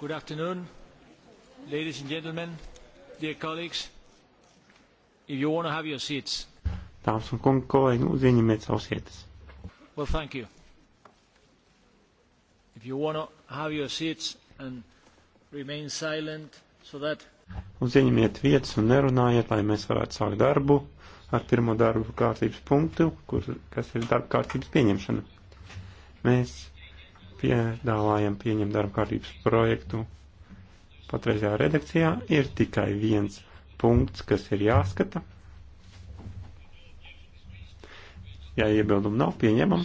Good afternoon, ladies and gentlemen, dear colleagues. If you want to have your seats. Dāmas un kungi, kolēģi, lūdzu, ieņemiet savas vietas. Well, thank you. If you want to have your seats and remain silent so that Lūdzu, ieņemiet vietas un nerunājiet, lai mēs varētu sākt darbu ar pirmo darbu kārtības punktu, kur, kas ir darba kārtības pieņemšana. Mēs piedāvājam pieņemt darba kārtības projektu patreizajā redakcijā, ir tikai viens punkts, kas ir jāskata. Ja iebildumi nav, pieņemam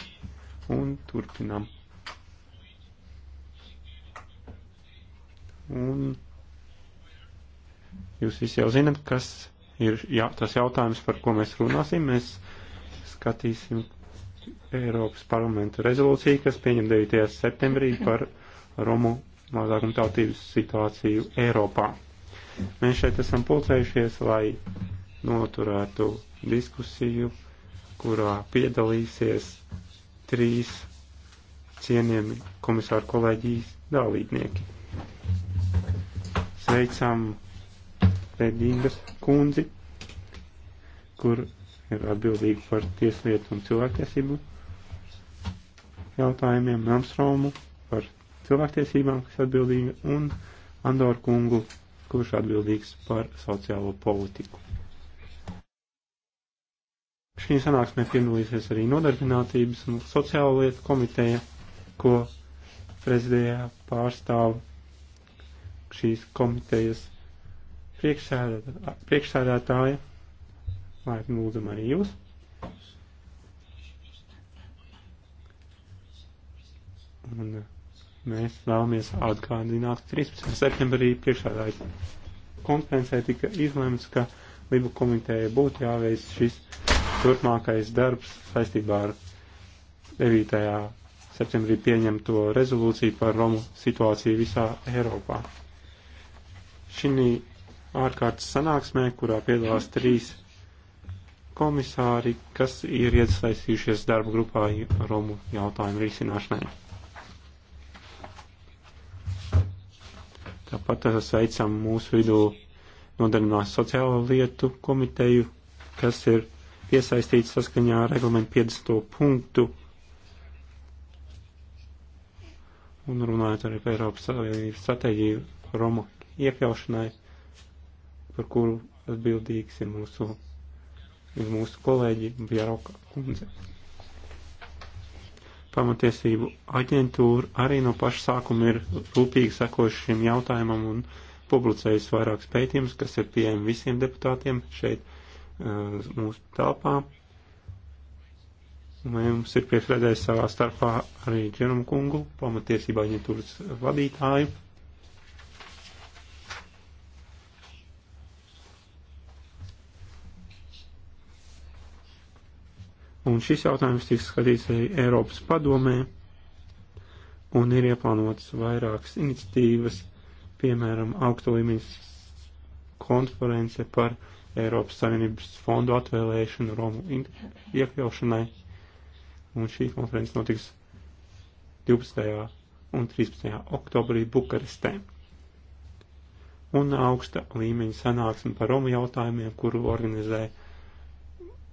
un turpinam. Un jūs visi jau zinat, kas ir jā, tas jautājums, par ko mēs runāsim. Mēs skatīsim Eiropas parlamenta rezolūcija, kas pieņem 9. septembrī par Romu mazākumtautības situāciju Eiropā. Mēs šeit esam pulcējušies, lai noturētu diskusiju, kurā piedalīsies trīs cienījami komisāru kolēģijas dalībnieki. Sveicam Pēdīgas kundzi, kur ir atbildīga par tieslietu un cilvēktiesību jautājumiem, Namstromu par cilvēktiesībām, kas atbildīga, un Andoru kungu, kurš atbildīgs par sociālo politiku. Šī sanāksmē piedalīsies arī nodarbinātības un sociālo lietu komiteja, ko prezidējā pārstāv šīs komitejas priekšsēdētāja Laipni lūdzam arī jūs. Un eh, mēs vēlamies atgādināt 13. septembrī priekšādājas konferencē tika izlēmts, ka Libu komiteja būtu jāveic šis turpmākais darbs saistībā ar 9. septembrī pieņemto rezolūciju par Romu situāciju visā Eiropā. Šī ārkārtas sanāksmē, kurā piedalās trīs komisāri, kas ir iesaistījušies darba grupā Romu jautājumu risināšanai. Tāpat uh, sveicam mūsu vidū nodarbinās sociālo lietu komiteju, kas ir piesaistīts saskaņā ar reglamentu 50. punktu un runājot arī par Eiropas Savienības stratēģiju Romu iekļaušanai, par kuru atbildīgs ir mūsu ir mūsu kolēģi Bjaroka kundze. Pamatiesību aģentūra arī no paša sākuma ir rūpīgi sekojuši šim jautājumam un publicējusi vairākus pētījumus, kas ir pieejami visiem deputātiem šeit eh, mūsu telpā. Mums ir priekšredējis savā starpā arī Džerumu kungu, pamatiesība aģentūras vadītāju. un šis jautājums tiks skatīts arī Eiropas padomē, un ir ieplānotas vairākas iniciatīvas, piemēram, augsta līmenis konference par Eiropas Savienības fondu atvēlēšanu Romu iekļaušanai, un šī konference notiks 12. un 13. oktobrī Bukarestē. Un augsta līmeņa sanāksme par Romu jautājumiem, kuru organizēja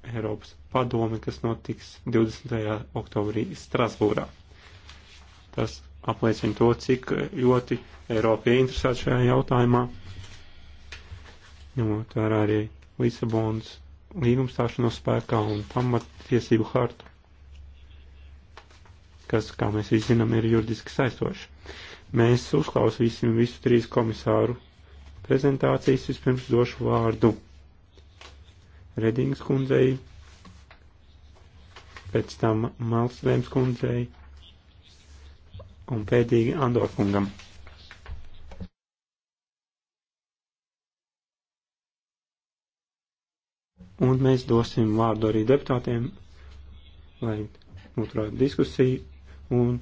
Eiropas padome, kas notiks 20. oktobrī Strasbūrā. Tas apliecina to, cik ļoti Eiropa ir interesēta šajā jautājumā, ņemot vērā arī Lisabonas līgums stāšanos spēkā un pamattiesību hartu, kas, kā mēs visi zinām, ir juridiski saistoši. Mēs uzklausīsim visu trīs komisāru prezentācijas, vispirms došu vārdu Redings kundzei, pēc tam Malslēms kundzei un pēdīgi Andor kungam. Un mēs dosim vārdu arī deputātiem, lai noturētu diskusiju. Un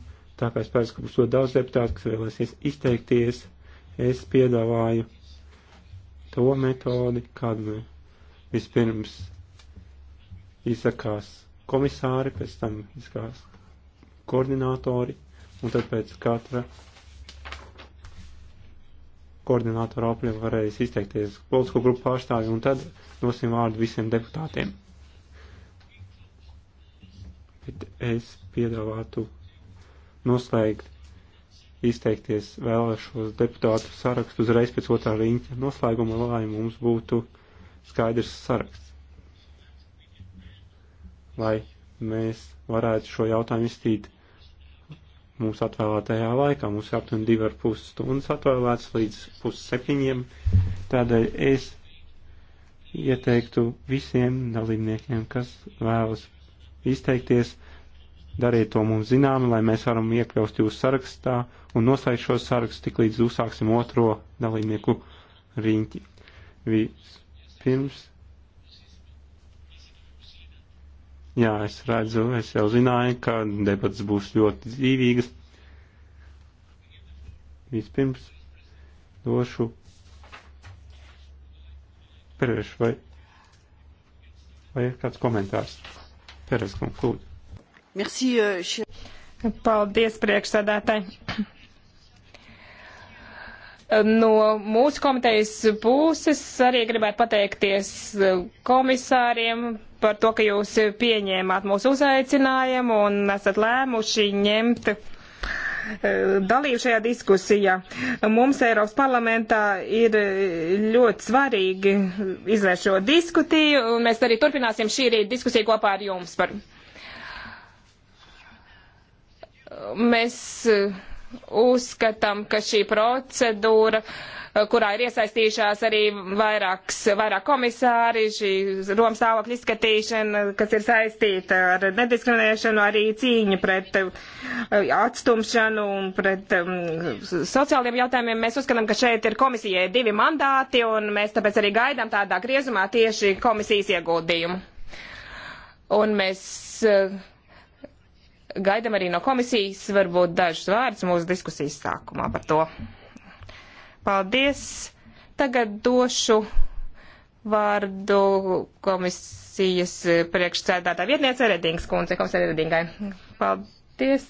tāpēc, pēc, ka būs ļoti daudz deputātu, kas vēlēsies izteikties, es piedāvāju to metodi, kādu mēs Vispirms izsakās komisāri, pēc tam izsakās koordinātori, un tad pēc katra koordinātora apliek varēs izteikties politisko grupu pārstāvi, un tad dosim vārdu visiem deputātiem. Bet es piedāvātu noslēgt izteikties vēlēšos deputātu sarakstu uzreiz pēc otrā riņķa noslēguma, lai mums būtu skaidrs saraksts, lai mēs varētu šo jautājumu izstīt mūsu atvēlētajā laikā. Mums ir aptuveni divi ar pus stundas atvēlēts līdz pus septiņiem, tādēļ es ieteiktu visiem dalībniekiem, kas vēlas izteikties, dariet to mums zināmi, lai mēs varam iekļaust jūs sarakstā un noslēgt šo sarakstu tik līdz uzsāksim otro dalībnieku riņķi. Viss Pirms. Jā, es redzu, es jau zināju, ka debats būs ļoti dzīvīgas. Vispirms došu Pereš, vai, vai ir kāds komentārs? Peres, kungs, lūdzu. Merci, uh, Paldies, priekšsēdētāji. No mūsu komitejas puses arī gribētu pateikties eh, komisāriem par to, ka jūs pieņēmāt mūsu uzaicinājumu un esat lēmuši ņemt eh, dalību šajā diskusijā. Mums Eiropas parlamentā ir eh, ļoti svarīgi izvērst šo diskutiju, un mēs arī turpināsim šī rīta diskusiju kopā ar jums par. Mēs uzskatām, ka šī procedūra, kurā ir iesaistījušās arī vairāks, vairāk komisāri, šī Romas stāvokļa izskatīšana, kas ir saistīta ar nediskriminēšanu, arī cīņa pret eh, atstumšanu un pret mm, sociāliem jautājumiem, mēs uzskatām, ka šeit ir komisijai divi mandāti, un mēs tāpēc arī gaidām tādā griezumā tieši komisijas ieguldījumu. Un mēs uh, gaidam arī no komisijas varbūt dažus vārdus mūsu diskusijas sākumā par to. Paldies! Tagad došu vārdu komisijas priekšsēdētā vietniece Redings kundze, komisija Redingai. Paldies!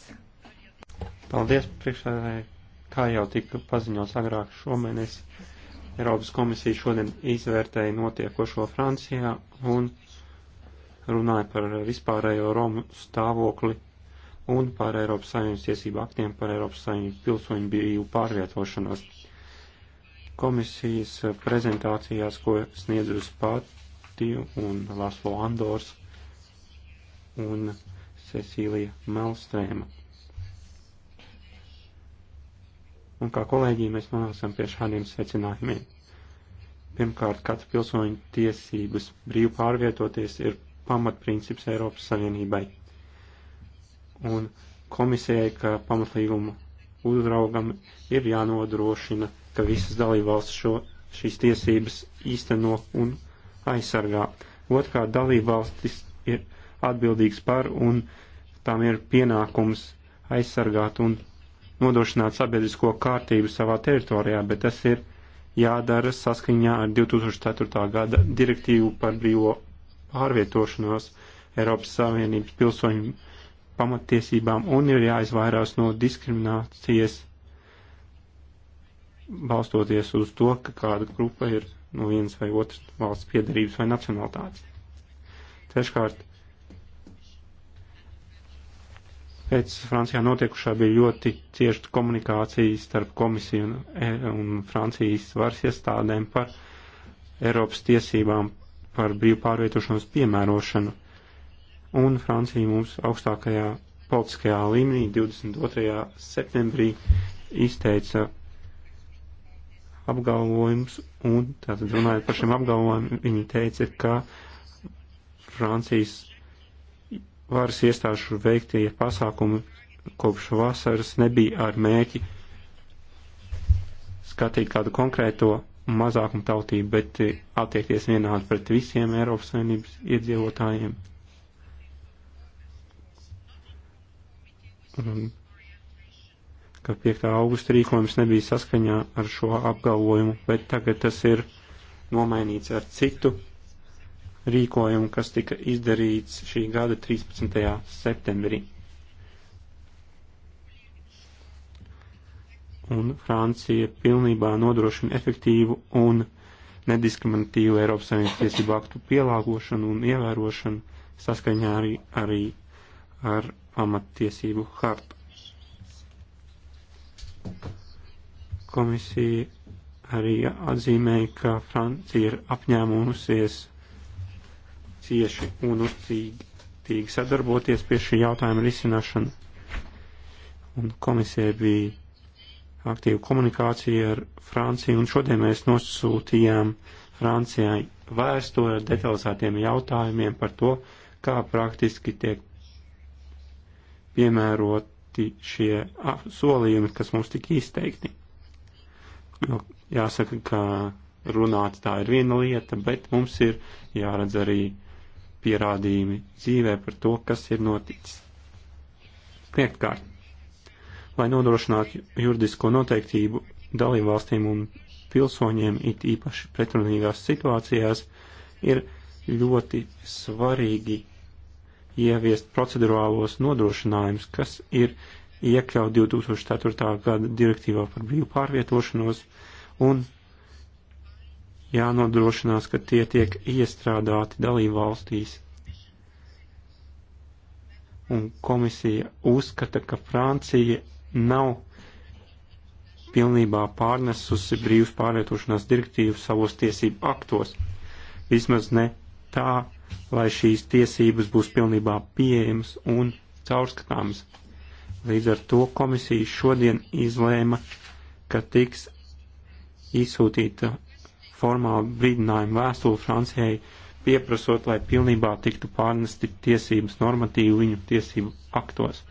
Paldies, priekšsēdētāji! Kā jau tika paziņots agrāk šomēnes, Eiropas komisija šodien izvērtēja notiekošo Francijā un runāja par vispārējo Romu stāvokli un par Eiropas Savienības tiesību aktiem par Eiropas Savienības pilsoņu brīvu pārvietošanos. Komisijas prezentācijās, ko sniedzus pati un Laslo Andors un Cecīlija Melstrēma. Un kā kolēģi mēs nonāksim pie šādiem secinājumiem. Pirmkārt, katra pilsoņa tiesības brīvi pārvietoties ir pamatprincips Eiropas Savienībai un komisijai, ka pamatlīguma uzraugam ir jānodrošina, ka visas dalībvalstis šo, šīs tiesības īsteno un aizsargā. Otrkārt, dalībvalstis ir atbildīgs par un tām ir pienākums aizsargāt un nodrošināt sabiedrisko kārtību savā teritorijā, bet tas ir jādara saskaņā ar 2004. gada direktīvu par brīvo pārvietošanos Eiropas Savienības pilsoņu pamatiesībām un ir jāizvairās no diskriminācijas balstoties uz to, ka kāda grupa ir no vienas vai otras valsts piedarības vai nacionalitātes. Treškārt, pēc Francijā notiekušā bija ļoti cieša komunikācija starp komisiju un, e, un Francijas varas iestādēm par Eiropas tiesībām par brīvu pārvietošanos piemērošanu un Francija mums augstākajā politiskajā līmenī 22. septembrī izteica apgalvojumus, un tātad runājot par šiem apgalvojumiem, viņi teica, ka Francijas varas iestāšu veiktie pasākumi kopš vasaras nebija ar mēķi skatīt kādu konkrēto mazākumu tautību, bet attiekties vienādi pret visiem Eiropas Savienības iedzīvotājiem, un ka 5. augusta rīkojums nebija saskaņā ar šo apgalvojumu, bet tagad tas ir nomainīts ar citu rīkojumu, kas tika izdarīts šī gada 13. septembrī. Un Francija pilnībā nodrošina efektīvu un nediskriminatīvu Eiropas Savienības tiesību aktu pielāgošanu un ievērošanu saskaņā arī, arī ar pamattiesību hartu. Komisija arī atzīmēja, ka Francija ir apņēmusies cieši un uzcītīgi sadarboties pie šī jautājuma risināšana. Un komisija bija aktīva komunikācija ar Franciju, un šodien mēs nosūtījām Francijai vēstuli ar detalizētiem jautājumiem par to, kā praktiski tiek piemēroti šie solījumi, kas mums tik izteikti. Jo jāsaka, ka runāt tā ir viena lieta, bet mums ir jāredz arī pierādījumi dzīvē par to, kas ir noticis. Piektkārt, lai nodrošinātu juridisko noteiktību dalībvalstīm un pilsoņiem, it īpaši pretrunīgās situācijās, ir ļoti svarīgi ieviest procedurālos nodrošinājumus, kas ir iekļaut 2004. gada direktīvā par brīvu pārvietošanos un jānodrošinās, ka tie tiek iestrādāti dalību valstīs. Un komisija uzskata, ka Francija nav pilnībā pārnesusi brīvas pārvietošanās direktīvu savos tiesību aktos. Vismaz ne tā, lai šīs tiesības būs pilnībā pieejamas un caurskatāmas. Līdz ar to komisija šodien izlēma, ka tiks izsūtīta formāla brīdinājuma vēstule Francijai, pieprasot, lai pilnībā tiktu pārnesti tiesības normatīvi viņu tiesību aktos.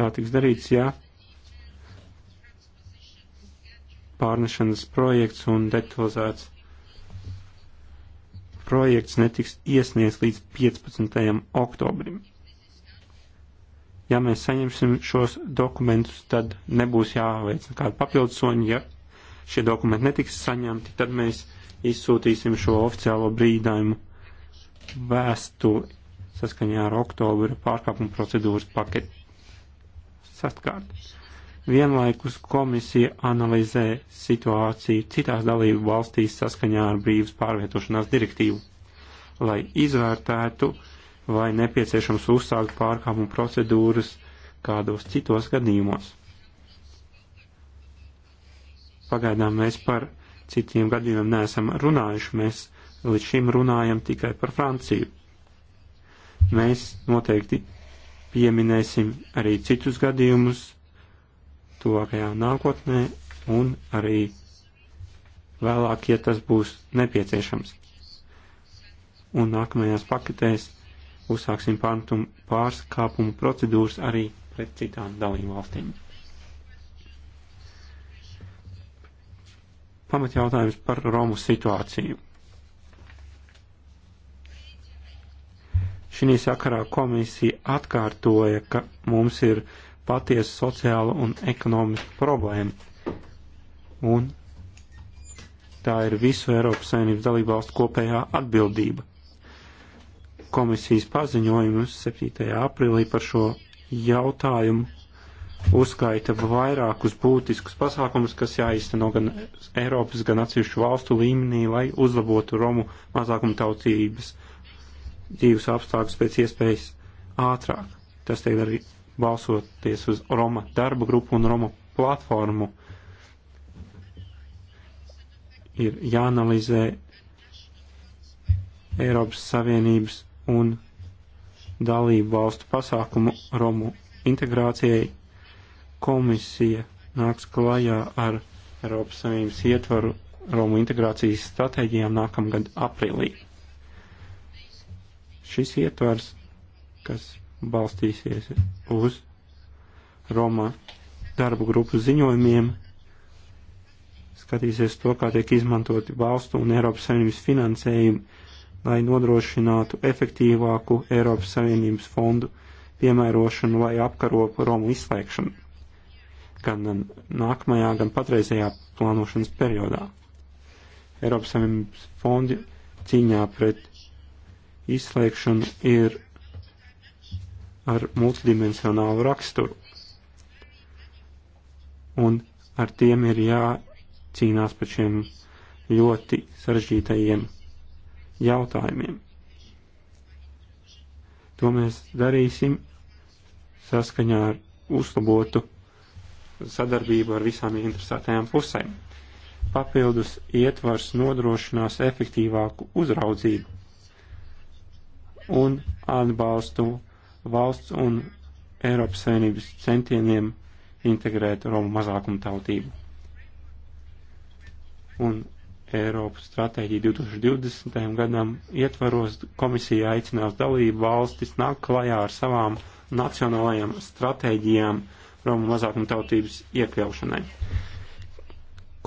Tā tiks darīts, ja pārnešanas projekts un detalizēts projekts netiks iesniegts līdz 15. oktobrim. Ja mēs saņemsim šos dokumentus, tad nebūs jāveic nekāda papildus soņa. Ja šie dokumenti netiks saņemti, tad mēs izsūtīsim šo oficiālo brīdājumu vēstuli saskaņā ar oktobra pārkāpuma procedūras paketi. Sastkārt. Vienlaikus komisija analizē situāciju citās dalību valstīs saskaņā ar brīvas pārvietošanās direktīvu, lai izvērtētu, vai nepieciešams uzsākt pārkāpumu procedūras kādos citos gadījumos. Pagaidām mēs par citiem gadījumiem neesam runājuši, mēs līdz šim runājam tikai par Franciju. Mēs noteikti pieminēsim arī citus gadījumus, tuvākajā nākotnē un arī vēlāk, ja tas būs nepieciešams. Un nākamajās paketēs uzsāksim pārskāpumu procedūras arī pret citām dalību valstīm. Pamatjautājums par Romu situāciju. Šī sakarā komisija atkārtoja, ka mums ir uh, patiesu sociālu un ekonomisku problēmu. Un tā ir visu Eiropas Savienības dalību valstu kopējā atbildība. Komisijas paziņojumus 7. aprīlī par šo jautājumu uzskaita vairākus būtiskus pasākumus, kas jāizteno gan Eiropas, gan atsevišķu valstu līmenī, lai uzlabotu Romu mazākumtautības dzīves apstākļus pēc iespējas ātrāk. Tas tiek darīts balsoties uz Roma darba grupu un Roma platformu, ir jāanalizē Eiropas Savienības un dalību valstu pasākumu Romu integrācijai. Komisija nāks klajā ar Eiropas Savienības ietvaru Romu integrācijas stratēģijām nākamgad aprīlī. Šis ietvars, kas balstīsies uz Roma darbu grupu ziņojumiem, skatīsies to, kā tiek izmantoti valstu un Eiropas Savienības finansējumi, lai nodrošinātu efektīvāku Eiropas Savienības fondu piemērošanu, lai apkarotu Romu izslēgšanu gan um, nākamajā, gan patreizajā plānošanas periodā. Eiropas Savienības fondi cīņā pret izslēgšanu ir ar multidimensionālu raksturu. Un ar tiem ir jācīnās par šiem ļoti sarežģītajiem jautājumiem. To mēs darīsim saskaņā ar uzlabotu sadarbību ar visām interesētajām pusēm. Papildus ietvars nodrošinās efektīvāku uzraudzību un atbalstu valsts un Eiropas Savienības centieniem integrēt Romu mazākumu tautību. Un Eiropas stratēģija 2020. gadam ietvaros komisija aicinās dalību valstis nāk klajā ar savām nacionālajām stratēģijām Romu mazākumu tautības iekļaušanai,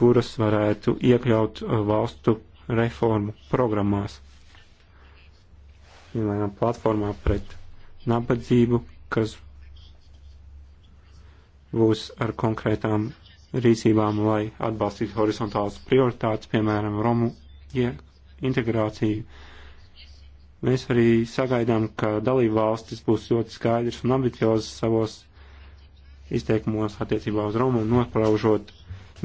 kuras varētu iekļaut uh, valstu reformu programmās, piemēram, platformā pret nabadzību, kas būs ar konkrētām rīcībām, lai atbalstītu horizontālas prioritātes, piemēram, Romu integrāciju. Mēs arī sagaidām, ka dalība valstis būs ļoti skaidrs un ambiciozas savos izteikumos attiecībā uz Romu un nopraužot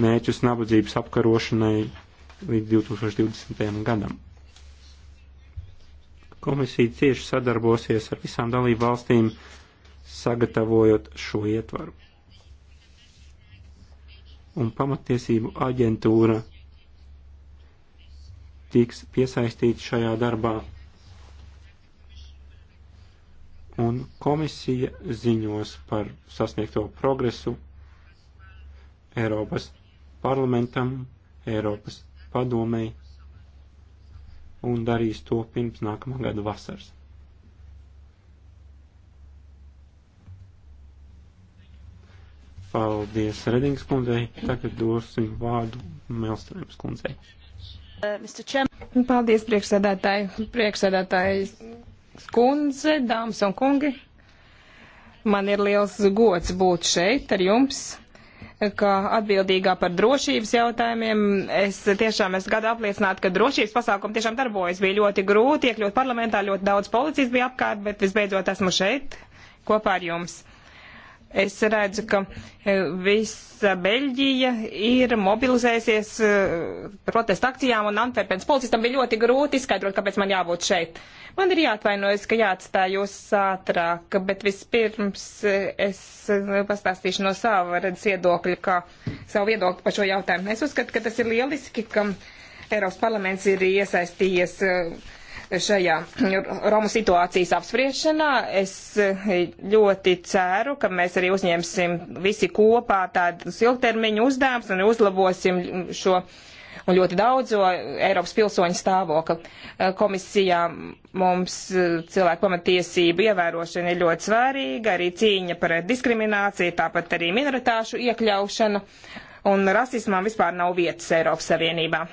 mērķus nabadzības apkarošanai līdz 2020. gadam. Komisija cieši sadarbosies ar visām dalību valstīm, sagatavojot šo ietvaru. Un pamatiesību aģentūra tiks piesaistīta šajā darbā. Un komisija ziņos par sasniegto progresu Eiropas parlamentam, Eiropas padomei un darīs to pirms nākamā gada vasaras. Paldies Redings kundzei. Tagad dosim vārdu Melstrēms kundzei. Uh, Paldies priekšsēdētāji, priekšsēdētāji skundze, dāmas un kungi. Man ir liels gods būt šeit ar jums kā atbildīgā par drošības jautājumiem. Es tiešām esmu gadu apliecināta, ka drošības pasākumi tiešām darbojas. Bija ļoti grūti iekļūt parlamentā, ļoti daudz policijas bija apkārt, bet visbeidzot esmu šeit kopā ar jums. Es redzu, ka e, visa Beļģija ir mobilizējusies e, protesta akcijām, un Antverpens policistam bija ļoti grūti izskaidrot, kāpēc man jābūt šeit. Man ir jāatvainojas, ka jāatstāj jūs ātrāk, bet vispirms e, es pastāstīšu no sava redzes viedokļa, kā savu viedokli par šo jautājumu. Es uzskatu, ka tas ir lieliski, ka Eiropas parlaments ir iesaistījies uh, šajā Romu situācijas apspriešanā. Es ļoti ceru, ka mēs arī uzņemsim visi kopā tādus ilgtermiņu uzdevumus un uzlabosim šo un ļoti daudzo Eiropas pilsoņu stāvokli. Komisijā mums cilvēku pamatiesību ievērošana ir ļoti svārīga, arī cīņa par diskrimināciju, tāpat arī minoritāšu iekļaušana, un rasismam vispār nav vietas Eiropas Savienībā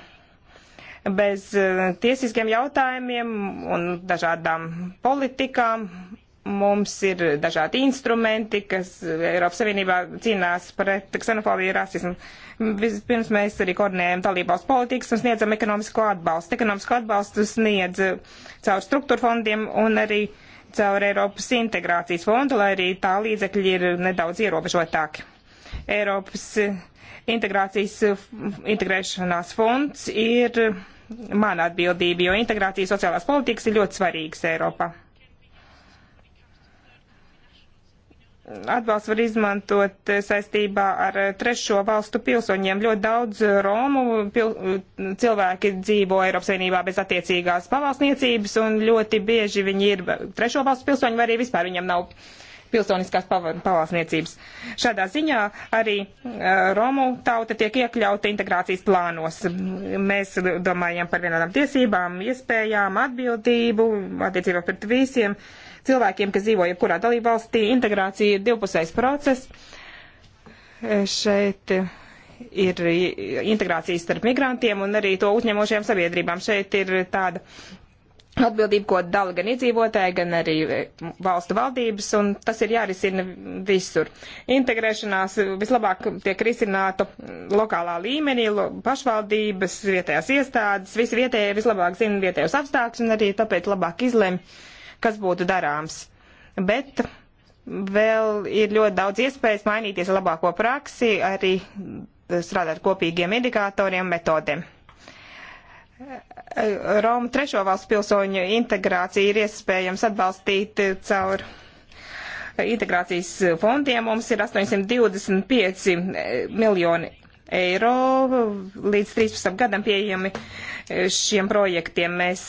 bez eh, tiesiskiem jautājumiem un dažādām politikām. Mums ir dažādi instrumenti, kas Eiropas Savienībā cīnās pret ksenofobiju un rasismu. Vispirms mēs arī koordinējam dalībvalstu politikas un sniedzam ekonomisko atbalstu. Ekonomisko atbalstu sniedz caur struktūra fondiem un arī caur Eiropas integrācijas fondu, lai arī tā līdzekļi ir nedaudz ierobežotāki. Eiropas integrācijas integrēšanās fonds ir mana atbildība, jo integrācijas sociālās politikas ir ļoti svarīgas Eiropā. Atbalsts var izmantot saistībā ar trešo valstu pilsoņiem. Ļoti daudz Romu pil cilvēki dzīvo Eiropas Savienībā bez attiecīgās pavalsniecības, un ļoti bieži viņi ir trešo valstu pilsoņi, vai arī vispār viņam nav uh, pilsoniskās pavalsniecības. Šādā ziņā arī Romu tauta tiek iekļauta integrācijas plānos. Mēs domājam par vienādām tiesībām, iespējām, atbildību attiecībā pret visiem cilvēkiem, kas dzīvo jebkurā dalībvalstī. Integrācija ir divpusējs process. Šeit ir integrācijas starp migrantiem un arī to uzņemošajām sabiedrībām. Šeit ir tāda atbildību, ko dala gan iedzīvotāji, gan arī e, valstu valdības, un tas ir jārisina visur. Integrēšanās vislabāk tiek risināta lokālā līmenī, pašvaldības, vietējās iestādes, visi vietējie vislabāk zina vietējos apstākļus un arī tāpēc labāk izlem, kas būtu darāms. Bet vēl ir ļoti daudz iespējas mainīties labāko praksi, arī strādāt kopīgiem indikatoriem, metodēm. Romu trešo valstu pilsoņu integrācija ir iespējams atbalstīt caur integrācijas fondiem. Mums ir 825 miljoni eiro līdz 13 gadam pieejami šiem projektiem. Mēs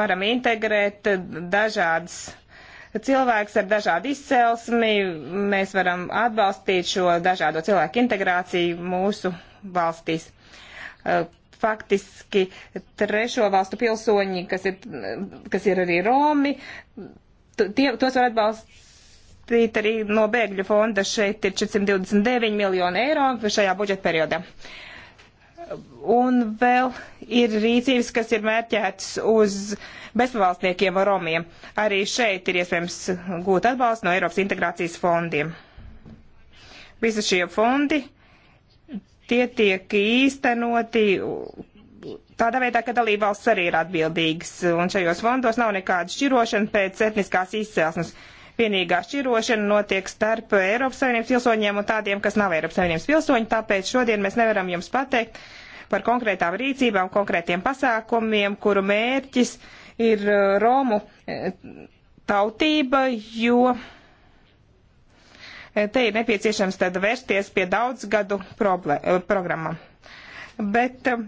varam integrēt dažādas cilvēks ar dažādu izcelsmi, mēs varam atbalstīt šo dažādo cilvēku integrāciju mūsu valstīs faktiski trešo valstu pilsoņi, kas ir, kas ir arī Romi, tie, tos var atbalstīt arī no bēgļu fonda. Šeit ir 429 miljoni eiro šajā budžeta periodā. Un vēl ir rīcības, kas ir mērķētas uz bezpavalstniekiem un romiem. Arī šeit ir iespējams gūt atbalstu no Eiropas integrācijas fondiem. Visi šie fondi tie tiek īstenoti tādā veidā, ka dalībvalsts arī ir atbildīgs, un šajos fondos nav nekāda šķirošana pēc etniskās izcelsmes. Vienīgā šķirošana notiek starp Eiropas Savienības pilsoņiem un tādiem, kas nav Eiropas Savienības pilsoņi, tāpēc šodien mēs nevaram jums pateikt par konkrētām rīcībām, konkrētiem pasākumiem, kuru mērķis ir eh, Romu eh, tautība, jo Eh, te ir nepieciešams tad vērsties pie daudzgadu eh, programmām. Bet eh,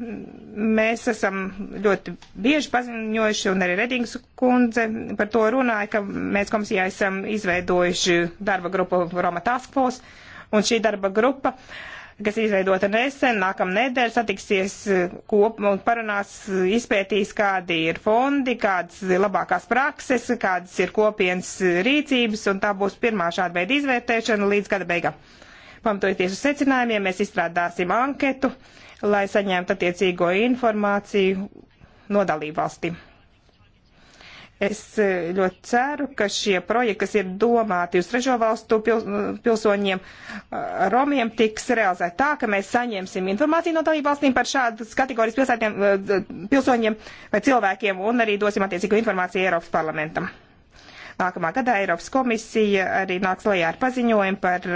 mēs esam ļoti bieži paziņojuši, un arī Redings kundze par to runāja, ka mēs komisijā esam izveidojuši darba grupu Roma Task Force, un šī darba grupa uh, kas izveidota nesen, nākam nedēļ satiksies e, kopā un parunās, e, izpētīs, kādi ir fondi, kādas ir labākās prakses, kādas ir kopienas e, rīcības, un tā būs pirmā šāda veida izvērtēšana līdz gada beigām. Pamatojoties uz secinājumiem, mēs izstrādāsim anketu, lai saņemtu attiecīgo informāciju no dalībvalstīm. Es e, ļoti ceru, ka šie projekti, kas ir domāti uz trešo valstu pilsoņiem, e, romiem, tiks realizēti tā, ka mēs saņemsim informāciju no dalību valstīm par šādas kategorijas e, pilsoņiem vai cilvēkiem un arī dosim attiecīgu informāciju Eiropas parlamentam. Nākamā gadā Eiropas komisija arī nāks lejā ar paziņojumu par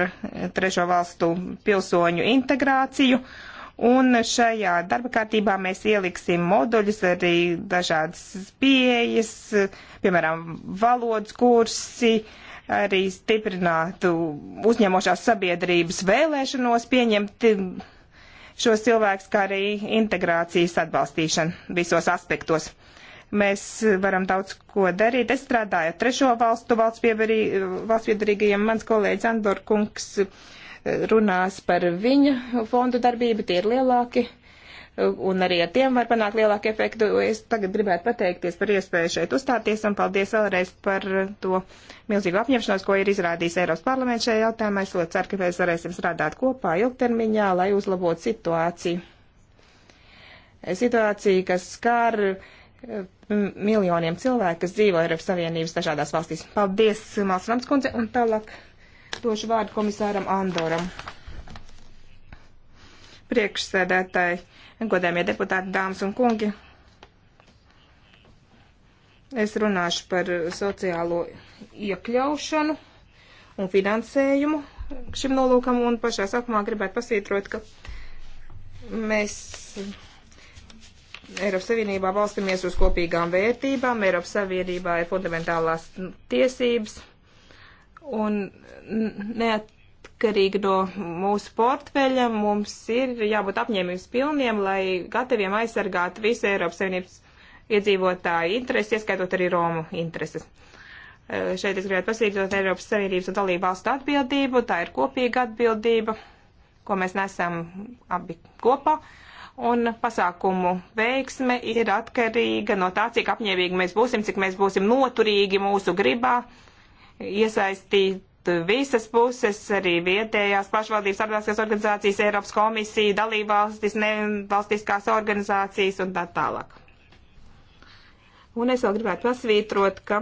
trešo valstu pilsoņu integrāciju. Uh, Un šajā darba kārtībā mēs ieliksim moduļus, arī dažādas pieejas, piemēram, valodas kursi, arī stiprinātu uzņemošās sabiedrības vēlēšanos pieņemt šos cilvēkus, kā arī integrācijas atbalstīšanu visos aspektos. Mēs varam daudz ko darīt. Es strādāju trešo valstu valsts, piedarī, valsts piedarīgajiem. Mans kolēģis Andor Kungs uh, runās par viņu fondu darbību, tie ir lielāki. Un arī ar tiem var panākt lielāku efektu. Es tagad gribētu pateikties par iespēju šeit uzstāties un paldies vēlreiz par to milzīgu apņemšanos, ko ir izrādījis Eiropas parlaments šajā jautājumā. Es ļoti ceru, ka mēs varēsim strādāt kopā ilgtermiņā, lai uzlabotu situāciju. Situācija, kas skar miljoniem cilvēku, kas dzīvo Eiropas Savienības dažādās valstīs. Paldies, Malsrams kundze, un tālāk došu vārdu komisāram Andoram. Priekšsēdētāji, godējumie deputāti, dāmas un kungi, es runāšu par sociālo iekļaušanu un finansējumu šim nolūkam, un pašā sākumā gribētu pasvītrot, ka mēs Eiropas Savienībā balstamies uz kopīgām vērtībām, Eiropas Savienībā ir fundamentālās tiesības Un neatkarīgi no mūsu portfeļa mums ir jābūt apņēmības pilniem, lai gataviem aizsargāt visu Eiropas Savienības iedzīvotāju intereses, ieskaitot arī Romu intereses. E, šeit es gribētu pasvītrot Eiropas Savienības un dalību valstu atbildību. Tā ir kopīga atbildība, ko mēs nesam abi kopā. Un pasākumu veiksme ir atkarīga no tā, cik apņēmīgi mēs būsim, cik mēs būsim noturīgi mūsu gribā. Uh, iesaistīt visas puses, arī vietējās pašvaldības starptautiskās organizācijas, Eiropas komisija, dalībvalstis, nevalstiskās organizācijas un tā tālāk. Un es vēl gribētu pasvītrot, ka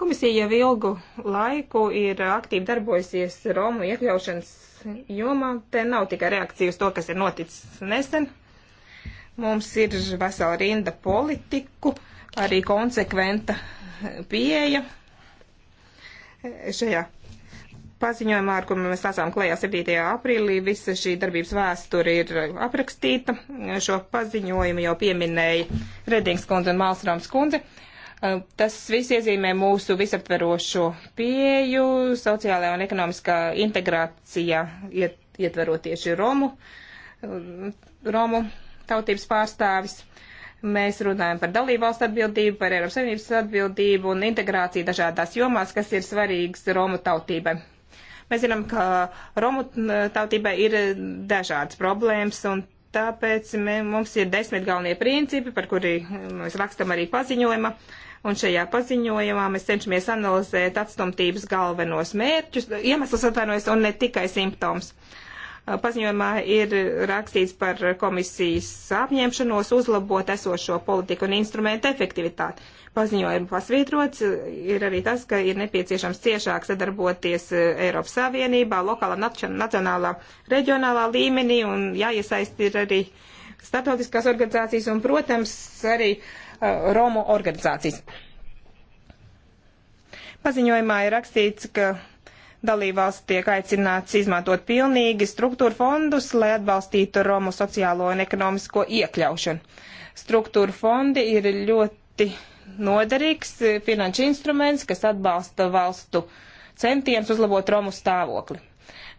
komisija jau ilgu laiku ir aktīvi darbojusies Romu iekļaušanas jomā. Te nav tikai reakcija uz to, kas ir noticis nesen. Mums ir vesela rinda politiku, arī konsekventa pieeja šajā paziņojumā, ar kuru mēs lasām klējā 7. aprīlī, visa šī darbības vēsture ir aprakstīta. Šo paziņojumu jau pieminēja Redings kundze un Mālsrāms kundze. Tas viss iezīmē mūsu visaptverošo pieju sociālajā un ekonomiskā integrācijā, iet, ietverot tieši Romu, Romu tautības pārstāvis. Mēs runājam par dalībvalstu atbildību, par Eiropas Savienības atbildību un integrāciju dažādās jomās, kas ir svarīgs Romu tautībai. Mēs zinām, ka Romu tautībai ir dažādas problēmas un tāpēc mē, mums ir desmit galvenie principi, par kuri mēs rakstam arī paziņojuma. Un šajā paziņojumā mēs cenšamies analizēt atstumtības galvenos mērķus, iemeslus atvainojas un ne tikai simptomus. Uh, Paziņojumā ir rakstīts par komisijas apņemšanos uzlabot esošo politiku un instrumentu efektivitāti. Paziņojumu pasvītrots ir arī tas, ka ir nepieciešams ciešāk sadarboties Eiropas Savienībā, lokālā, nacionālā, reģionālā līmenī un jāiesaist ir arī starptautiskās organizācijas un, protams, arī uh, Romu organizācijas. Paziņojumā ir rakstīts, ka Dalībvalsts tiek aicināts izmantot pilnīgi struktūra fondus, lai atbalstītu Romu sociālo un ekonomisko iekļaušanu. Struktūra fondi ir ļoti noderīgs finanšu instruments, kas atbalsta valstu centienus uzlabot Romu stāvokli.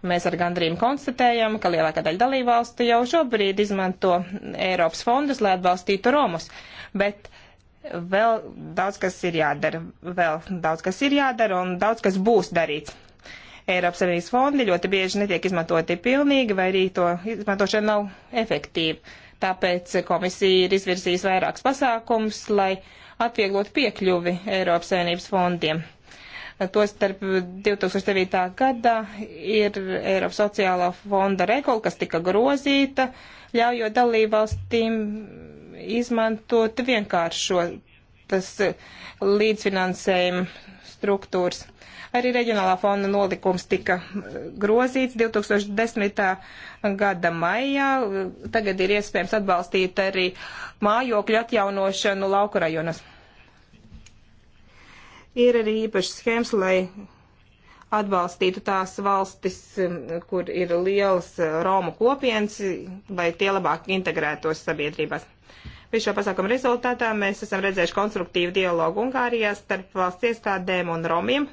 Mēs ar gandrību konstatējam, ka lielākā daļa dalībvalstu jau šobrīd izmanto Eiropas fondus, lai atbalstītu Romus, bet vēl daudz kas ir jādara, vēl daudz kas ir jādara un daudz kas būs darīts. Eiropas Savienības fondi ļoti bieži netiek izmantoti pilnīgi vai arī to izmantošana nav efektīva. Tāpēc komisija ir izvirzījusi vairākus pasākums, lai atvieglot piekļuvi Eiropas Savienības fondiem. Tostarp 2009. gadā ir Eiropas sociālā fonda regula, kas tika grozīta, ļaujot dalībvalstīm izmantot vienkāršo tas līdzfinansējuma struktūras. Arī reģionālā fonda nolikums tika grozīts 2010. gada maijā. Tagad ir iespējams atbalstīt arī mājokļu atjaunošanu lauku rajonos. Ir arī īpašas schēmas, lai atbalstītu tās valstis, kur ir lielas e, Romu kopienas, lai tie labāk integrētos sabiedrībās. Visu šo pasākumu rezultātā mēs esam redzējuši konstruktīvu dialogu Ungārijā starp valsts iestādēm un Romiem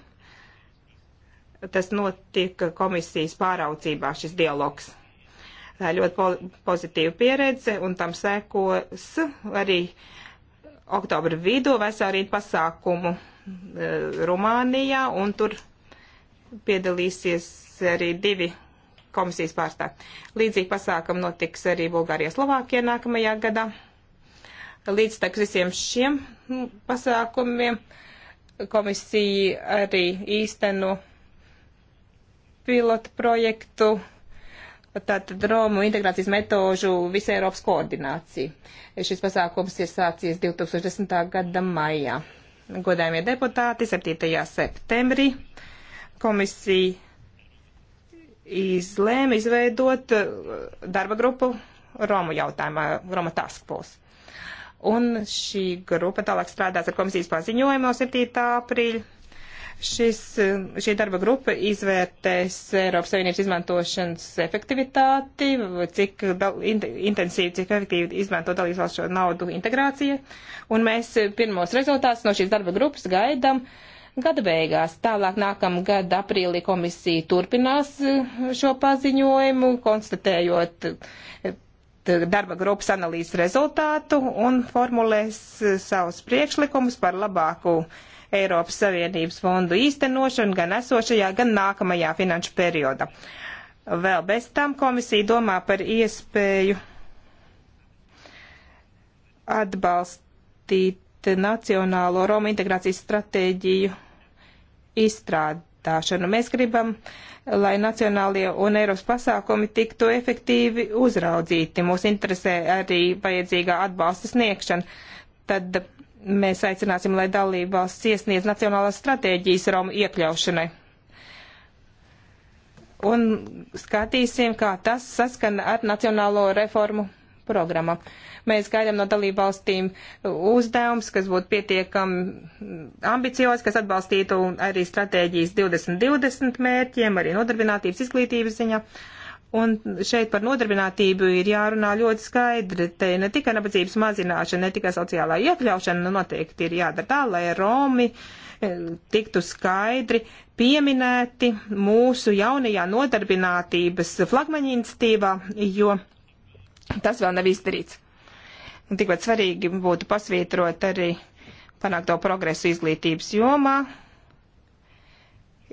tas notika komisijas pāraudzībā, šis dialogs. Tā ir ļoti po pozitīva pieredze, un tam sekos arī oktobra vidū vesārīt pasākumu e, Rumānijā, un tur piedalīsies arī divi komisijas pārstāvji. Līdzīgi pasākumu notiks arī Bulgārija Slovākija nākamajā gadā. Līdz tak visiem šiem pasākumiem komisija arī īsteno. No pilotu projektu, tātad Romu integrācijas metožu visai Eiropas koordināciju. Šis pasākums ir sācies 2010. gada maijā. Godājumie deputāti 7. septembrī komisija izlēma izveidot uh, darba grupu Romu jautājumā, Roma Task Force. Un šī grupa tālāk strādās ar komisijas paziņojumu no 7. aprīļa Šis, um, šī darba grupa izvērtēs Eiropas Savienības izmantošanas efektivitāti, cik dal, int, intensīvi, cik efektīvi izmanto dalībvalsts šo naudu integrācija, un mēs pirmos rezultātus no šīs darba grupas gaidām gada beigās. Tālāk nākamā gada aprīlī komisija turpinās uh, šo paziņojumu, konstatējot uh, darba grupas analīzes rezultātu un formulēs uh, savus priekšlikumus par labāku uh, Eiropas Savienības fondu īstenošanu gan esošajā, gan nākamajā finanšu periodā. Vēl bez tam komisija domā par iespēju atbalstīt Nacionālo Roma integrācijas stratēģiju izstrādāšanu. Mēs gribam, lai nacionālie un Eiropas pasākumi tiktu efektīvi uzraudzīti. Mūs interesē arī vajadzīgā atbalsta sniegšana. Tad Mēs aicināsim, lai dalība valsts iesniedz nacionālās stratēģijas Romu iekļaušanai. Un skatīsim, kā tas saskana ar nacionālo reformu programmu. Mēs gaidām no dalību valstīm uzdevums, kas būtu pietiekami ambiciozs, kas atbalstītu arī stratēģijas 2020 mērķiem, arī nodarbinātības izglītības ziņā. Uh, Un šeit par nodarbinātību ir jārunā ļoti skaidri. Te ne tikai nabadzības mazināšana, ne tikai sociālā iekļaušana nu, noteikti ir jādara tā, lai Romi eh, tiktu skaidri pieminēti mūsu jaunajā nodarbinātības flagmaņa institīvā, jo tas vēl nav izdarīts. Un tikpat svarīgi būtu pasvītrot arī panākto progresu izglītības jomā,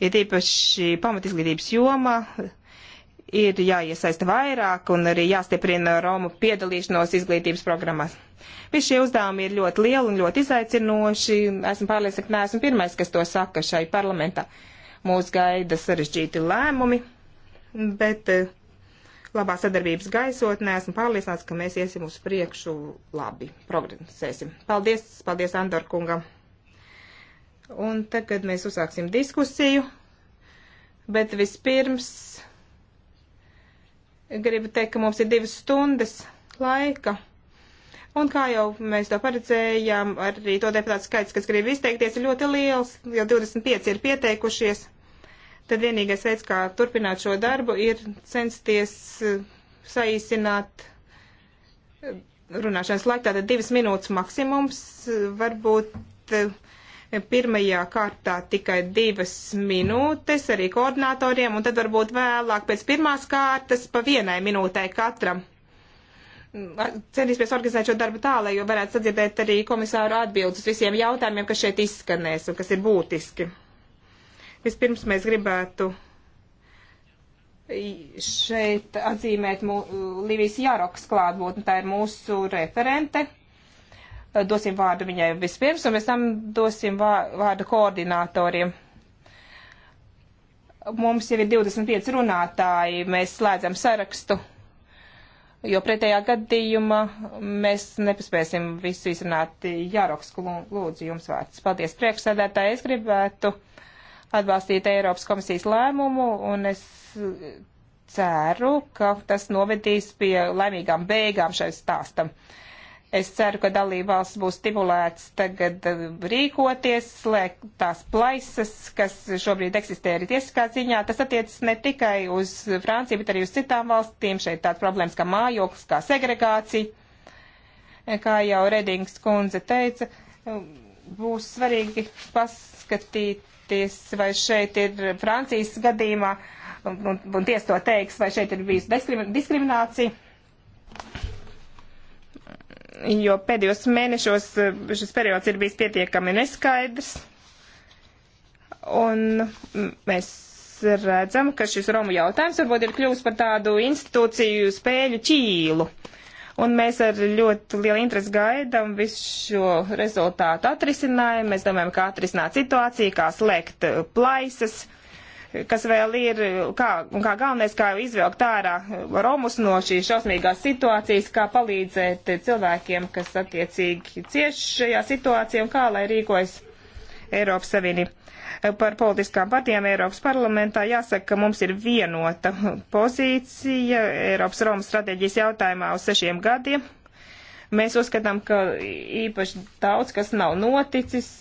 ir īpaši pamatizglītības jomā, ir jāiesaista vairāk un arī jāstiprina Romu piedalīšanos izglītības programmās. Visi šie uzdevumi ir ļoti lieli un ļoti izaicinoši. Esmu pārliecināts, ka neesmu pirmais, kas to saka šai parlamentā. Mūs gaida sarežģīti lēmumi, bet eh, labā sadarbības gaisotnē esmu pārliecināts, ka mēs iesim uz priekšu labi, progresēsim. Paldies, paldies Andor kungam. Un tagad mēs uzsāksim diskusiju, bet vispirms gribu teikt, ka mums ir divas stundas laika. Un kā jau mēs to paredzējām, arī to deputātu skaits, kas grib izteikties, ir ļoti liels, jau 25 ir pieteikušies. Tad vienīgais veids, kā turpināt šo darbu, ir censties eh, saīsināt eh, runāšanas laiku, tātad divas minūtes maksimums, eh, varbūt uh, Pirmajā kārtā tikai divas minūtes arī koordinatoriem, un tad varbūt vēlāk pēc pirmās kārtas pa vienai minūtē katram. Cenīsimies organizēt šo darbu tā, lai jau varētu sadzirdēt arī komisāru atbildes uz visiem jautājumiem, kas šeit izskanēs un kas ir būtiski. Vispirms mēs gribētu šeit atzīmēt Livijas Jaroks klātbūtni, tā ir mūsu referente. Eh, dosim vārdu viņai vispirms, un pēc tam dosim vārdu koordinatoriem. Mums jau ir 25 runātāji, mēs slēdzam sarakstu, jo pretējā gadījumā mēs nepaspēsim visu izrunāt. Jāroks, lūdzu, jums vārds. Paldies, priekšsēdētāji, es gribētu atbalstīt Eiropas komisijas lēmumu, un es ceru, ka tas novedīs pie laimīgām beigām šai stāstam. Uh, Es ceru, ka dalībvalsts būs stimulēts tagad eh, rīkoties, slēgt tās plaisas, kas šobrīd eksistē arī tiesiskā ziņā. Tas attiecas ne tikai uz Franciju, bet arī uz citām valstīm. Šeit tāds problēmas kā mājoklis, kā segregācija. Eh, kā jau Redings kundze teica, eh, būs svarīgi paskatīties, vai šeit ir Francijas gadījumā, un, un, un ties to teiks, vai šeit ir bijusi diskriminācija jo pēdējos mēnešos eh, šis periods ir bijis pietiekami neskaidrs. Un mm, mēs redzam, ka šis Romu jautājums varbūt ir kļuvis par tādu institūciju spēļu ķīlu. Un mēs ar ļoti lielu interesi gaidām visu šo rezultātu atrisinājumu. Mēs domājam, kā atrisināt situāciju, kā slēgt eh, plaisas. Uh, kas vēl ir, kā, kā galvenais, kā izvilkt ārā romus no šīs šausmīgās situācijas, kā palīdzēt cilvēkiem, kas attiecīgi cieš šajā situācijā un kā lai rīkojas Eiropas Savienība. Par politiskām partijām Eiropas parlamentā jāsaka, ka mums ir vienota pozīcija Eiropas Romas stratēģijas jautājumā uz sešiem gadiem. Mēs uzskatām, ka īpaši daudz kas nav noticis,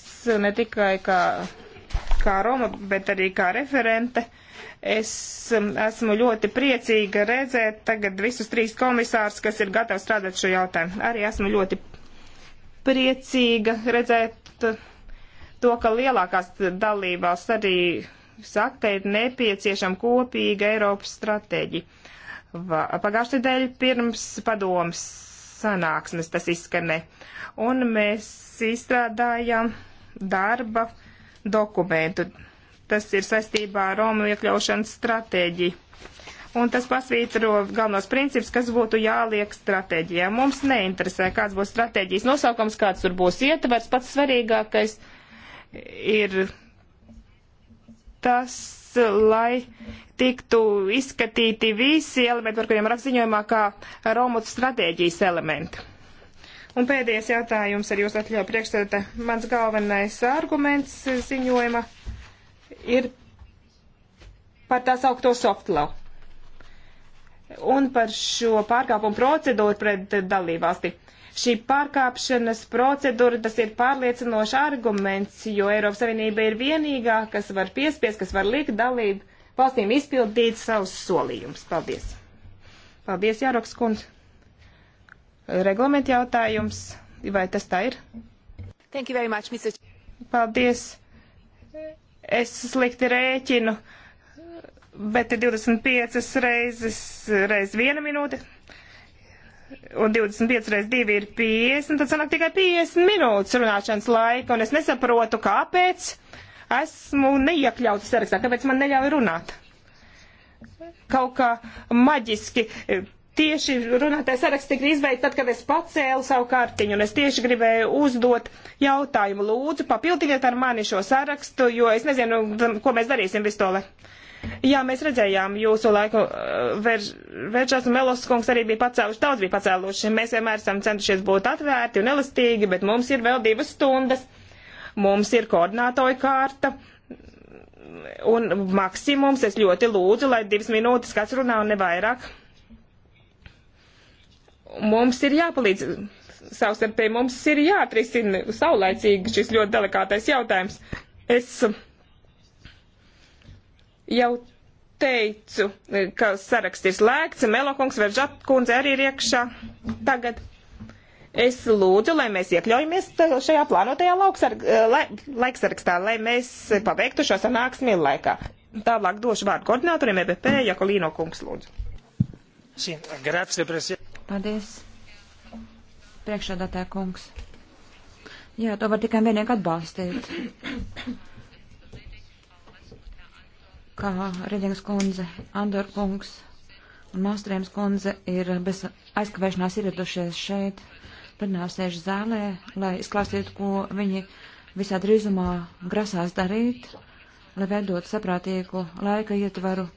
ne tikai kā. Ka kā Roma, bet arī kā referente. Es um, esmu ļoti priecīga redzēt tagad visus trīs komisārus, kas ir gatavi strādāt šo jautājumu. Arī esmu ļoti priecīga redzēt uh, to, ka lielākās dalībās arī saka, ka ir nepieciešama kopīga Eiropas stratēģija. Pagājušajā nedēļā pirms padomas sanāksmes tas izskanē. Un mēs izstrādājām darba uh, dokumentu. Tas ir saistībā ar Romu iekļaušanas stratēģiju. Un tas pasvītro galvenos principus, kas būtu jāliek stratēģijā. Mums neinteresē, kāds būs stratēģijas nosaukums, kāds tur būs ietvers. Pats svarīgākais ir tas, lai tiktu izskatīti visi elementi, par kuriem rakstziņojumā, kā Romu stratēģijas elementi. Un pēdējais jautājums ar jūs atļauju priekšstādā. Mans galvenais arguments ziņojuma ir par tā saukto soft law un par šo pārkāpumu procedūru pret dalībvalsti. Šī pārkāpšanas procedūra, tas ir pārliecinošs arguments, jo Eiropas Savienība ir vienīgā, kas var piespies, kas var likt dalību valstīm izpildīt savus solījumus. Paldies! Paldies, Jāroks kundze! reglamentu jautājums. Vai tas tā ir? Thank you very much, Mr. Paldies. Es slikti rēķinu, bet ir 25 reizes, reiz viena minūte un 25 reizes 2 ir 50, tad sanāk tikai 50 minūtes runāšanas laika, un es nesaprotu, kāpēc esmu neiekļauts sarakstā, kāpēc man neļauj runāt. Kaut kā maģiski tieši runātais saraksts tika izveidts tad, kad es pacēlu savu kartiņu, un es tieši gribēju uzdot jautājumu. Lūdzu, papildiniet ar mani šo sarakstu, jo es nezinu, ko mēs darīsim vistole. Jā, mēs redzējām jūsu laiku, Verž, uh, Veržas un Melos kungs arī bija pacēluši, daudz bija pacēluši. Mēs vienmēr esam centušies būt atvērti un elastīgi, bet mums ir vēl divas stundas. Mums ir koordinātoja kārta, un maksimums es ļoti lūdzu, lai divas minūtes kāds runā un nevairāk mums ir jāpalīdz savstarpēji, mums ir jāatrisina saulēcīgi šis ļoti delikātais jautājums. Es jau teicu, ka saraksts ir slēgts, Melokungs, Veržat kundze arī ir iekšā. Tagad es lūdzu, lai mēs iekļaujamies šajā plānotajā lai, laiksarakstā, lai mēs paveiktu šo sanāksmi laikā. Tālāk došu vārdu koordinātoriem EBP, Jakolīno kungs lūdzu. Sí, grazie, presidente. Paldies. Priekšādātā kungs. Jā, to var tikai vienīgi atbalstīt. Kā Reģings kundze, Andor kungs un Māstrēms kundze ir bez aizkavēšanās ieradušies šeit, plenārsēžu zālē, lai izklāstītu, ko viņi visā drīzumā grasās darīt, lai veidot saprātīgu laika ietvaru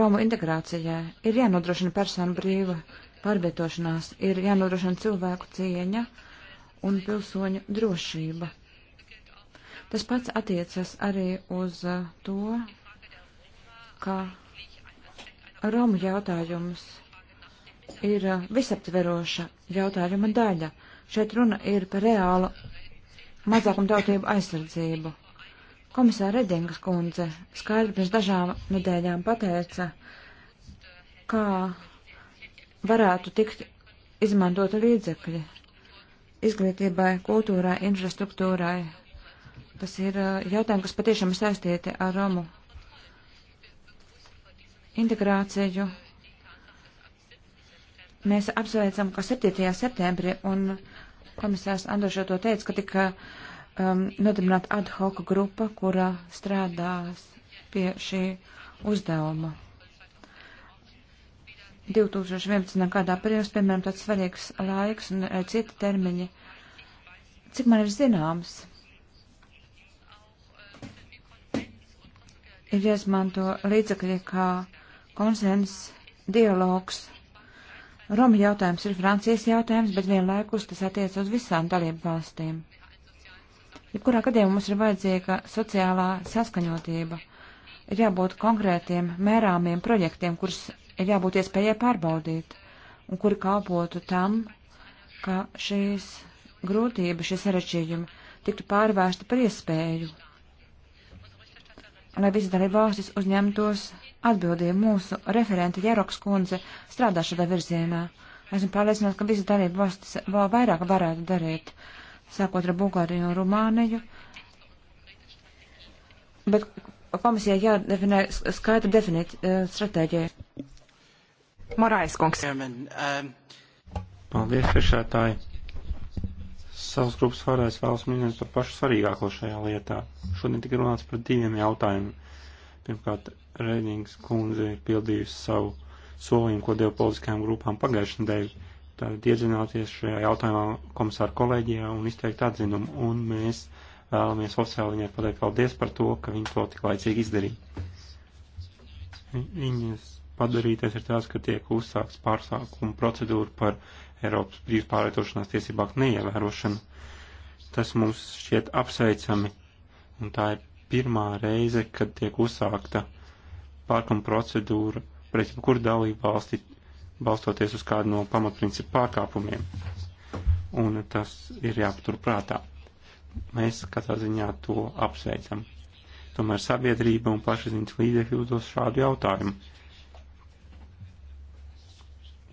Romu integrācijai. Ir jānodrošina personu brīva pārvietošanās, ir jānodrošina cilvēku cieņa un pilsoņu drošība. Tas pats attiecas arī uz uh, to, ka Romu jautājums ir uh, visaptveroša jautājuma daļa. Šeit runa ir par reālu mazākumtautību aizsardzību. Komisāra Redingas kundze skaidri pirms dažām nedēļām pateica, kā varētu tikt izmantota līdzekļi izglītībai, kultūrai, infrastruktūrai. Tas ir uh, jautājumi, kas patiešām saistīti ar Romu integrāciju. Mēs apsveicam, ka 7. septembrī un komisārs Androšo to teica, ka tika um, nodibināta ad hoc grupa, kura strādās pie šī uzdevuma. 2011. gadā periods, piemēram, tāds svarīgs laiks un e, citi termiņi. Cik man ir zināms, ir jāizmanto līdzekļi kā konsens, dialogs. Roma jautājums ir Francijas jautājums, bet vienlaikus tas attiec uz visām dalību valstīm. Jebkurā gadījumā mums ir vajadzīga sociālā saskaņotība. Ir jābūt konkrētiem, mērāmiem projektiem, kurus ir jābūt iespējai pārbaudīt, un kuri kalpotu tam, ka šīs grūtības, šie sarežģījumi tiktu pārvērsti par iespēju, lai visi dalība valstis uzņemtos atbildību. Mūsu referente Jeroks kundze strādā šādā virzienā. Esmu pārliecināts, ka visi dalība valstis vēl vairāk varētu darīt, sākot ar Bulgāriju un Rumāniju. Bet komisija jādefinē skaidra definīt eh, stratēģija. Morais kungs. Um, paldies, priekšētāji. Savas grupas vārdā es vēlos minēt par pašu svarīgāko šajā lietā. Šodien tika runāts par diviem jautājumiem. Pirmkārt, Reidings kundze ir pildījusi savu solījumu, ko deva politiskajām grupām pagājušajā nedēļā. Tātad iedzināties šajā jautājumā komisāra kolēģijā un izteikt atzinumu, un mēs vēlamies oficiāli viņai pateikt paldies par to, ka viņa to tik laicīgi izdarīja. Viņas padarīties, ir tas, ka tiek uzsāks pārsākuma procedūra par Eiropas brīvas pārvietošanās tiesībāk neievērošanu. Tas mums šķiet apsveicami, un tā ir pirmā reize, kad tiek uzsākta pārkuma procedūra pret jebkuru dalību valsti, balstoties uz kādu no pamatprincipu pārkāpumiem. Un tas ir jāpatur prātā. Mēs katrā ziņā to apsveicam. Tomēr sabiedrība un plašsaziņas līdzekļi uzdos šādu jautājumu.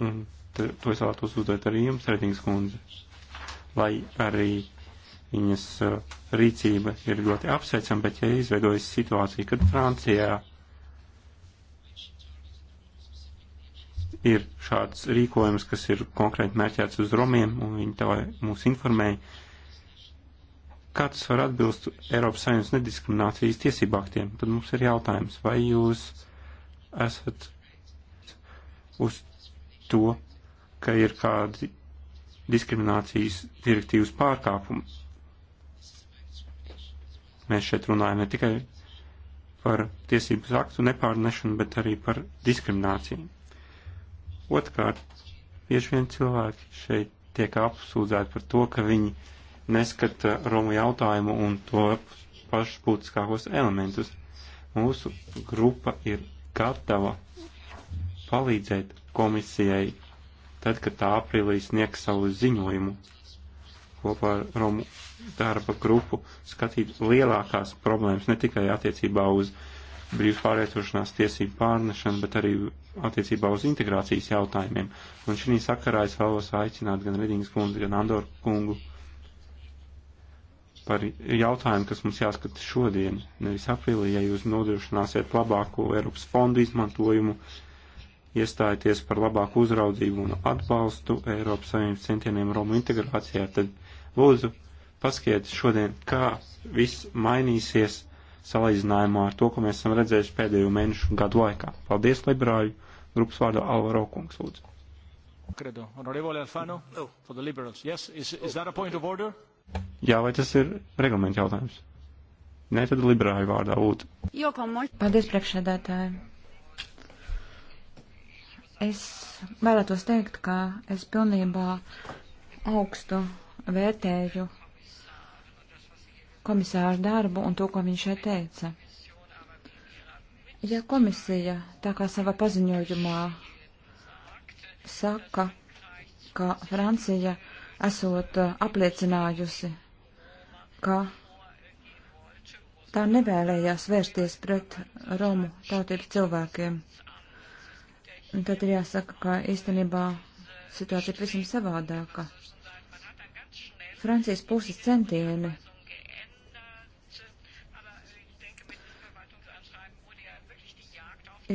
Un to es vēlētos uzdot arī jums, Redings kundze, lai arī viņas uh, rīcība ir ļoti apsveicama, bet ja izveidojas situācija, kad Francijā ir šāds rīkojums, kas ir konkrēti mērķēts uz romiem, un viņi tā mūs informēja, kā tas var atbilst Eiropas Savienības nediskriminācijas tiesību aktiem, tad mums ir jautājums, vai jūs esat uz to, ka ir kādi diskriminācijas direktīvas pārkāpumi. Mēs šeit runājam ne tikai par tiesības aktu nepārnešanu, bet arī par diskrimināciju. Otkārt, bieži vien cilvēki šeit tiek apsūdzēti par to, ka viņi neskata Romu jautājumu un to pašus būtiskākos elementus. Mūsu grupa ir gatava palīdzēt komisijai, tad, kad tā aprīlī sniegs savu ziņojumu kopā ar Romu darba grupu, skatīt lielākās problēmas ne tikai attiecībā uz brīvs pārvietošanās tiesību pārnešanu, bet arī attiecībā uz integrācijas jautājumiem. Un šī sakarā es vēlos aicināt gan Redīgas kundzi, gan Andoru kungu par jautājumu, kas mums jāskata šodien, nevis aprīlī, ja jūs nodrošināsiet labāko Eiropas fondu izmantojumu, uh, iestājieties par labāku uzraudzību un atbalstu Eiropas Savienības centieniem Romu integrācijā, tad lūdzu paskiet šodien, kā viss mainīsies salīdzinājumā ar to, ko mēs esam redzējuši pēdējo mēnešu un gadu laikā. Paldies, liberāļu grupas vārdā Alvaro Kungs, lūdzu. Credo. Honorevole Alfano, oh. for the liberals. Yes, is, is that a point of order? Jā, vai tas ir reglamenta jautājums? Nē, tad liberāļu vārdā lūdzu. Paldies, priekšsēdētāji. Es vēlētos teikt, ka es pilnībā augstu vērtēju komisāru darbu un to, ko viņš šeit teica. Ja komisija tā kā savā paziņojumā saka, ka Francija esot apliecinājusi, ka tā nevēlējās vērsties pret Romu tautību cilvēkiem, Un tad ir jāsaka, ka īstenībā situācija ir pavisam savādāka. Francijas puses centieni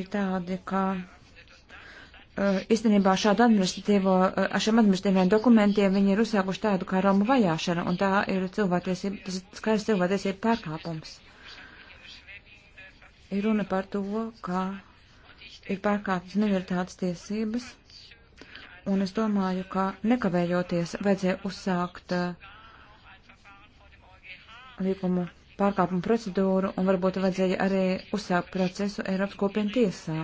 ir tādi, ka uh, īstenībā šādu administratīvo, eh, ar uh, šiem administratīviem dokumentiem viņi ir uzsākuši tādu kā Roma vajāšana, un tā ir cilvēktiesība, tas ir skaidrs cilvēktiesība pārkāpums. Ir runa par to, ka ir pārkāptas minoritātes tiesības, un es domāju, ka nekavējoties vajadzēja uzsākt uh, līgumu pārkāpumu procedūru, un varbūt vajadzēja arī uzsākt procesu Eiropas kopienu tiesā.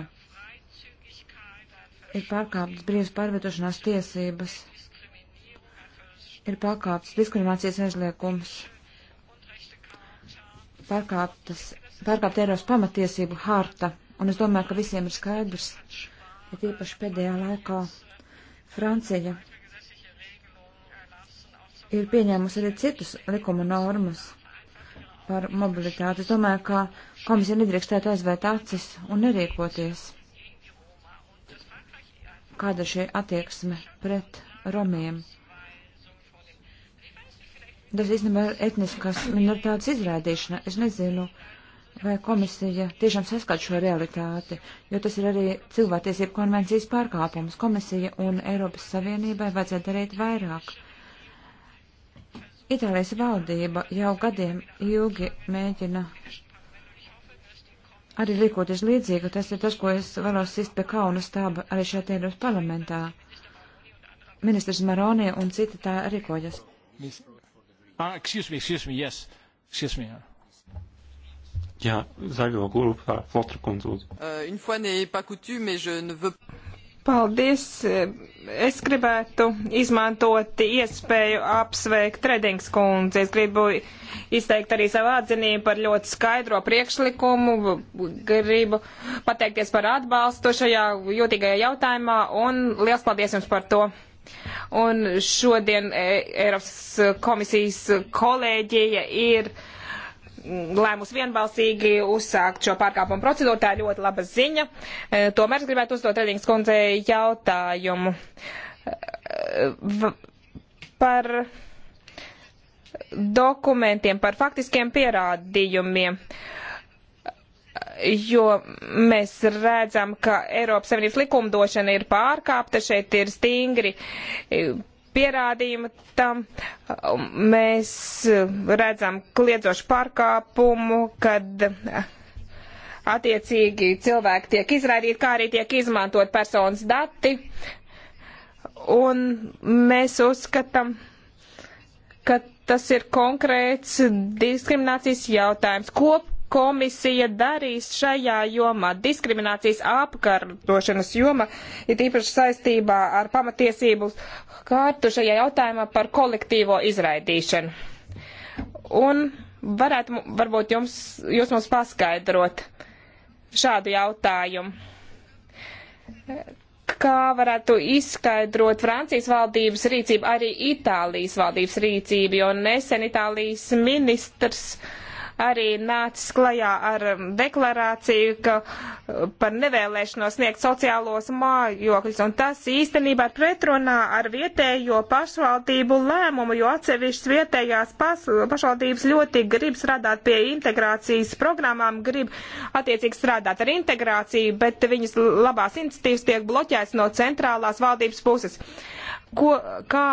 Ir pārkāptas brīvas pārvietošanās tiesības, ir pārkāptas diskriminācijas aizliekums, pārkāptas, pārkāpta Eiropas pamatiesību harta Un es domāju, ka visiem ir skaidrs, ka tīpaši pēdējā laikā Francija ir pieņēmusi arī citus likuma normas par mobilitāti. Es domāju, ka komisija nedrīkstētu aizvērt acis un nerīkoties. Kāda šī attieksme pret romiem? Tas īstenībā ir etniskas minoritātes izrādīšana. Es nezinu, uh, vai komisija tiešām saskat šo realitāti, jo tas ir arī cilvēktiesību konvencijas pārkāpums. Komisija un Eiropas Savienībai vajadzētu darīt vairāk. Itālijas valdība jau gadiem ilgi mēģina arī rīkoties līdzīgi, tas ir tas, ko es vēlos sist pie kauna stāba arī šeit Eiropas parlamentā. Ministrs Maronija un citi tā rīkojas. Ah, excuse me, excuse me, yes. Excuse me. Yeah. Jā, zaļo grupā, Flotra kundze. Paldies! Es gribētu izmantot iespēju apsveikt Redings kundzi. Es gribu izteikt arī savu atzinību par ļoti skaidro priekšlikumu. Gribu pateikties par atbalstu šajā jūtīgajā jautājumā un liels paldies jums par to! Un šodien eh, Eiropas komisijas kolēģija ir. Uh, lēmus vienbalsīgi uzsākt šo pārkāpumu procedūru. Tā ir ļoti laba ziņa. E, tomēr es gribētu uzdot Reļīgas kundzei jautājumu e, par dokumentiem, par faktiskiem pierādījumiem. Jo mēs redzam, ka Eiropas Savienības likumdošana ir pārkāpta, šeit ir stingri pierādījumu tam. Um, mēs uh, redzam kliedzošu pārkāpumu, kad uh, attiecīgi cilvēki tiek izraidīti, kā arī tiek izmantot personas dati. Un mēs uzskatām, ka tas ir konkrēts diskriminācijas jautājums. Kop komisija darīs šajā jomā, diskriminācijas apkarošanas joma, ir īpaši saistībā ar pamatiesību kārtu šajā jautājumā par kolektīvo izraidīšanu. Un varētu varbūt jums, jūs mums paskaidrot šādu jautājumu. Kā varētu izskaidrot Francijas valdības rīcību, arī Itālijas valdības rīcību, jo nesen Itālijas ministrs uh, arī nācis klajā ar um, deklarāciju ka, uh, par nevēlēšanos sniegt sociālos mājokļus, un tas īstenībā ir pretrunā ar vietējo pašvaldību lēmumu, jo atsevišķas vietējās pas, pašvaldības ļoti grib strādāt pie integrācijas programmām, grib attiecīgi strādāt ar integrāciju, bet viņas labās iniciatīvas tiek bloķēts no centrālās valdības puses. Ko, kā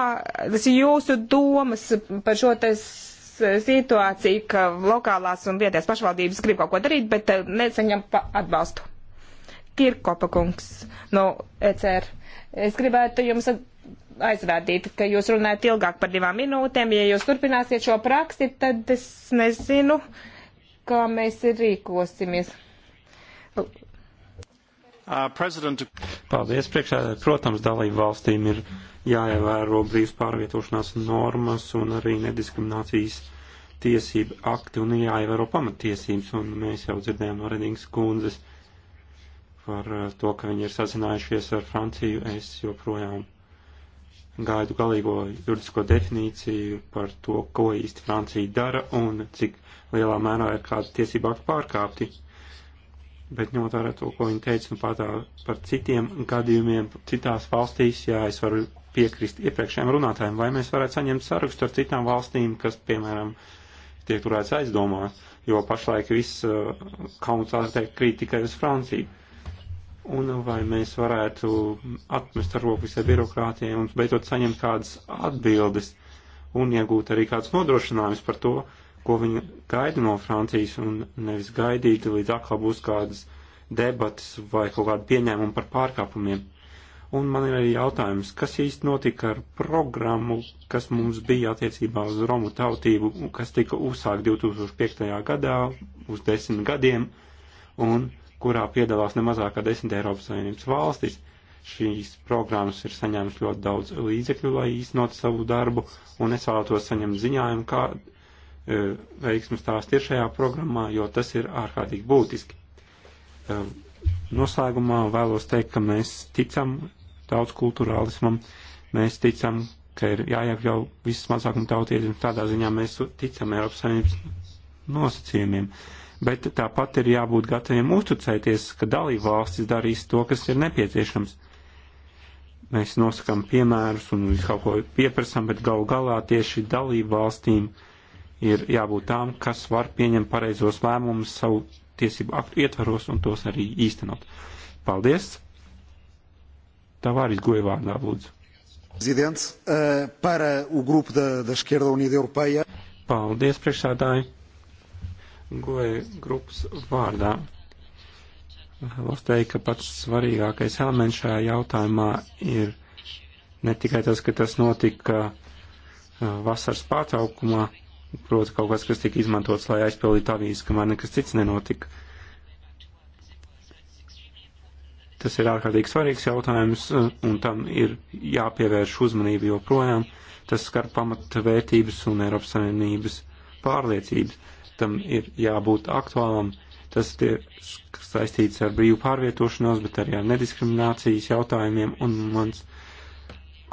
jūsu domas par šo te situācija, ka lokālās un vietējās pašvaldības grib kaut ko darīt, bet eh, nesaņem atbalstu. Kirkopa kungs no ECR. Es gribētu jums aizrādīt, ka jūs runājat ilgāk par divām minūtēm. Ja jūs turpināsiet šo praksi, tad es nezinu, kā mēs rīkosimies. Uh, Paldies, priekšā. Protams, dalību valstīm ir jāievēro brīvs pārvietošanās normas un arī nediskriminācijas tiesību akti un jāievēro pamatiesības. Un mēs jau dzirdējām no Redingas kundzes par eh, to, ka viņi ir sazinājušies ar Franciju. Es joprojām gaidu galīgo juridisko definīciju par to, ko īsti Francija dara un cik lielā mērā ir kādi tiesību akti pārkāpti bet ņemot vērā to, ko viņi teica nu, par, tā, par citiem gadījumiem citās valstīs, jā, es varu piekrist iepriekšējiem runātājiem, vai mēs varētu saņemt sarakstu ar citām valstīm, kas, piemēram, tiek turēts aizdomās, jo pašlaik viss uh, kauns ārstēt krīt tikai uz Franciju. Un vai mēs varētu atmest ar roku visai birokrātiem un beidzot saņemt kādas atbildes un iegūt arī kāds nodrošinājums par to, ko viņi gaida no Francijas un nevis gaidīt, līdz atkal būs kādas debatas vai kaut kāda pieņēmuma par pārkāpumiem. Un man ir arī jautājums, kas īsti notika ar programmu, kas mums bija attiecībā uz Romu tautību, kas tika uzsākt 2005. gadā uz desmit gadiem un kurā piedalās ne mazāk kā desmit Eiropas Savienības valstis. Šīs programmas ir saņēmusi ļoti daudz līdzekļu, lai īstenot savu darbu, un es vēlētos saņemt ziņājumu, kā e, veiksmas tās ir šajā programmā, jo tas ir ārkārtīgi būtiski. E, noslēgumā vēlos teikt, ka mēs ticam daudz kulturālismam. Mēs ticam, ka ir jāiekļau visas mazākuma tautietis, un tādā ziņā mēs ticam Eiropas Savienības nosacījumiem. Bet tāpat ir jābūt gataviem uzticēties, ka dalība valstis darīs to, kas ir nepieciešams. Mēs nosakām piemērus un kaut ko pieprasām, bet galu galā tieši dalību valstīm ir jābūt tām, kas var pieņemt pareizos lēmumus savu tiesību aktu ietvaros un tos arī īstenot. Paldies! Tavares Goivānā, lūdzu. Prezidents, eh, para o grupo da, da esquerda Unida Europeia. Paldies, priekšsādāji. Goja grupas vārdā. Vēlos teikt, ka pats svarīgākais elements šajā jautājumā ir ne tikai tas, ka tas notika eh, vasaras pārtraukumā, proti kaut kas, kas tika izmantots, lai aizpildītu avīzes, kamēr nekas cits nenotika. Uh, Tas ir ārkārtīgi svarīgs jautājums, un tam ir jāpievērš uzmanība joprojām. Tas skar pamatvērtības un Eiropas Savienības pārliecības. Tam ir jābūt aktuālam. Tas ir saistīts ar brīvu pārvietošanos, bet arī ar nediskriminācijas jautājumiem, un mans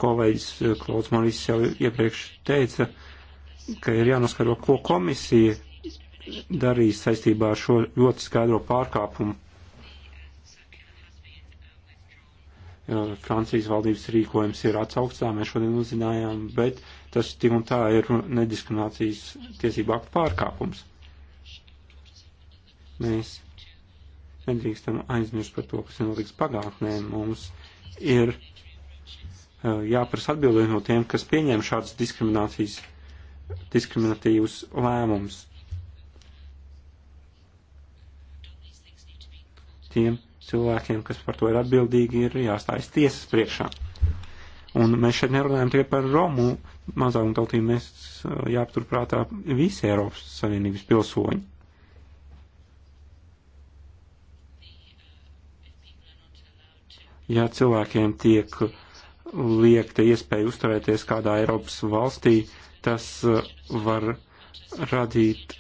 kolēģis eh, Klauds Morīs jau iepriekš teica, ka ir jānoskaro, ko komisija darīs saistībā ar šo ļoti skaidro pārkāpumu Francijas valdības rīkojums ir atsaukts, tā mēs šodien uzzinājām, bet tas tik un tā ir nediskriminācijas tiesību aktu pārkāpums. Mēs nedrīkstam aizmirst par to, kas notiks pagātnē. Mums ir jāprasa atbildēt no tiem, kas pieņēma šādus diskriminācijas, diskriminatīvus lēmumus. Tiem, cilvēkiem, kas par to ir atbildīgi, ir jāstājas tiesas priekšā. Un mēs šeit nerunājam tikai par Romu mazākumu tautību, mēs uh, jāpaturprātā visi Eiropas Savienības pilsoņi. Ja cilvēkiem tiek liekta iespēja uzturēties kādā Eiropas valstī, tas uh, var radīt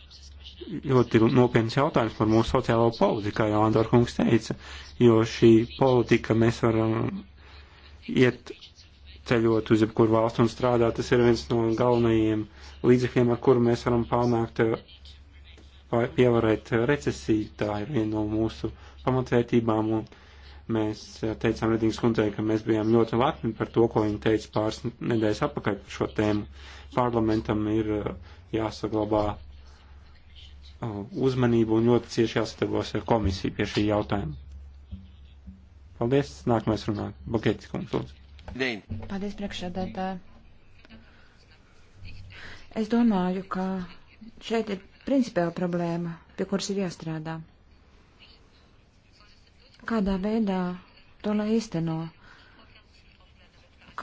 ļoti nopietns jautājums par mūsu sociālo politiku, kā jau Andor kungs teica, jo šī politika mēs varam iet ceļot uz jebkuru valstu un strādāt, tas ir viens no galvenajiem līdzekļiem, ar kuru mēs varam panākt pievarēt recesiju, tā ir viena no mūsu pamatvērtībām, un mēs teicām Redings kundzei, ka mēs bijām ļoti lepni par to, ko viņa teica pāris nedēļas apakaļ par šo tēmu. Parlamentam ir jāsaglabā Uh, uzmanību un ļoti cieši jāsadarbos ar komisiju pie šī jautājuma. Paldies, nākamais runāt. Baketis kungs, lūdzu. Paldies, priekšsēdētāji. Es domāju, ka šeit ir principāla problēma, pie kuras ir jāstrādā. Kādā veidā to lai īsteno?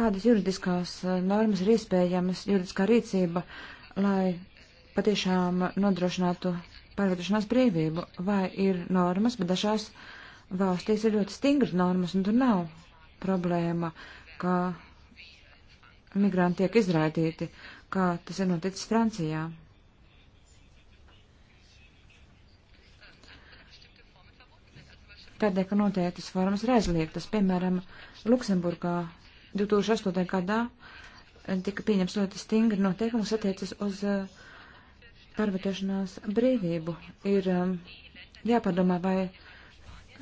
Kādas juridiskās uh, normas ir iespējamas, juridiskā rīcība, lai patiešām nodrošinātu pārvietošanās brīvību, vai ir normas, bet dažās valstīs ir ļoti stingri normas, un tur nav problēma, ka migranti tiek izraidīti, kā tas ir noticis Francijā. Tādēļ, ka noteiktas formas ir aizliegtas, piemēram, Luksemburgā 2008. gadā tika pieņems ļoti stingri noteikums attiecas uz uh, pārvietošanās brīvību, ir um, jāpadomā, vai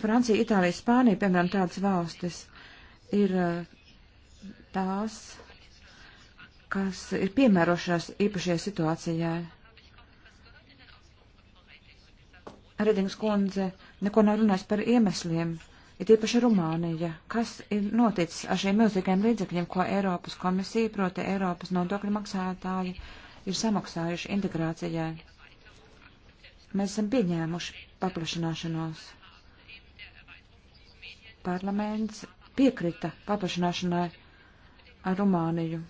Francija, Itālija, Spānija, piemēram, tādas valstis, ir uh, tās, kas ir piemērošās īpašajai situācijai. Redings kundze neko nav runājis par iemesliem, ir īpaši Rumānija. Kas ir noticis ar šiem milzīgiem līdzekļiem, ko Eiropas komisija, proti Eiropas nodokļu maksātāji, uh, ir samaksājuši integrācijai. Mēs esam pieņēmuši paplašināšanos. Parlaments piekrita paplašināšanai ar Rumāniju.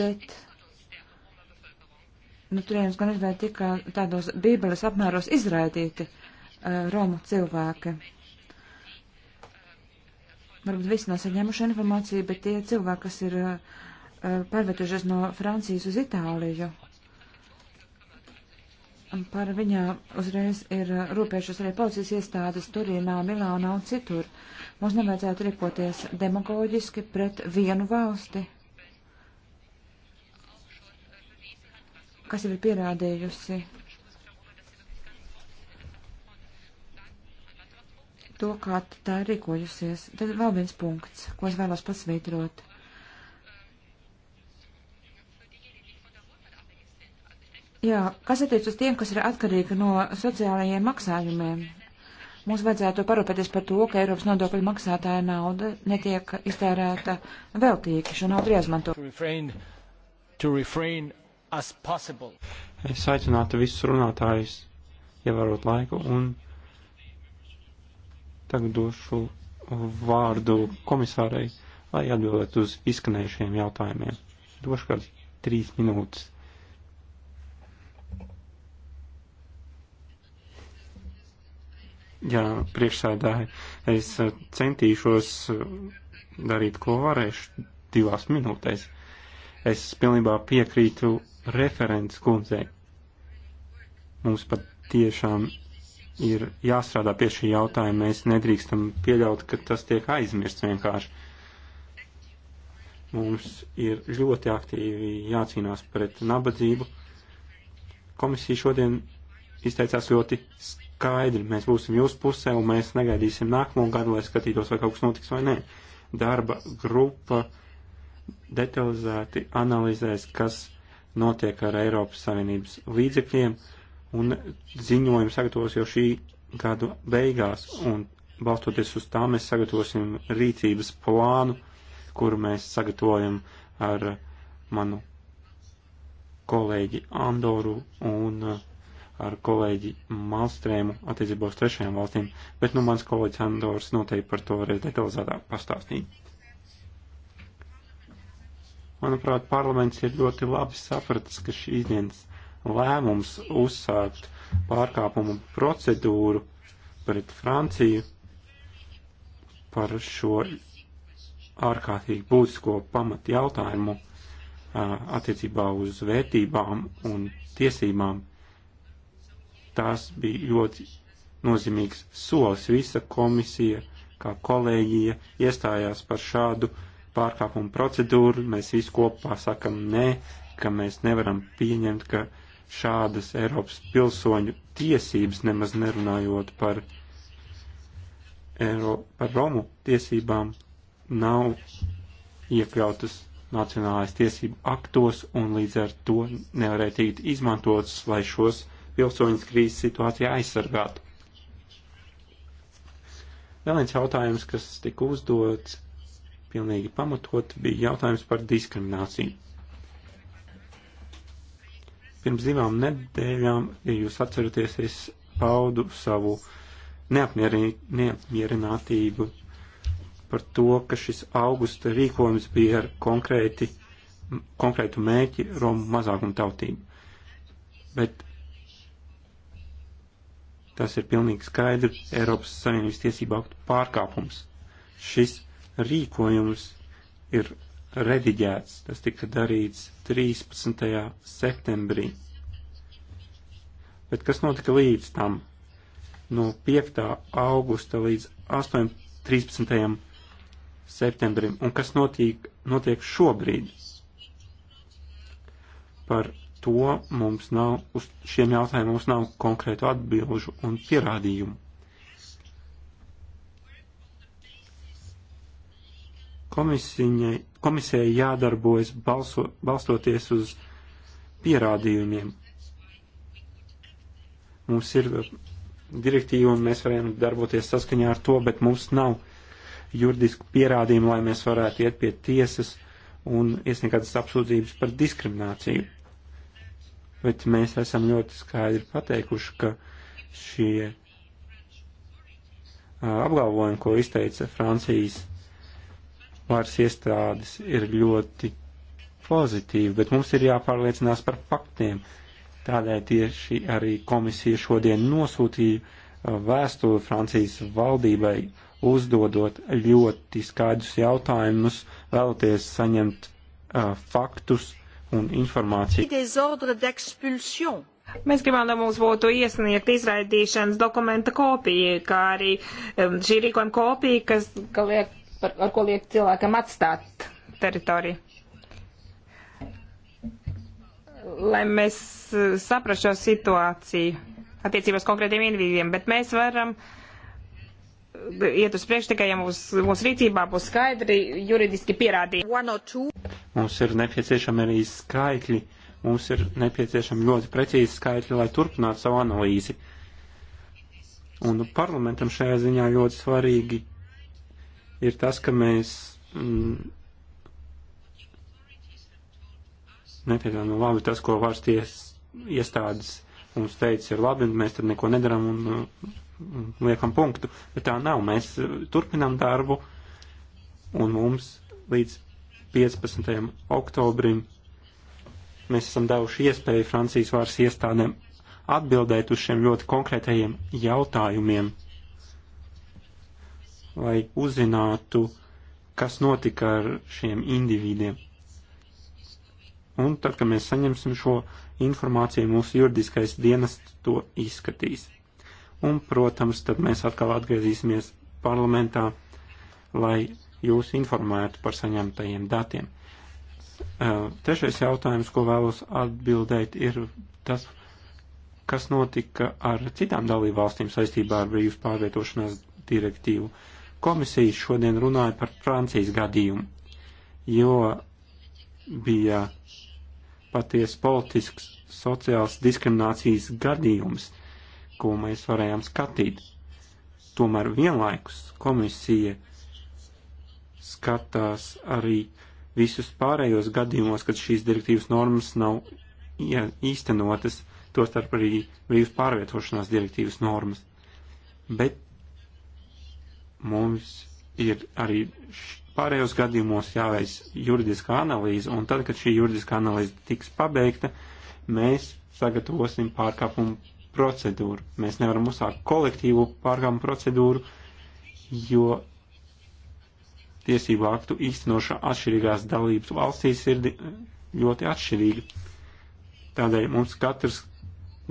Bet nu, turienes gan izvēl tikai tādos bībeles apmēros izraidīti uh, Romu cilvēki. Varbūt visi nav saņēmuši informāciju, bet tie cilvēki, kas ir uh, Eh, pārvietušies no Francijas uz Itāliju. Par viņām uzreiz ir rūpējušas arī policijas iestādes Turīnā, Milānā un citur. Mums nevajadzētu rīkoties demagoģiski pret vienu valsti, kas jau ir pierādījusi to, kā tā ir rīkojusies. Tad vēl viens punkts, ko es vēlos pasvītrot. Jā, kas attiec uz tiem, kas ir atkarīgi no sociālajiem maksājumiem? Mums vajadzētu parūpēties par to, ka Eiropas nodokļu maksātāja nauda netiek iztērēta veltīgi. Šo naudu jāizmanto. Es aicinātu visus runātājus ievērot laiku un tagad došu vārdu komisārei, lai atbildētu uz izskanējušiem jautājumiem. Došu kāds trīs minūtes. Jā, priekšsēdāji, es eh, centīšos eh, darīt, ko varēšu divās minūtēs. Es pilnībā piekrītu referents kundzei. Mums pat tiešām ir jāstrādā pie šī jautājuma. Mēs nedrīkstam pieļaut, ka tas tiek aizmirsts vienkārši. Mums ir ļoti aktīvi jācīnās pret nabadzību. Komisija šodien izteicās ļoti skaidri, mēs būsim jūsu pusē un mēs negaidīsim nākamo gadu, lai skatītos, vai kaut kas notiks vai nē. Darba grupa detalizēti analizēs, kas notiek ar Eiropas Savienības līdzekļiem un ziņojumu sagatavos jau šī gada beigās un balstoties uz tā mēs sagatavosim rīcības plānu, kuru mēs sagatavojam ar manu kolēģi Andoru un uh, ar kolēģi Malstrēmu attiecībā uz trešajām valstīm, bet nu mans kolēģis Andors noteikti par to varēs detalizētāk pastāstīt. Manuprāt, parlaments ir ļoti labi sapratis, ka šīs dienas lēmums uzsākt pārkāpumu procedūru pret Franciju par šo ārkārtīgi būtisko pamat jautājumu attiecībā uz vērtībām un tiesībām tās bija ļoti nozīmīgs solis. Visa komisija, kā kolēģija, iestājās par šādu pārkāpumu procedūru. Mēs visi kopā sakam nē, ka mēs nevaram pieņemt, ka šādas Eiropas pilsoņu tiesības, nemaz nerunājot par, Eiro, par Romu tiesībām, nav iekļautas nacionālais tiesību aktos un līdz ar to nevarēja tikt izmantotas, lai šos pilsoņus krīzes situācijā aizsargātu. Vēl viens jautājums, kas tika uzdots pilnīgi pamatot, bija jautājums par diskrimināciju. Pirms divām nedēļām, ja jūs atceraties, es paudu savu neapmierinātību par to, ka šis augusta rīkojums bija ar konkrēti, konkrētu mēķi Romu mazākumu tautību. Bet Tas ir pilnīgi skaidri Eiropas Savienības tiesību aktu pārkāpums. Šis rīkojums ir rediģēts. Tas tika darīts 13. septembrī. Bet kas notika līdz tam? No 5. augusta līdz 8. 13. septembrim. Un kas notiek, notiek šobrīd? Par to mums nav, uz šiem jautājumiem mums nav konkrētu atbilžu un pierādījumu. Komisijai, komisijai jādarbojas balso, balstoties uz pierādījumiem. Mums ir direktīva un mēs varējām darboties saskaņā ar to, bet mums nav juridisku pierādījumu, lai mēs varētu iet pie tiesas un iesniegt kādas apsūdzības par diskrimināciju bet mēs esam ļoti skaidri pateikuši, ka šie apgalvojumi, ko izteica Francijas varas iestādes, ir ļoti pozitīvi, bet mums ir jāpārliecinās par faktiem. Tādēļ tieši arī komisija šodien nosūtīja vēstuli Francijas valdībai, uzdodot ļoti skaidrus jautājumus, vēloties saņemt uh, faktus uh, un informāciju. Mēs gribam, lai mums būtu iesniegta izraidīšanas dokumenta kopija, kā arī um, šī rīkojuma kopija, kas, ka liek, par, ar ko liek cilvēkam atstāt teritoriju. Lai mēs uh, saprastu šo situāciju attiecībās konkrētiem individiem, bet mēs varam uh, iet uz priekšu tikai, ja mums, mums rīcībā būs skaidri juridiski pierādījumi. Mums ir nepieciešami arī skaitļi, mums ir nepieciešami ļoti precīzi skaitļi, lai turpinātu savu analīzi. Un nu, parlamentam šajā ziņā ļoti svarīgi ir tas, ka mēs mm, nepietiekami nu, labi tas, ko varas iestādes mums teica, ir labi, un mēs tad neko nedaram, un nu, liekam punktu, bet tā nav. Mēs eh, turpinām darbu un mums līdz 15. oktobrim mēs esam devuši iespēju Francijas vāras iestādēm atbildēt uz šiem ļoti konkrētajiem jautājumiem, lai uzzinātu, kas notika ar šiem individiem. Un tad, kad mēs saņemsim šo informāciju, mūsu juridiskais dienas to izskatīs. Un, protams, tad mēs atkal atgriezīsimies parlamentā, lai jūs informētu par saņemtajiem datiem. Eh, Trešais jautājums, ko vēlos atbildēt, ir tas, kas notika ar citām dalībvalstīm saistībā ar brīvas pārvietošanās direktīvu. Komisija šodien runāja par Francijas gadījumu, jo bija paties politisks sociāls diskriminācijas gadījums. Uh, ko mēs varējām skatīt. Tomēr vienlaikus komisija skatās arī visus pārējos gadījumos, kad šīs direktīvas normas nav īstenotas, tostarp arī brīvas pārvietošanās direktīvas normas. Bet mums ir arī pārējos gadījumos jāveic juridiskā analīze, un tad, kad šī juridiskā analīze tiks pabeigta, mēs sagatavosim pārkāpumu procedūru. Mēs nevaram uzsākt kolektīvu pārkāpumu procedūru, jo tiesību aktu īstenošana atšķirīgās dalības valstīs ir ļoti atšķirīga. Tādēļ mums katrs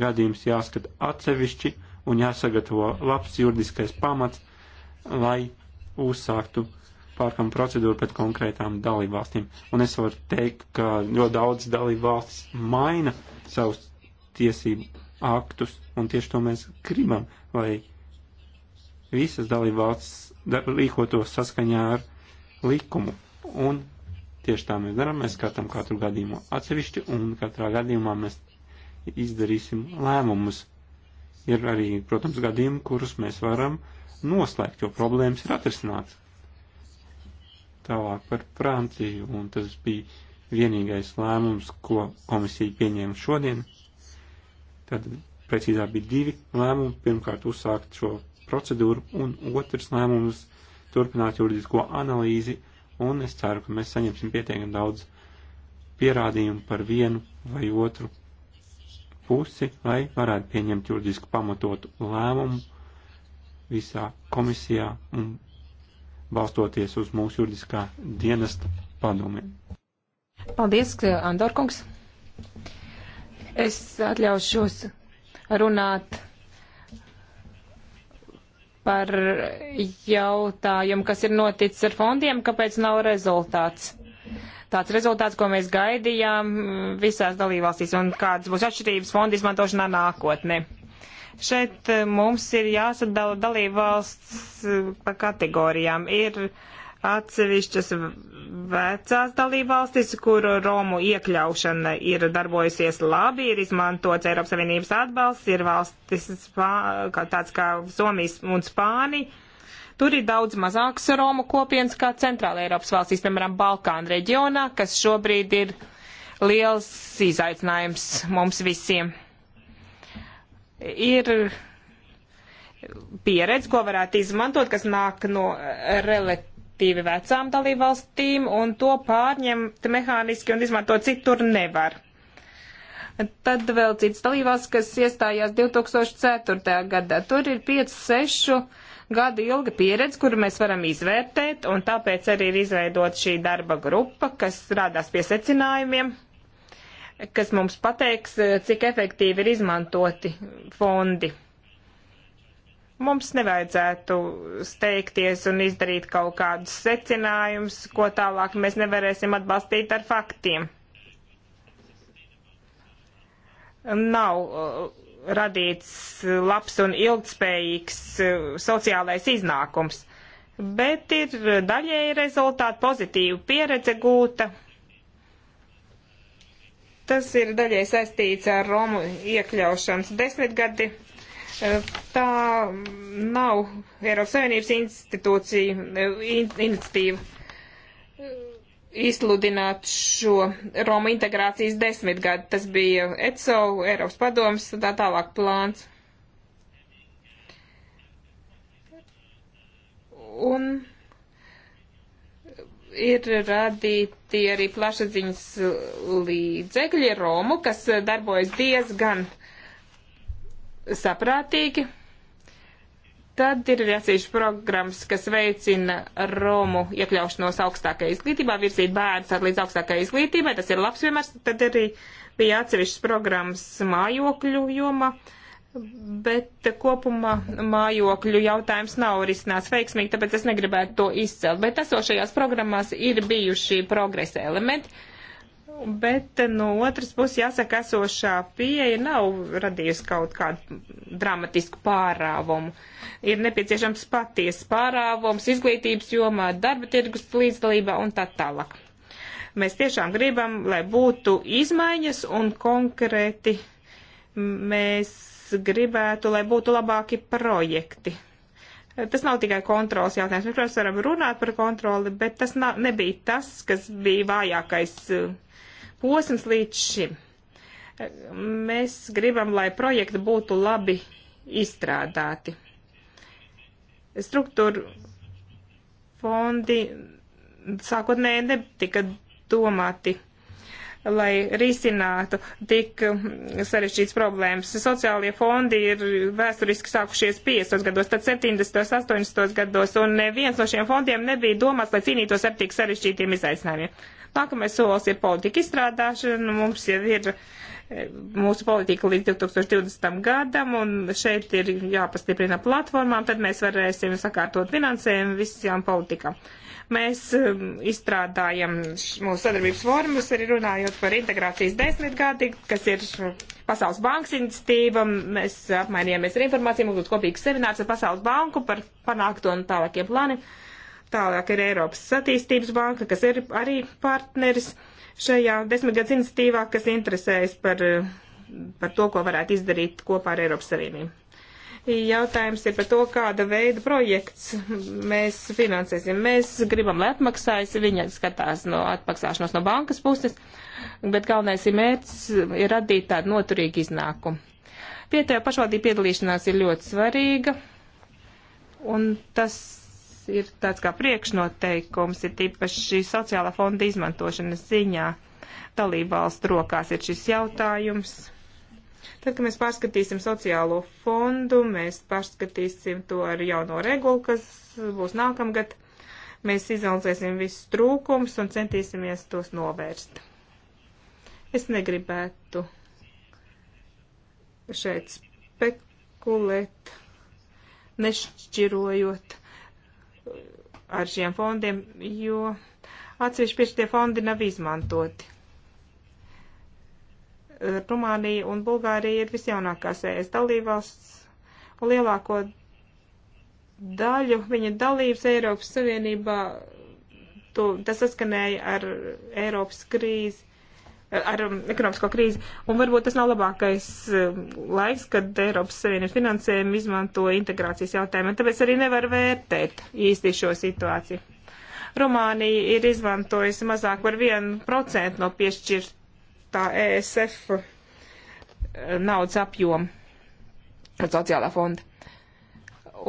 gadījums jāskata atsevišķi un jāsagatavo labs juridiskais pamats, lai uzsāktu pārkam procedūru pret konkrētām dalību valstīm. Un es varu teikt, ka ļoti daudz dalību valstis maina savus tiesību aktus, un tieši to mēs gribam, lai visas dalībvalsts rīkotos saskaņā ar likumu. Un tieši tā mēs darām, mēs skatām katru gadījumu atsevišķi, un katrā gadījumā mēs izdarīsim lēmumus. Ir arī, protams, gadījumi, kurus mēs varam noslēgt, jo problēmas ir atrisināts. Tālāk par Franciju, un tas bija vienīgais lēmums, ko komisija pieņēma šodien Tad precīzāk bija divi lēmumi. Pirmkārt, uzsākt šo procedūru, un otrs lēmums turpināt juridisko analīzi, un es ceru, ka mēs saņemsim pietiekami daudz pierādījumu par vienu vai otru pusi, lai varētu pieņemt juridiski pamatotu lēmumu visā komisijā un balstoties uz mūsu juridiskā dienesta padomiem. Paldies, Andorkungs! Es atļaušos runāt par jautājumu, kas ir noticis ar fondiem, kāpēc nav rezultāts. Tāds rezultāts, ko mēs gaidījām visās dalībvalstīs un kādas būs atšķirības fondu izmantošanā nākotnē. Šeit mums ir jāsadala dalībvalsts pa kategorijām. Ir uh, atsevišķas vecās dalībvalstis, kur Romu iekļaušana ir darbojusies labi, ir izmantots Eiropas Savienības atbalsts, ir valstis kā tāds kā Somijas un Spāni. Tur ir daudz mazāks Romu kopienas kā Centrāla Eiropas valstīs, piemēram, Balkāna reģionā, kas šobrīd ir liels izaicinājums mums visiem. Ir pieredze, ko varētu izmantot, kas nāk no relatīvi relatīvi vecām dalībvalstīm, un to pārņemt mehāniski un izmantot citur nevar. Tad vēl cits dalībvalsts, kas iestājās 2004. gadā. Tur ir 5-6 gadu ilga pieredze, kuru mēs varam izvērtēt, un tāpēc arī ir izveidot šī darba grupa, kas strādās pie secinājumiem, kas mums pateiks, cik efektīvi ir izmantoti fondi. Mums nevajadzētu steigties un izdarīt kaut kādus secinājumus, ko tālāk mēs nevarēsim atbalstīt ar faktiem. Nav uh, radīts labs un ilgspējīgs uh, sociālais iznākums, bet ir daļēji rezultāti pozitīva pieredze gūta. Tas ir daļēji saistīts ar Romu iekļaušanas desmitgadi. Tā nav Eiropas Savienības institūcija in, iniciatīva izsludināt šo Roma integrācijas desmitgadu. Tas bija ECO, Eiropas padomas, tā tālāk plāns. Un ir radīti arī plašsaziņas līdzekļi Romu, kas darbojas diezgan saprātīgi. Tad ir arī atsevišķas programmas, kas veicina Romu iekļaušanos augstākajā izglītībā, virzīt bērnus līdz augstākajai izglītībai. Tas ir labs piemērs. Tad arī bija atsevišķas programmas mājokļu jomā, bet kopumā mājokļu jautājums nav risināts veiksmīgi, tāpēc es negribētu to izcelt. Bet esošajās programmās ir bijuši progresa elementi bet eh, no otras puses jāsaka, esošā pieeja nav radījusi kaut kādu dramatisku pārāvumu. Ir nepieciešams patiesas pārāvums izglītības jomā, darba tirgus līdzdalībā un tā tālāk. Mēs tiešām gribam, lai būtu izmaiņas un konkrēti mēs gribētu, lai būtu labāki projekti. Tas nav tikai kontrols jautājums. Mēs, protams, varam runāt par kontroli, bet tas nav, nebija tas, kas bija vājākais uh, posms līdz šim. Mēs gribam, lai projekti būtu labi izstrādāti. Struktūra fondi sākotnēji netika domāti, lai risinātu tik sarežģītas problēmas. Sociālie fondi ir vēsturiski sākušies 50. gados, tad 70. 80. gados, un neviens no šiem fondiem nebija domāts, lai cīnītos ar tik sarežģītiem izaicinājumiem. Nākamais solis ir politika izstrādāšana. Mums jau ir e, mūsu politika līdz 2020. gadam, un šeit ir jāpastiprina platformām, tad mēs varēsim sakārtot finansējumu visām politikām. Mēs e, izstrādājam mūsu sadarbības formas, arī runājot par integrācijas desmitgadi, kas ir Pasaules bankas iniciatīva. Mēs apmainījāmies ar informāciju, mums būs kopīgs seminārs ar Pasaules banku par panākto un tālākiem plāniem. Tālāk ir Eiropas attīstības banka, kas ir arī partneris šajā desmitgads iniciatīvā, kas interesējas par, par to, ko varētu izdarīt kopā ar Eiropas Savienību. Jautājums ir par to, kāda veida projekts mēs finansēsim. Mēs gribam, lai atmaksājas, viņa skatās no atmaksāšanos no bankas puses, bet galvenais ir mērķis ir radīt tādu noturīgu iznākumu. Vietējā pašvaldība piedalīšanās ir ļoti svarīga, un tas ir tāds kā priekšnoteikums, ir tīpaši sociālā fonda izmantošanas ziņā. Dalībvalstu rokās ir šis jautājums. Tad, kad mēs pārskatīsim sociālo fondu, mēs pārskatīsim to ar jauno regulu, kas būs nākamgad. Mēs izanalizēsim visus trūkums un centīsimies tos novērst. Es negribētu šeit spekulēt, nešķirojot ar šiem fondiem, jo atsevišķi pieši tie fondi nav izmantoti. Rumānija un Bulgārija ir visjaunākās ES dalībvalsts, un lielāko daļu viņa dalības Eiropas Savienībā to, tas saskanēja ar Eiropas krīzi ar um, ekonomisko krīzi. Un varbūt tas nav labākais um, laiks, kad Eiropas Savienības finansējumu izmanto integrācijas jautājumiem, tāpēc arī nevar vērtēt īsti šo situāciju. Rumānija ir izmantojusi mazāk par 1% no piešķirtā ESF uh, naudas apjoma sociālā fonda.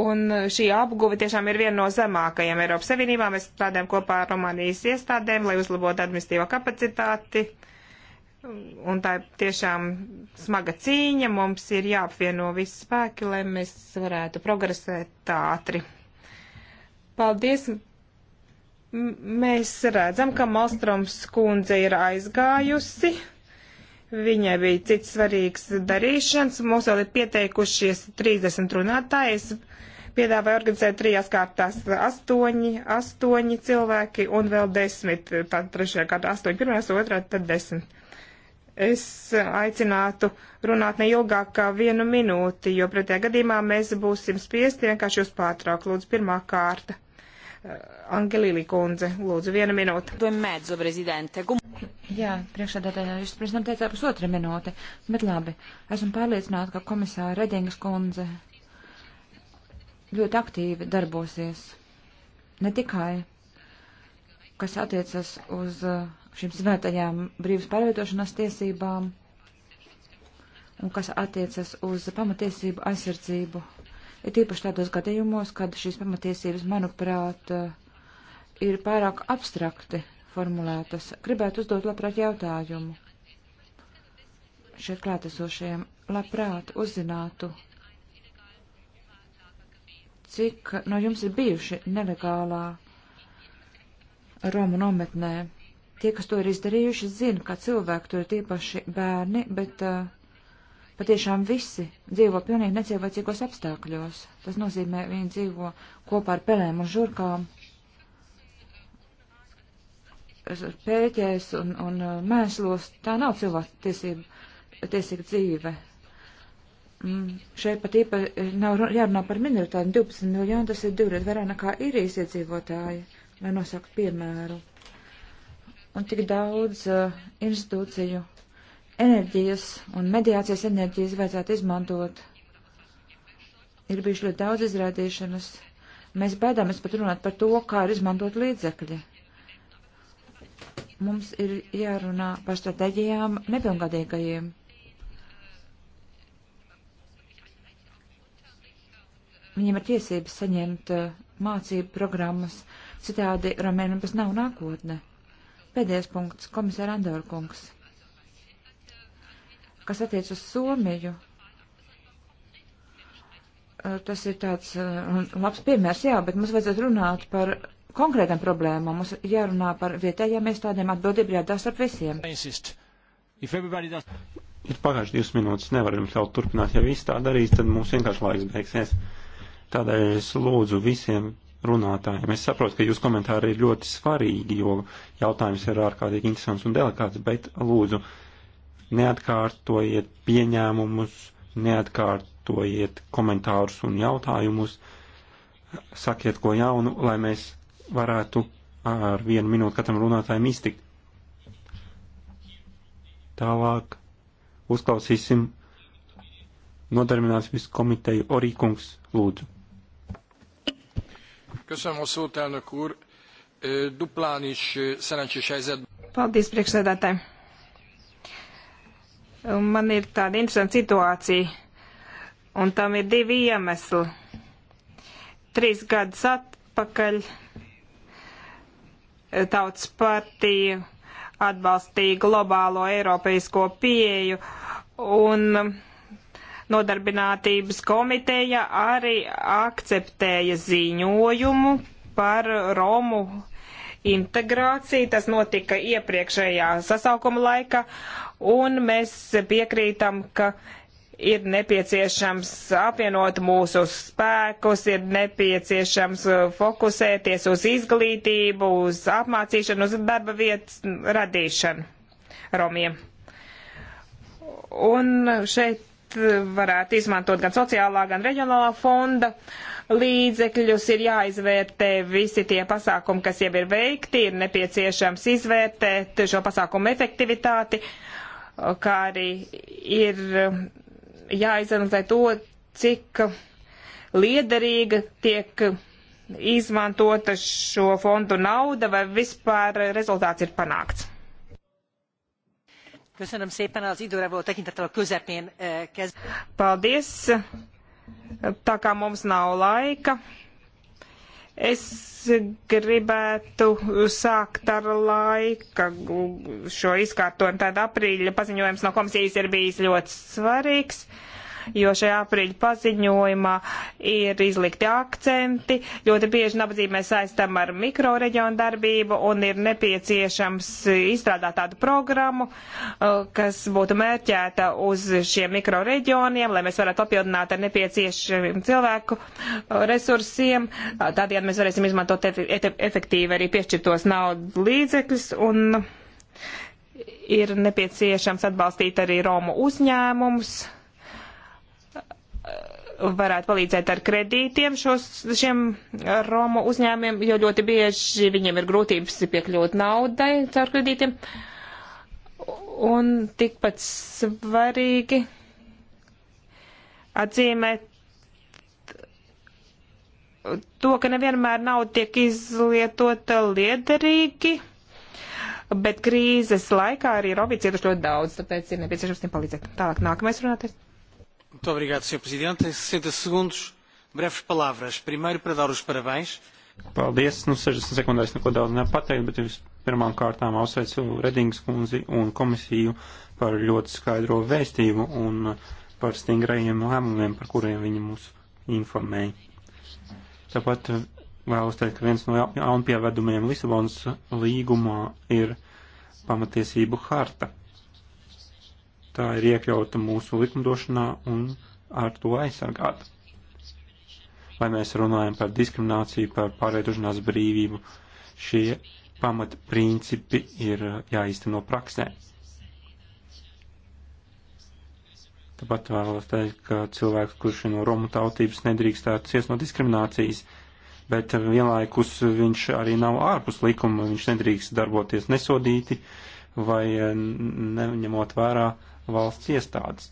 Un uh, šī apguve tiešām ir viena no zemākajām Eiropas Savienībā. Mēs strādājam kopā ar Rumānijas iestādēm, lai uzlabotu administīvo kapacitāti. Uh, Un tā ir tiešām smaga cīņa. Mums ir jāapvieno visi spēki, lai mēs varētu progresēt ātri. Paldies! M mēs redzam, ka Malstroms kundze ir aizgājusi. Viņai bija cits svarīgs darīšanas. Mums vēl ir pieteikušies 30 runātājs. Piedāvāja organizēt trijās kārtās astoņi, astoņi cilvēki un vēl desmit, tad trešajā kārtā astoņi pirmajās, otrā, tad desmit es aicinātu runāt neilgāk kā vienu minūti, jo pretējā gadījumā mēs būsim spiesti vienkārši jūs pārtraukt. Lūdzu, pirmā kārta. Eh, Angelīli kundze, lūdzu, viena minūte. To mēdzu, prezidente. Kum... Jā, priekšādātājā jūs, prezidentam, teicāt pusotra minūte, bet labi, esmu pārliecināta, ka komisāra Redingas kundze ļoti aktīvi darbosies. Ne tikai, kas attiecas uz uh, šīm svētajām brīvas pārvietošanās tiesībām un kas attiecas uz pamatiesību aizsardzību. Ir tīpaši tādos gadījumos, kad šīs pamatiesības, manuprāt, ir pārāk abstrakti formulētas. Gribētu uzdot labprāt jautājumu šeit klātesošajiem, labprāt uzzinātu, cik no jums ir bijuši nelegālā Romu nometnē Tie, kas to ir izdarījuši, zina, ka cilvēki tur ir tīpaši bērni, bet uh, patiešām visi dzīvo pilnīgi necilvēcīgos apstākļos. Tas nozīmē, viņi dzīvo kopā ar pelēm un žurkām, pēķēs un, un eh, mēslos. Tā nav cilvēka tiesība, tiesīga dzīve. Mm, šeit pat īpa eh, nav jārunā par minoritātiem. 12 miljoni tas ir divreiz vairāk nekā īrijas iedzīvotāji, lai nosaktu piemēru un tik daudz uh, institūciju enerģijas un mediācijas enerģijas vajadzētu izmantot. Ir bijuši ļoti daudz izrādīšanas. Mēs baidāmies pat runāt par to, kā ir izmantot līdzekļi. Mums ir jārunā par stratēģijām nepilngadīgajiem. Viņiem ir tiesības saņemt uh, mācību programmas, citādi Romēnam tas nav nākotne. Pēdējais punkts, komisāra Andorkungs, kas attiec uz Somiju. Eh, tas ir tāds eh, labs piemērs, jā, bet mums vajadzētu runāt par konkrētām problēmām. Mums jārunā par vietējiem iestādēm, atbildība jādās ar visiem. Ir pagājuši divas minūtes, nevaram ļaut turpināt. Ja viss tā darīs, tad mums vienkārši laiks beigsies. Tādēļ es lūdzu visiem runātājiem. Es saprotu, ka jūsu komentāri ir ļoti svarīgi, jo jautājums ir ārkārtīgi interesants un delikāts, bet lūdzu, neatkārtojiet pieņēmumus, neatkārtojiet komentārus un jautājumus, sakiet ko jaunu, lai mēs varētu ar vienu minūtu katram runātājam iztikt. Tālāk uzklausīsim nodarbinātības komiteju Orīkungs lūdzu. Köszönöm a szót, elnök úr. Duplán is szerencsés helyzetben. Paldies, priekšsēdētāji. Man ir tāda interesanta situācija, un tam ir divi iemesli. Trīs gadus atpakaļ e, Tautas partija atbalstīja globālo eiropeisko pieeju, un Nodarbinātības komiteja arī akceptēja ziņojumu par Romu integrāciju. Tas notika iepriekšējā sasaukuma laika, un mēs piekrītam, ka ir nepieciešams apvienot mūsu spēkus, ir nepieciešams uh, fokusēties uz izglītību, uz apmācīšanu, uz darba vietas radīšanu Romiem. Un šeit Eh, varētu izmantot gan sociālā, gan reģionālā fonda līdzekļus. Ir jāizvērtē visi tie pasākumi, kas jau ir veikti, ir nepieciešams izvērtēt šo pasākumu efektivitāti, eh, kā arī ir eh, jāizanalizē to, cik liederīga tiek izmantota šo fondu nauda vai vispār rezultāts ir panākts. Köszönöm szépen, az időre volt tekintettel a közepén eh, kezd. Paldies. Tā kā mums nav laika, es gribētu sākt ar laika šo izkārtojumu. Tāda aprīļa paziņojums no komisijas ir bijis ļoti svarīgs. Uh, jo šajā aprīļa paziņojumā ir izlikti akcenti. Ļoti bieži nabadzību mēs saistām ar mikroreģionu darbību un ir nepieciešams izstrādāt tādu programmu, uh, kas būtu mērķēta uz šiem mikroreģioniem, lai mēs varētu papildināt ar nepieciešamiem cilvēku uh, resursiem. Uh, tādējādi mēs varēsim izmantot efektīvi arī piešķirtos naudas līdzekļus un ir nepieciešams atbalstīt arī Romu uzņēmumus, varētu palīdzēt ar kredītiem šos, šiem eh, Romu uzņēmiem, jo ļoti bieži viņiem ir grūtības piekļūt naudai caur kredītiem. Un tikpat svarīgi atzīmēt to, ka nevienmēr nauda tiek izlietota liederīgi, bet krīzes laikā arī Robi cietuši ļoti daudz, tāpēc ir nepieciešams viņiem palīdzēt. Tālāk nākamais runātais. Muito obrigado, Sr. Presidente. Em 60 segundos, breves palavras. Primeiro, para dar os parabéns. Paldies. Nu, 60 sekundēs neko daudz nepateikt, bet jūs pirmām kārtām apsveicu Redings kundzi un komisiju par ļoti skaidro vēstību un par stingrajiem lēmumiem, par kuriem viņi mūs informēja. Tāpat vēlos teikt, ka viens no jaunpievedumiem Lisabonas līgumā ir pamatiesību harta tā ir iekļauta mūsu likumdošanā un ar to aizsargāta. Vai mēs runājam par diskrimināciju, par pārveidošanās brīvību, šie pamata principi ir uh, jāīsteno praksē. Tāpat vēlos teikt, ka cilvēks, kurš ir no Romu tautības, nedrīkstētu ciest no diskriminācijas, bet uh, vienlaikus viņš arī nav ārpus likuma, viņš nedrīkst darboties nesodīti vai uh, neņemot vērā valsts iestādes.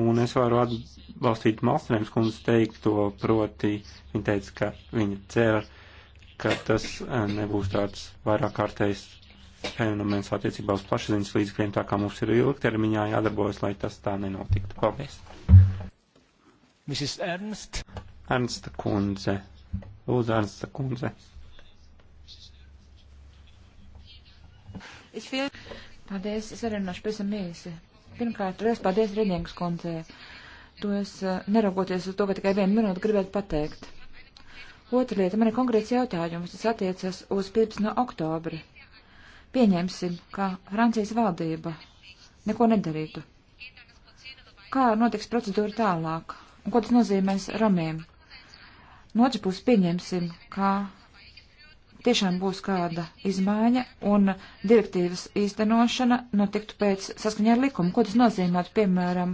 Un es varu atbalstīt Malstrēms kundzes teikto, proti viņa teica, ka viņa cer, ka tas eh, nebūs tāds vairāk kārtējs fenomens attiecībā uz plašsaziņas līdzekļiem, tā kā mums ir ilgtermiņā jādarbojas, lai tas tā nenotiktu. Paldies! Mrs. Ernst. Ernsta kundze. Lūdzu, Ernsta kundze. Paldies, es arī runāšu pēc mīsi. Pirmkārt, reiz paldies Redņēgas kundzē. To es eh, neraugoties uz to, ka tikai vienu minūtu gribētu pateikt. Otra lieta, man ir konkrēts jautājums, tas attiecas uz 15. No oktobri. Pieņemsim, ka Francijas valdība neko nedarītu. Kā notiks procedūra tālāk? Un ko tas nozīmēs Romiem? No otras puses pieņemsim, ka tiešām būs kāda izmaiņa un direktīvas īstenošana notiktu pēc saskaņā ar likumu. Ko tas nozīmētu, piemēram,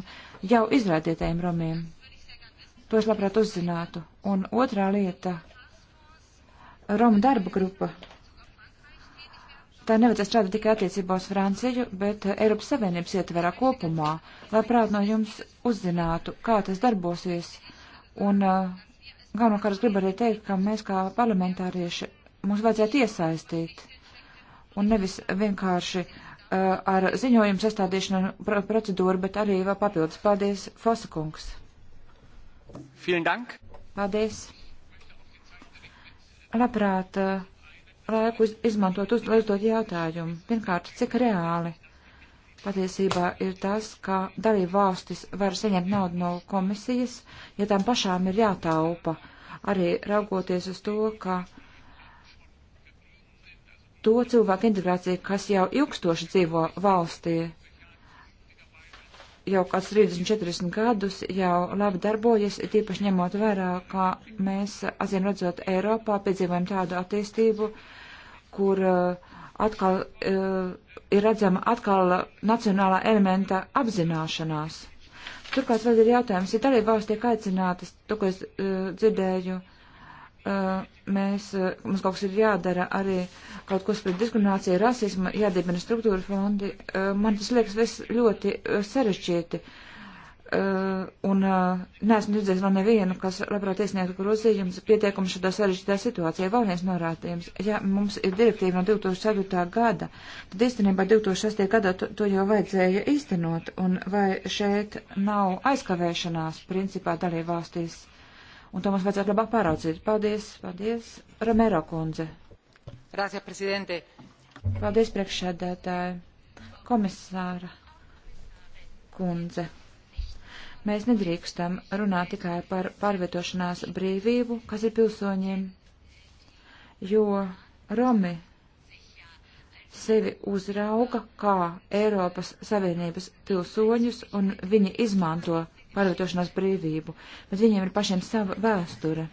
jau izrādītējiem romiem? To es labprāt uzzinātu. Un otrā lieta - Roma darba grupa. Tā nevajadzēs strādāt tikai attiecībā uz Franciju, bet Eiropas Savienības ietverā kopumā. Labprāt no jums uzzinātu, kā tas darbosies. Un uh, galvenokārt es gribu arī teikt, ka mēs kā parlamentārieši mums vajadzētu iesaistīt un nevis vienkārši uh, ar ziņojumu sastādīšanu pr procedūru, bet arī vēl papildus. Paldies, Fosakungs. Paldies. Labprāt, eh, laiku izmantot, uz, lai uzdot jautājumu. Pirmkārt, cik reāli patiesībā ir tas, ka dalību valstis var saņemt naudu no komisijas, ja tām pašām ir jātaupa, arī raugoties uz to, ka uh, to cilvēku integrāciju, kas jau ilgstoši dzīvo valstī, jau kāds 30-40 gadus jau labi darbojas, tīpaši ņemot vērā, ka mēs, azien redzot, Eiropā piedzīvojam tādu attīstību, kur uh, atkal uh, ir redzama atkal nacionālā elementa apzināšanās. Turklāt vēl ir jautājums, ja dalība valsts tiek aicinātas, to, ko es uh, dzirdēju, uh, Eh, mēs, eh, mums kaut kas ir jādara arī kaut kas pret diskrimināciju, rasismu, jādibina struktūra fondi. Eh, man tas liekas viss ļoti sarežģīti. Un neesmu dzirdējis vēl nevienu, kas labprāt iesniegtu grozījumus pieteikumu šādā sarežģītā situācijā. Vēl viens norādījums. Ja mums ir direktīva no 2004. gada, tad īstenībā 2006. gadā to, to jau vajadzēja īstenot. Un vai šeit nav aizkavēšanās principā dalībvalstīs? valstīs? un to mums vajadzētu labāk pāraudzīt. Paldies, paldies, Romero kundze. Grācija, prezidente. Paldies, priekšsēdētāji. Komisāra kundze. Mēs nedrīkstam runāt tikai par pārvietošanās brīvību, kas ir pilsoņiem, jo Romi sevi uzrauga kā Eiropas Savienības pilsoņus un viņi izmanto pārvietošanās brīvību, bet viņiem ir pašiem sava vēsture.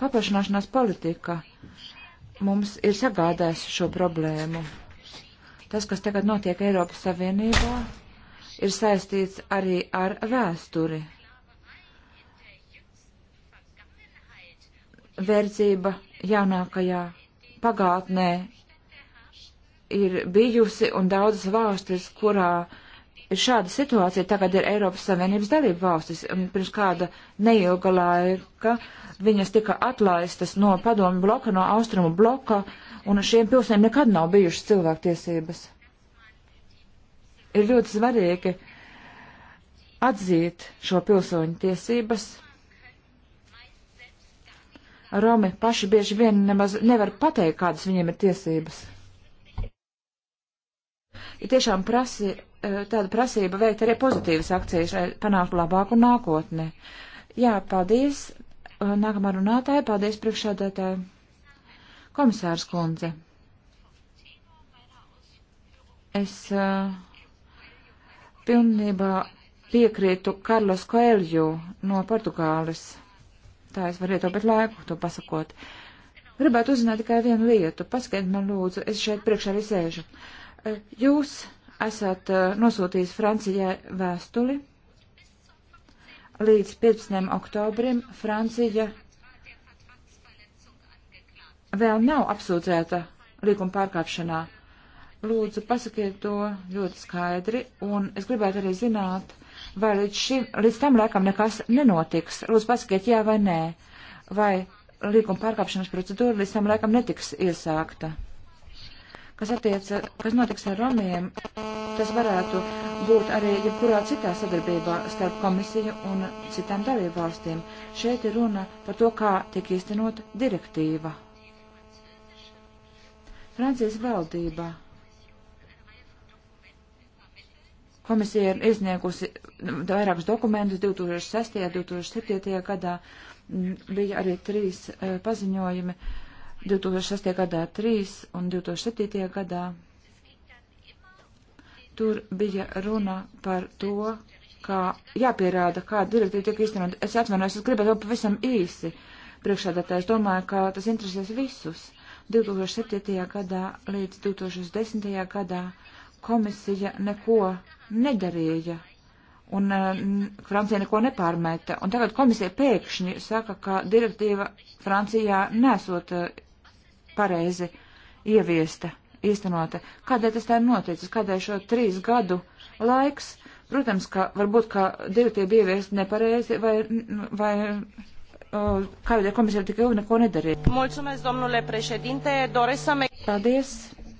Paplašanāšanās politika mums ir sagādājusi šo problēmu. Tas, kas tagad notiek Eiropas Savienībā, ir saistīts arī ar vēsturi. Verdzība jaunākajā pagātnē ir bijusi un daudzas valstis, kurā uh, šāda situācija tagad ir Eiropas Savienības dalība valstis, un pirms kāda neilga laika viņas tika atlaistas no padomu bloka, no austrumu bloka, un šiem pilsēm nekad nav bijušas cilvēktiesības. Ir ļoti svarīgi atzīt šo pilsoņu tiesības. Romi paši bieži vien nemaz nevar pateikt, kādas viņiem ir tiesības ir tiešām prasi, e, tāda prasība veikt arī pozitīvas akcijas, lai panāktu labāku nākotni. Jā, paldies. E, nākamā runātāja, paldies priekšādātāja. Komisārs Kundze. Es uh, pilnībā piekrītu Karlos Koelju no Portugāles. Tā es varētu bet laiku to pasakot. Gribētu uzzināt tikai vienu lietu. Paskaidro man lūdzu, es šeit priekšā arī sēžu. Uh, Eh, jūs esat eh, nosūtījis Francijai vēstuli. Līdz 15. oktobrim Francija vēl nav apsūdzēta līguma pārkāpšanā. Lūdzu, pasakiet to ļoti skaidri, un es gribētu arī zināt, vai līdz, šim, līdz tam laikam nekas nenotiks. Lūdzu, pasakiet jā vai nē, vai līguma pārkāpšanas procedūra līdz tam laikam netiks iesākta kas, attiec, kas notiks ar romiem, tas varētu būt arī jebkurā citā sadarbībā starp komisiju un citām dalībvalstīm. Šeit ir runa par to, kā tiek īstenota direktīva. Francijas valdība. Komisija ir izniegusi vairākus dokumentus 2006. un 2007. gadā. Mm, bija arī trīs eh, paziņojumi. Uh, 2006. gadā 3 un 2007. gadā. Tur bija runa par to, kā jāpierāda, kā direktīva tiek īstenot. Es atvainojos, es gribētu vēl pavisam īsi priekšādātājs. Domāju, ka tas interesēs visus. 2007. gadā līdz 2010. gadā komisija neko nedarīja un uh, Francija neko nepārmeta. Un tagad komisija pēkšņi saka, ka direktīva Francijā nesot uh, pareizi ieviesta, īstenota. Kādēļ tas tā ir noticis? Kādēļ šo trīs gadu laiks? Protams, ka varbūt, ka divi tie bija ieviesti nepareizi vai, vai kādēļ komisija tik ilgi neko nedarīja. Mulțumesc, domnule președinte, doresc să me... Paldies,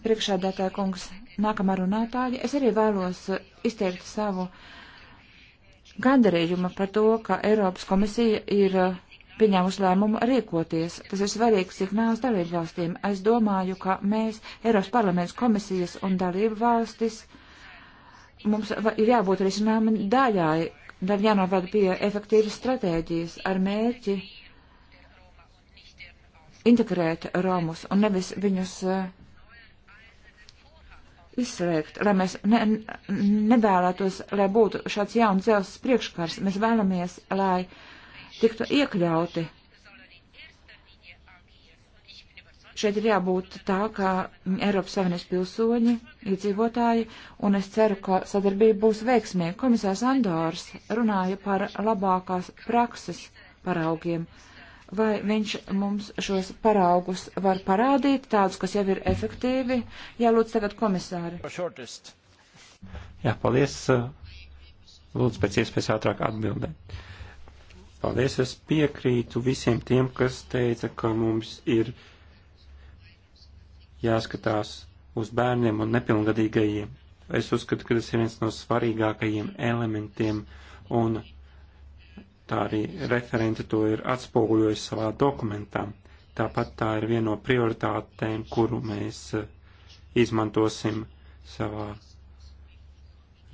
priekšādātāja kungs. Nākamā runātāja. Es arī vēlos izteikt savu gandarījumu par to, ka Eiropas komisija ir uh, pieņēmuši lēmumu rīkoties. Tas ir svarīgs signāls dalību valstīm. Es domāju, ka mēs, Eiropas parlaments komisijas un dalību valstis, mums ir jābūt risinājumi daļai, tad jānovēl pie efektīvas stratēģijas ar mērķi integrēt Romus un nevis viņus eh, izslēgt, lai mēs ne, nevēlētos, lai būtu šāds jauns dzelzs priekškars. Mēs vēlamies, lai uh, tiktu iekļauti. Šeit ir jābūt tā, ka Eiropas Savienības pilsoņi, iedzīvotāji, un es ceru, ka sadarbība būs veiksmīga. Komisārs Andors runāja par labākās prakses paraugiem vai viņš mums šos paraugus var parādīt, tādus, kas jau ir efektīvi. Jā, lūdzu, tagad komisāri. Jā, paldies. Lūdzu, pēc iespējas ātrāk atbildēt. Paldies, es piekrītu visiem tiem, kas teica, ka mums ir jāskatās uz bērniem un nepilngadīgajiem. Es uzskatu, ka tas ir viens no svarīgākajiem elementiem, un tā arī referente to ir atspoguļojusi savā dokumentā. Tāpat tā ir viena no prioritātēm, kuru mēs eh, izmantosim savā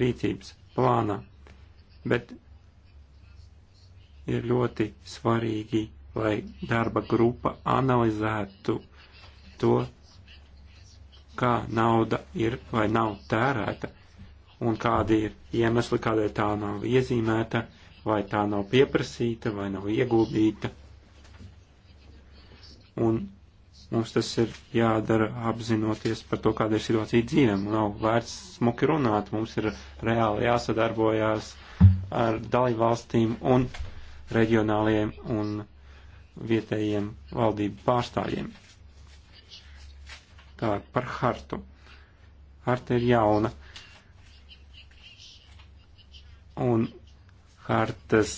rīcības plānā. Bet ir ļoti svarīgi, lai darba grupa analizētu to, kā nauda ir vai nav tērēta, un kādi ir iemesli, kādēļ tā nav iezīmēta, vai tā nav pieprasīta, vai nav ieguldīta. Un mums tas ir jādara apzinoties par to, kāda ir situācija dzīvē. Nav vērts smuki runāt, mums ir reāli jāsadarbojās ar dalībvalstīm un uh, reģionāliem un vietējiem valdību pārstāvjiem. Tālāk par hartu. Harta ir jauna. Un hartas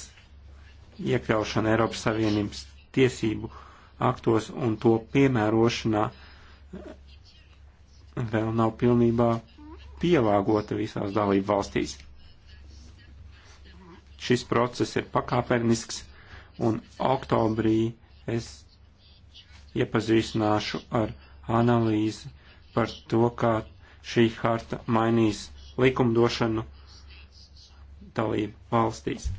iekļaušana Eiropas Savienības tiesību aktos un to piemērošanā vēl nav pilnībā pielāgota visās dalību valstīs. Šis process ir pakāpenisks, un oktobrī es iepazīstināšu ar analīzi par to, kā šī harta mainīs likumdošanu dalību valstīs.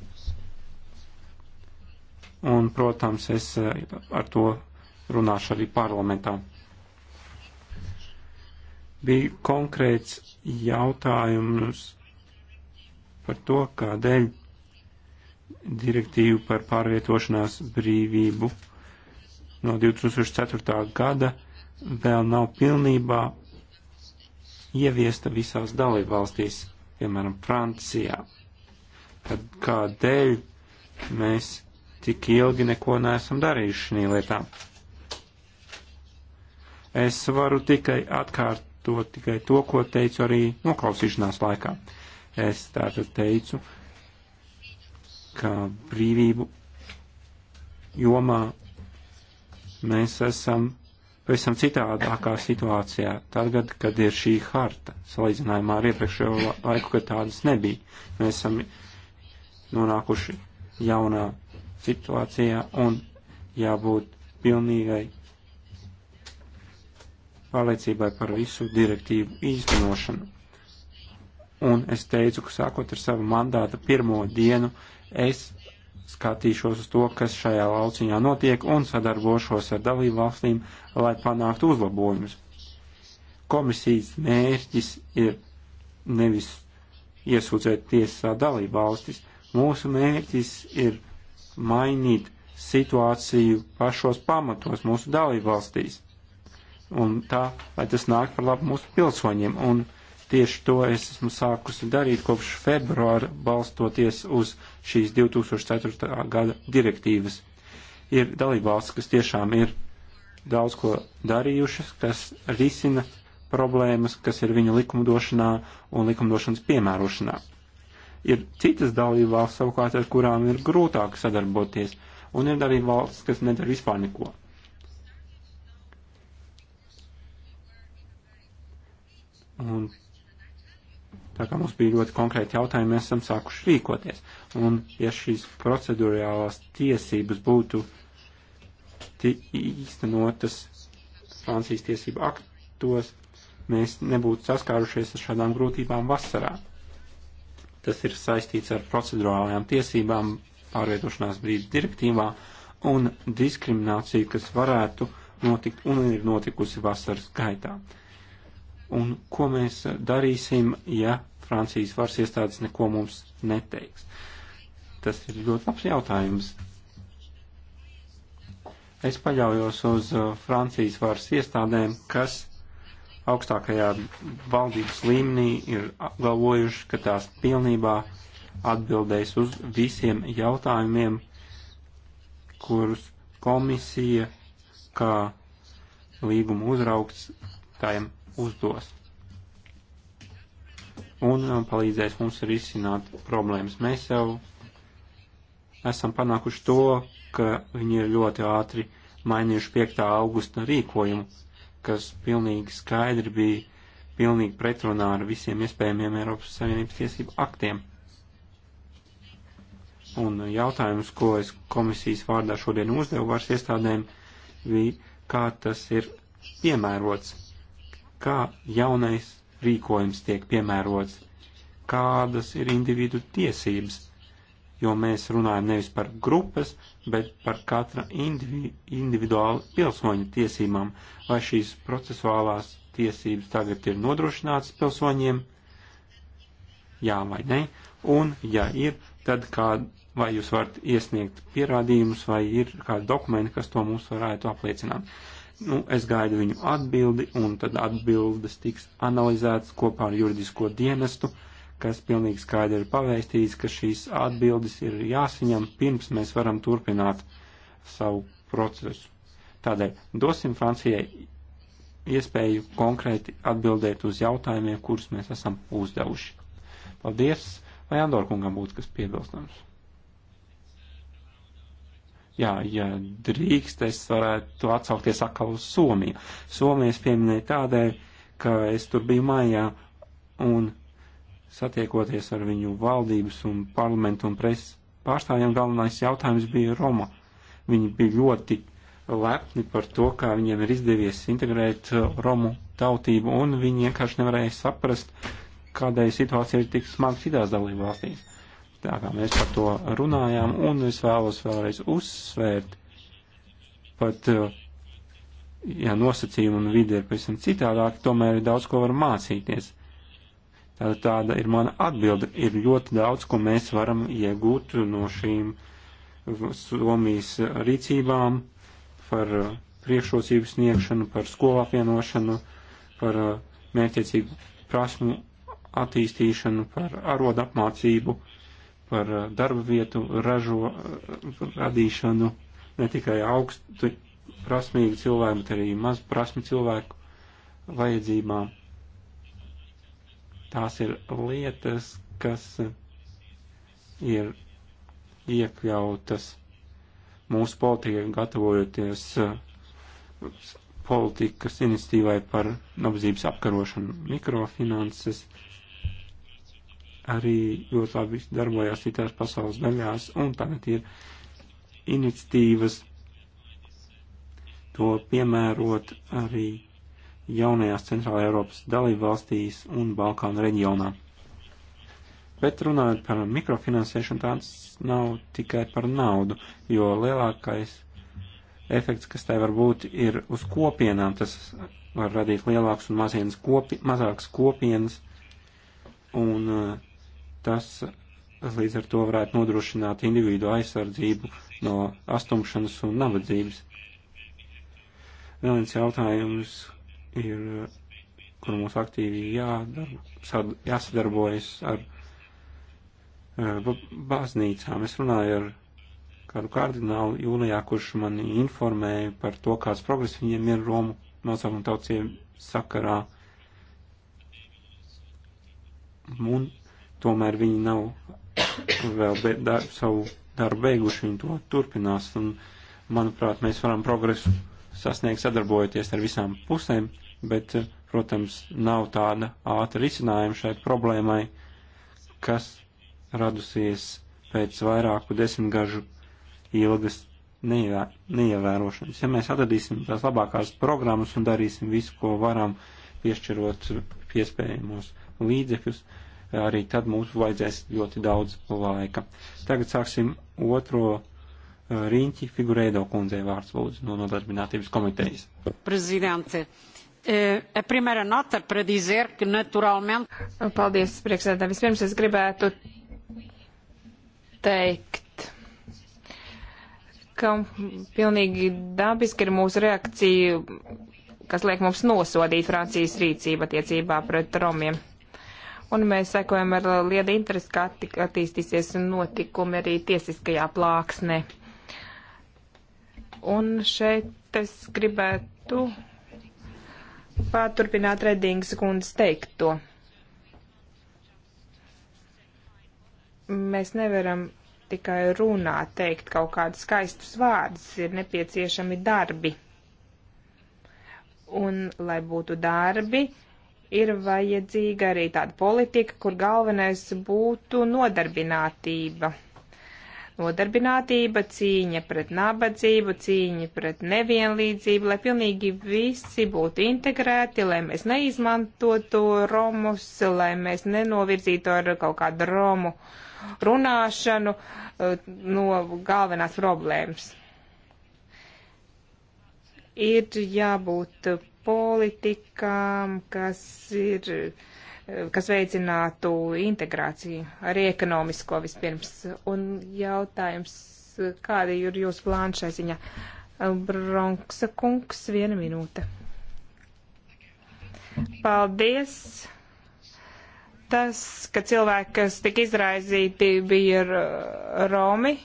Un, protams, es eh, ar to runāšu arī parlamentā bija konkrēts jautājums par to, kādēļ direktīvu par pārvietošanās brīvību no 2004. gada vēl nav pilnībā ieviesta visās dalībvalstīs, piemēram, Francijā. Tad kādēļ mēs tik ilgi neko neesam darījuši šī lietā? Es varu tikai atkārtot tikai to, ko teicu arī noklausīšanās laikā. Es tātad teicu, ka brīvību jomā mēs esam pavisam citādākā situācijā, tagad, kad ir šī harta, salīdzinājumā ar iepriekšējo laiku, kad tādas nebija. Mēs esam nonākuši jaunā situācijā un jābūt pilnīgai pārliecībai par visu direktīvu īstenošanu. Un es teicu, ka sākot ar savu mandātu pirmo dienu, Es skatīšos uz to, kas šajā lauciņā notiek un sadarbošos ar dalību valstīm, lai panāktu uzlabojumus. Komisijas mērķis ir nevis iesūdzēt tiesā dalību valstis, mūsu mērķis ir mainīt situāciju pašos pamatos mūsu dalību valstīs. Un tā, lai tas nāk par labu mūsu pilsoņiem. Un tieši to es esmu sākusi darīt kopš februāra, balstoties uz uh, šīs 2004. gada direktīvas. Ir dalībvalsts, kas tiešām ir daudz ko darījušas, kas risina problēmas, kas ir viņu likumdošanā un likumdošanas piemērošanā. Ir citas dalībvalsts savukārt, ar kurām ir grūtāk sadarboties, un ir dalībvalsts, kas nedara vispār neko. Un Tā kā mums bija ļoti konkrēti jautājumi, mēs esam sākuši rīkoties. Un ja šīs procedurālās tiesības būtu īstenotas Francijas tiesību aktos, mēs nebūtu saskārušies ar šādām grūtībām vasarā. Tas ir saistīts ar procedurālajām tiesībām, pārvietošanās brīdī direktīvā un diskrimināciju, kas varētu notikt un ir notikusi vasaras gaitā un ko mēs darīsim, ja Francijas varas iestādes neko mums neteiks. Tas ir ļoti labs jautājums. Es paļaujos uz uh, Francijas varas iestādēm, kas augstākajā valdības līmenī ir apgalvojuši, ka tās pilnībā atbildēs uz visiem jautājumiem, kurus komisija kā līguma uzraugstājiem uzdos un um, palīdzēs mums risināt problēmas. Mēs jau esam panākuši to, ka viņi ir ļoti ātri mainījuši 5. augusta rīkojumu, kas pilnīgi skaidri bija pilnīgi pretrunā ar visiem iespējamiem Eiropas Savienības tiesību aktiem. Un jautājums, ko es komisijas vārdā šodien uzdevu varas iestādēm, bija, kā tas ir piemērots kā jaunais rīkojums tiek piemērots, kādas ir individu tiesības, jo mēs runājam nevis par grupas, bet par katra indivi, individuāla pilsoņa tiesībām, vai šīs procesuālās tiesības tagad ir nodrošinātas pilsoņiem, jā vai nē, un ja ir, tad kā, vai jūs varat iesniegt pierādījumus, vai ir kādi dokumenti, kas to mums varētu apliecināt. Nu, es gaidu viņu atbildi, un tad atbildes tiks analizētas kopā ar juridisko dienestu, kas pilnīgi skaidri ir pavēstījis, ka šīs atbildes ir jāsaņem pirms mēs varam turpināt savu procesu. Tādēļ dosim Francijai iespēju konkrēti atbildēt uz jautājumiem, kurus mēs esam uzdevuši. Paldies! Vai Andorkungam būtu kas piebilstams? Jā, ja drīkst, es varētu atsaukties atkal uz Somiju. Somijas pieminēja tādēļ, ka es tur biju mājā un satiekoties ar viņu valdības un parlamentu un preses pārstāvjiem, galvenais jautājums bija Roma. Viņi bija ļoti lepni par to, kā viņiem ir izdevies integrēt Romu tautību, un viņi vienkārši nevarēja saprast, kādēļ situācija ir tik smaga citās dalībvalstīs. Tā kā mēs par to runājām, un es vēlos vēlreiz uzsvērt, pat, eh, ja nosacījumi un vide ir pavisam citādāk, tomēr ir daudz ko var mācīties. Tāda, tāda ir mana atbilde. Ir ļoti daudz, ko mēs varam iegūt no šīm eh, Somijas rīcībām par eh, priekšrocību sniegšanu, par skolu apvienošanu, par mērķiecīgu prasmu attīstīšanu, par arodu apmācību par eh, darba vietu ražo, eh, radīšanu ne tikai augstu prasmīgu cilvēku, bet arī maz prasmi cilvēku vajadzībām. Tās ir lietas, kas ir iekļautas mūsu politikā, gatavojoties eh, politikas iniciatīvai par nabadzības apkarošanu mikrofinanses. Uh, arī ļoti labi darbojās citās pasaules daļās, un tagad ir iniciatīvas to piemērot arī jaunajās Centrāla Eiropas dalībvalstīs un Balkānu reģionā. Bet runājot par mikrofinansēšanu, tāds nav tikai par naudu, jo lielākais efekts, kas tai var būt, ir uz kopienām. Tas var radīt lielākas un mazākas kopienas, un uh, Tas līdz ar to varētu nodrošināt individu aizsardzību no astumšanas un nabadzības. Vēl viens jautājums ir, kur mums aktīvi jādarb, jāsadarbojas ar eh, baznīcām. Es runāju ar kādu kardinālu jūlijā, kurš mani informēja par to, kāds progress viņiem ir Romu mazumu tautsiem sakarā. Un tomēr viņi nav vēl be, dar, savu darbu beiguši, viņi to turpinās, un, manuprāt, mēs varam progresu sasniegt sadarbojoties ar visām pusēm, bet, protams, nav tāda ātra risinājuma šai problēmai, kas radusies pēc vairāku desmitgažu ilgas neievē, neievērošanas. Ja mēs atradīsim tās labākās programmas un darīsim visu, ko varam, piešķirot piespējamos līdzekļus, uh, arī tad mums vajadzēs ļoti daudz laika. Tagad sāksim otro uh, riņķi figurēdo kundzē vārds lūdzu no nodarbinātības komitejas. Prezidente. Uh, a primeira nota para dizer que naturalmente. Paldies, priekšsēdā. Vispirms es gribētu teikt, ka pilnīgi dabiski ir mūsu reakcija, kas liek mums nosodīt Francijas rīcību attiecībā pret romiem. Un mēs sekojam ar uh, lielu interesi, kā attīstīsies notikumi arī tiesiskajā plāksnē. Un šeit es gribētu pārturpināt Redingas kundas teikto. Mēs nevaram tikai runā teikt kaut kādus skaistus vārdus, ir nepieciešami darbi. Un, lai būtu darbi, uh, ir vajadzīga arī tāda politika, kur galvenais būtu nodarbinātība. Nodarbinātība, cīņa pret nabadzību, cīņa pret nevienlīdzību, lai pilnīgi visi būtu integrēti, lai mēs neizmantotu romus, lai mēs nenovirzītu ar kaut kādu romu runāšanu eh, no galvenās problēmas. Ir jābūt politikām, kas ir kas veicinātu integrāciju, arī ekonomisko vispirms. Un jautājums, kāda ir jūsu plāna šai ziņā? Bronksa kungs, viena minūte. Paldies! Tas, ka cilvēki, kas tika izraizīti, bija Romi,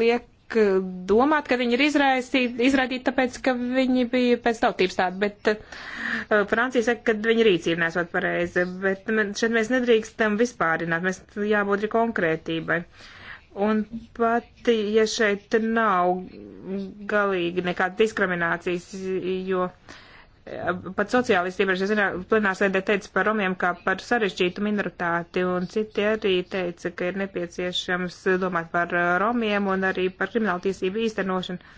liek domāt, ka viņi ir izraisīti, izraidīti tāpēc, ka viņi bija pēc tautības tādi, bet uh, Francija saka, ka viņa rīcība nesot pareizi, bet šeit mēs nedrīkstam vispārināt, mēs jābūt arī konkrētībai. Un pat, ja šeit nav galīgi nekāda diskriminācijas, jo uh, pat sociālisti iepriekšējā zinā, plenārsēdē teica par romiem kā par sarežģītu minoritāti, un citi arī teica, ka ir nepieciešams domāt par uh, romiem un arī par krimināltiesību īstenošanu.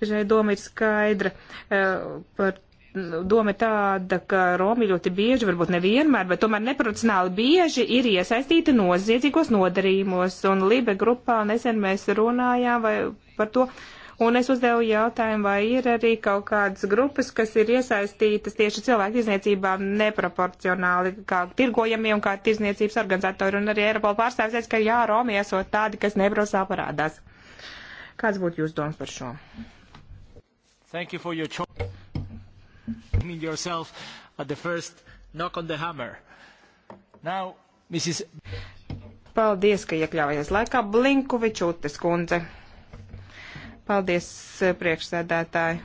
Šai doma ir skaidra. Uh, par nu, doma tāda, ka Romi ļoti bieži, varbūt nevienmēr, bet tomēr neproporcionāli bieži ir iesaistīti noziedzīgos nodarījumos. Un Libe grupā nesen mēs runājām vai par to, Un es uzdevu jautājumu, vai ir arī kaut kādas grupas, kas ir iesaistītas tieši cilvēku izniecībā neproporcionāli, kā tirgojamie un kā tirzniecības organizatori. Un arī Eiropola pārstāvis, ka jā, Romi esot tādi, kas nebrosā parādās. Kāds būtu jūs domas par šo? Thank you for your choice. Mean yourself at the first knock on the hammer. Now, Mrs. Paldies, ka iekļāvāties laikā Blinkovičūtes kundze. Paldies, eh, priekšsēdētāji.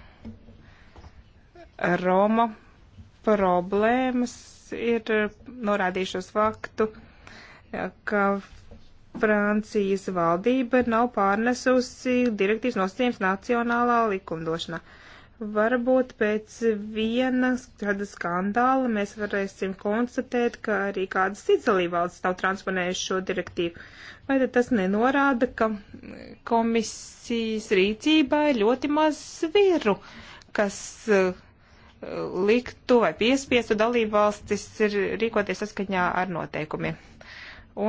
Roma problēmas ir eh, norādījušos faktu, ka Francijas valdība nav pārnesusi direktīvas nosacījums nacionālā likumdošanā. Uh, Varbūt pēc viena kāda skandāla mēs varēsim konstatēt, ka arī kādas citas dalībvalstis nav transponējušas šo direktīvu. Vai tad tas nenorāda, ka komisijas rīcībā ir ļoti maz sviru, kas eh, liktu vai piespiestu dalībvalstis rīkoties saskaņā ar noteikumiem?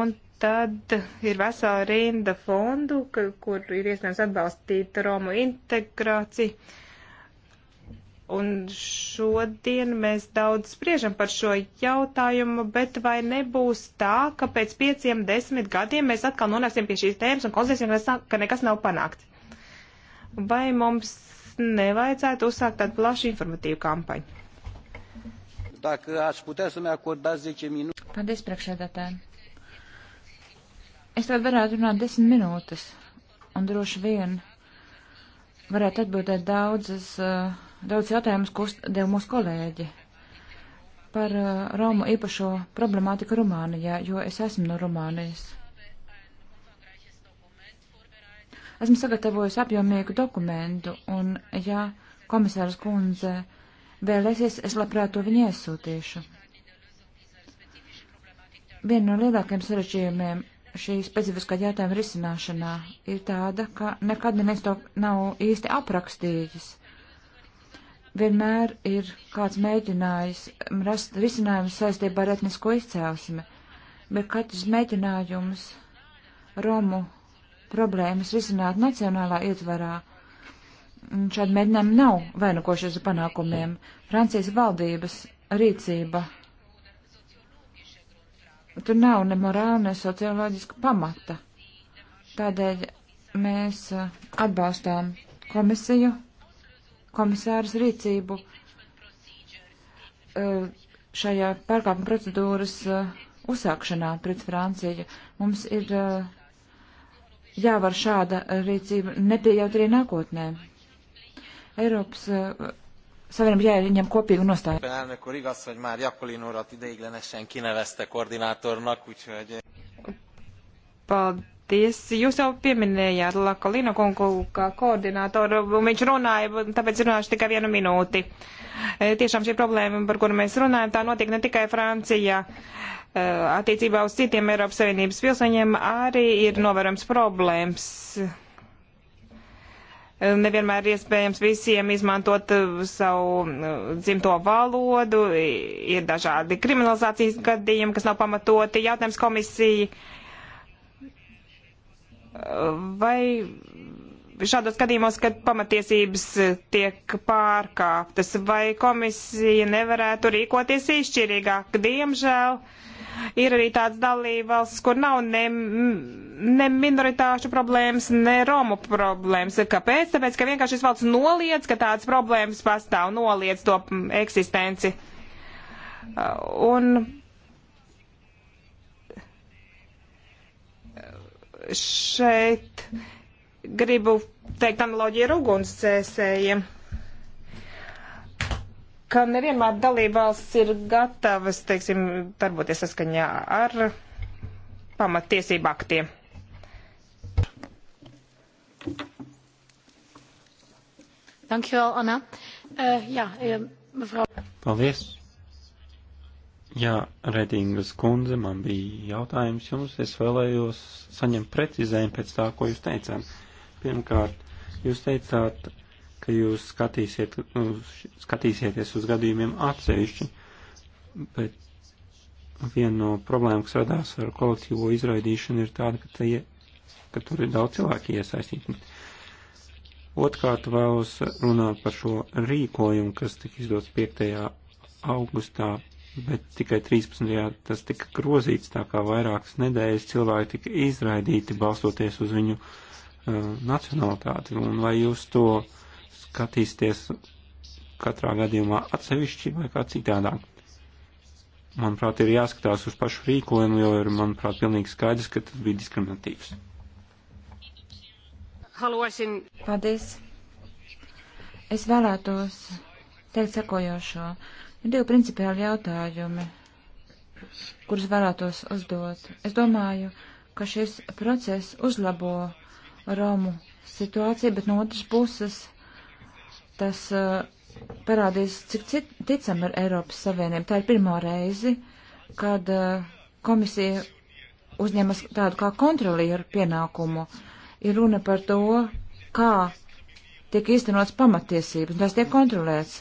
Un tad ir vesela rinda fondu, kur ir iespējams atbalstīt Romu integrāciju Un šodien mēs daudz spriežam par šo jautājumu, bet vai nebūs tā, ka pēc pieciem, desmit gadiem mēs atkal nonāksim pie šīs tēmas un konstatēsim, ka nekas nav panākts? Vai mums nevajadzētu uzsākt tādu plašu informatīvu kampaņu? Dacă aș putea să-mi acordați 10 minute. Paldies, priekšsēdētāji. Es vēl varētu runāt 10 minūtes, un droši vien varētu atbildēt daudzas uh, daudz jautājumus, ko uzdev mūsu kolēģi par uh, Romu īpašo problemātiku Rumānijā, jo es esmu no Rumānijas. Esmu sagatavojusi apjomīgu dokumentu, un ja komisārs kundze vēlēsies, es labprāt to viņai iesūtīšu. Viena no lielākajiem sarežģījumiem šī specifiskā jautājuma risināšanā ir tāda, ka nekad neviens to nav īsti aprakstījis vienmēr ir kāds mēģinājis rast risinājumu saistībā ar etnisko izcēlesmi, bet katrs mēģinājums Romu problēmas risināt nacionālā ietvarā. Šādi mēģinājumi nav vainakošies ar panākumiem. Francijas valdības rīcība. Tur nav ne morāla, ne socioloģiska pamata. Tādēļ mēs eh, atbalstām komisiju komisāras rīcību eh, šajā pārkāpuma procedūras eh, uzsākšanā pret Franciju. Mums ir eh, jāvar šāda rīcība nepieļaut arī nākotnē. Eiropas Savienība jāieņem kopīgu nostāju. Elnök úr, igaz, hogy már Jakolin urat ideiglenesen kinevezte koordinátornak, úgyhogy... Paldies Paldies. Jūs jau pieminējāt Lakolino kungu kā koordinātoru, un viņš runāja, tāpēc runāšu tikai vienu minūti. E, tiešām šī problēma, par kuru mēs runājam, tā notiek ne tikai Francijā e, attiecībā uz citiem Eiropas Savienības pilsoņiem arī ir novērams problēmas. E, nevienmēr iespējams visiem izmantot savu dzimto valodu, ir dažādi kriminalizācijas gadījumi, kas nav pamatoti. Jautājums komisija vai šādos gadījumos, kad pamatiesības tiek pārkāptas, vai komisija nevarētu rīkoties izšķirīgāk? Diemžēl ir arī tāds dalībvalsts, kur nav ne, ne minoritāšu problēmas, ne romu problēmas. Kāpēc? Tāpēc, ka vienkārši šis valsts noliedz, ka tādas problēmas pastāv, noliedz to mm, eksistenci. Un šeit gribu teikt analoģiju ar ugunsdzēsējiem, ka nevienmēr dalībvalsts ir gatavas, teiksim, darboties saskaņā ar pamatiesību aktiem. Dankjewel, Anna. Uh, eh, jā, eh, mevrouw. Paldies. Jā, Redingas kundze, man bija jautājums jums. Es vēlējos saņemt precizējumu pēc tā, ko jūs teicāt. Pirmkārt, jūs teicāt, ka jūs skatīsiet, nu, skatīsieties uz gadījumiem atsevišķi, bet viena no problēmām, kas radās ar kolektīvo izraidīšanu, ir tāda, ka, te, ka tur ir daudz cilvēku iesaistīti. Otkārt vēlos runāt par šo rīkojumu, kas tika izdots 5. augustā bet tikai 13. tas tika grozīts, tā kā vairākas nedēļas cilvēki tika izraidīti balstoties uz viņu uh, nacionalitāti. Un vai jūs to skatīsieties katrā gadījumā atsevišķi vai kā citādāk? Manuprāt, ir jāskatās uz pašu rīkojumu, jo ir, manuprāt, pilnīgi skaidrs, ka tas bija diskriminatīvs. Haluaisin. Paldies. Es vēlētos teikt sekojošo. Ir divi principiāli jautājumi, kurus vēlētos uzdot. Es domāju, ka šis process uzlabo Romu situāciju, bet no otras puses tas uh, parādīs, cik cit, ticam ir Eiropas Savienība. Tā ir pirmo reizi, kad uh, komisija uzņemas tādu kā kontrolieru pienākumu. Ir runa par to, kā tiek īstenots pamatiesības, un tas tiek kontrolēts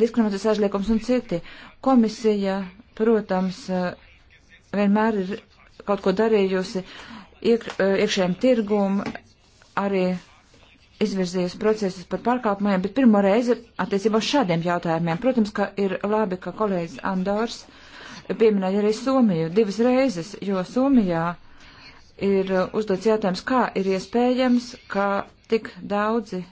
diskriminācijas aizliekums un citi. Komisija, protams, vienmēr ir kaut ko darījusi iek, iekšējiem tirgumu, arī izvirzījusi procesus par pārkāpumiem, bet pirmo reizi attiecībā uz šādiem jautājumiem. Protams, ka ir labi, ka kolēģis Andors pieminēja arī Somiju divas reizes, jo Somijā ir uzdots jautājums, kā ir iespējams, ka tik daudzi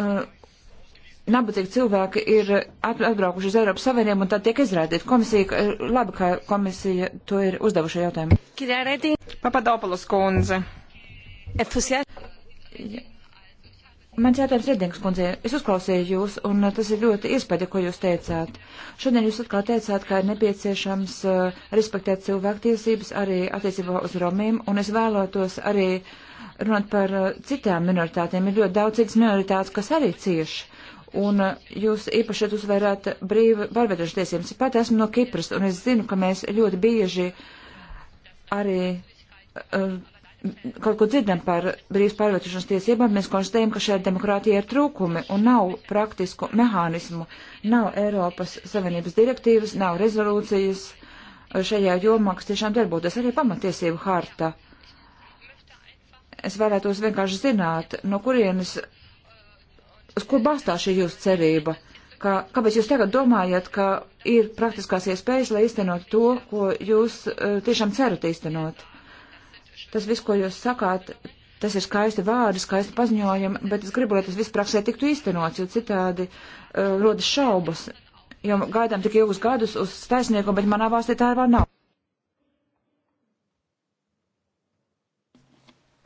uh, nabadzīgi cilvēki ir atbraukuši uz Eiropas Savieniem un tad tiek izrādīti. Komisija, uh, labi, ka komisija to ir uzdevuši jautājumu. Papadopulas kundze. Ja. Mans jautājums Redings kundze, es uzklausīju jūs un uh, tas ir ļoti iespēja, ko jūs teicāt. Šodien jūs atkal teicāt, ka ir nepieciešams uh, respektēt cilvēktiesības arī attiecībā uz Romiem un es vēlētos arī uh, runāt par uh, citām minoritātēm. Ir ļoti daudz citas minoritātes, kas arī cieši. Un uh, jūs īpaši šeit uzvērāt brīvu barbedušu tiesības. Es pat esmu no Kipras, un es zinu, ka mēs ļoti bieži arī uh, kaut ko dzirdam par brīvas pārvietošanas tiesībām, mēs konstatējam, ka šajā demokrātijā ir trūkumi un nav praktisku mehānismu, nav Eiropas Savienības direktīvas, nav rezolūcijas šajā jomā, kas tiešām darbotas arī pamatiesību harta. Uh, es vēlētos vienkārši zināt, no kurienes, uz kur balstā šī jūsu cerība, ka, kāpēc jūs tagad domājat, ka ir praktiskās iespējas, lai iztenot to, ko jūs uh, tiešām cerat iztenot. Tas viss, ko jūs sakāt, Tas ir skaisti vārdi, skaisti paziņojumi, bet es gribu, lai tas viss praksē tiktu īstenots, jo citādi uh, rodas šaubas. Jo gaidām tik ilgus gadus uz taisnīgumu, bet manā valstī tā vēl nav.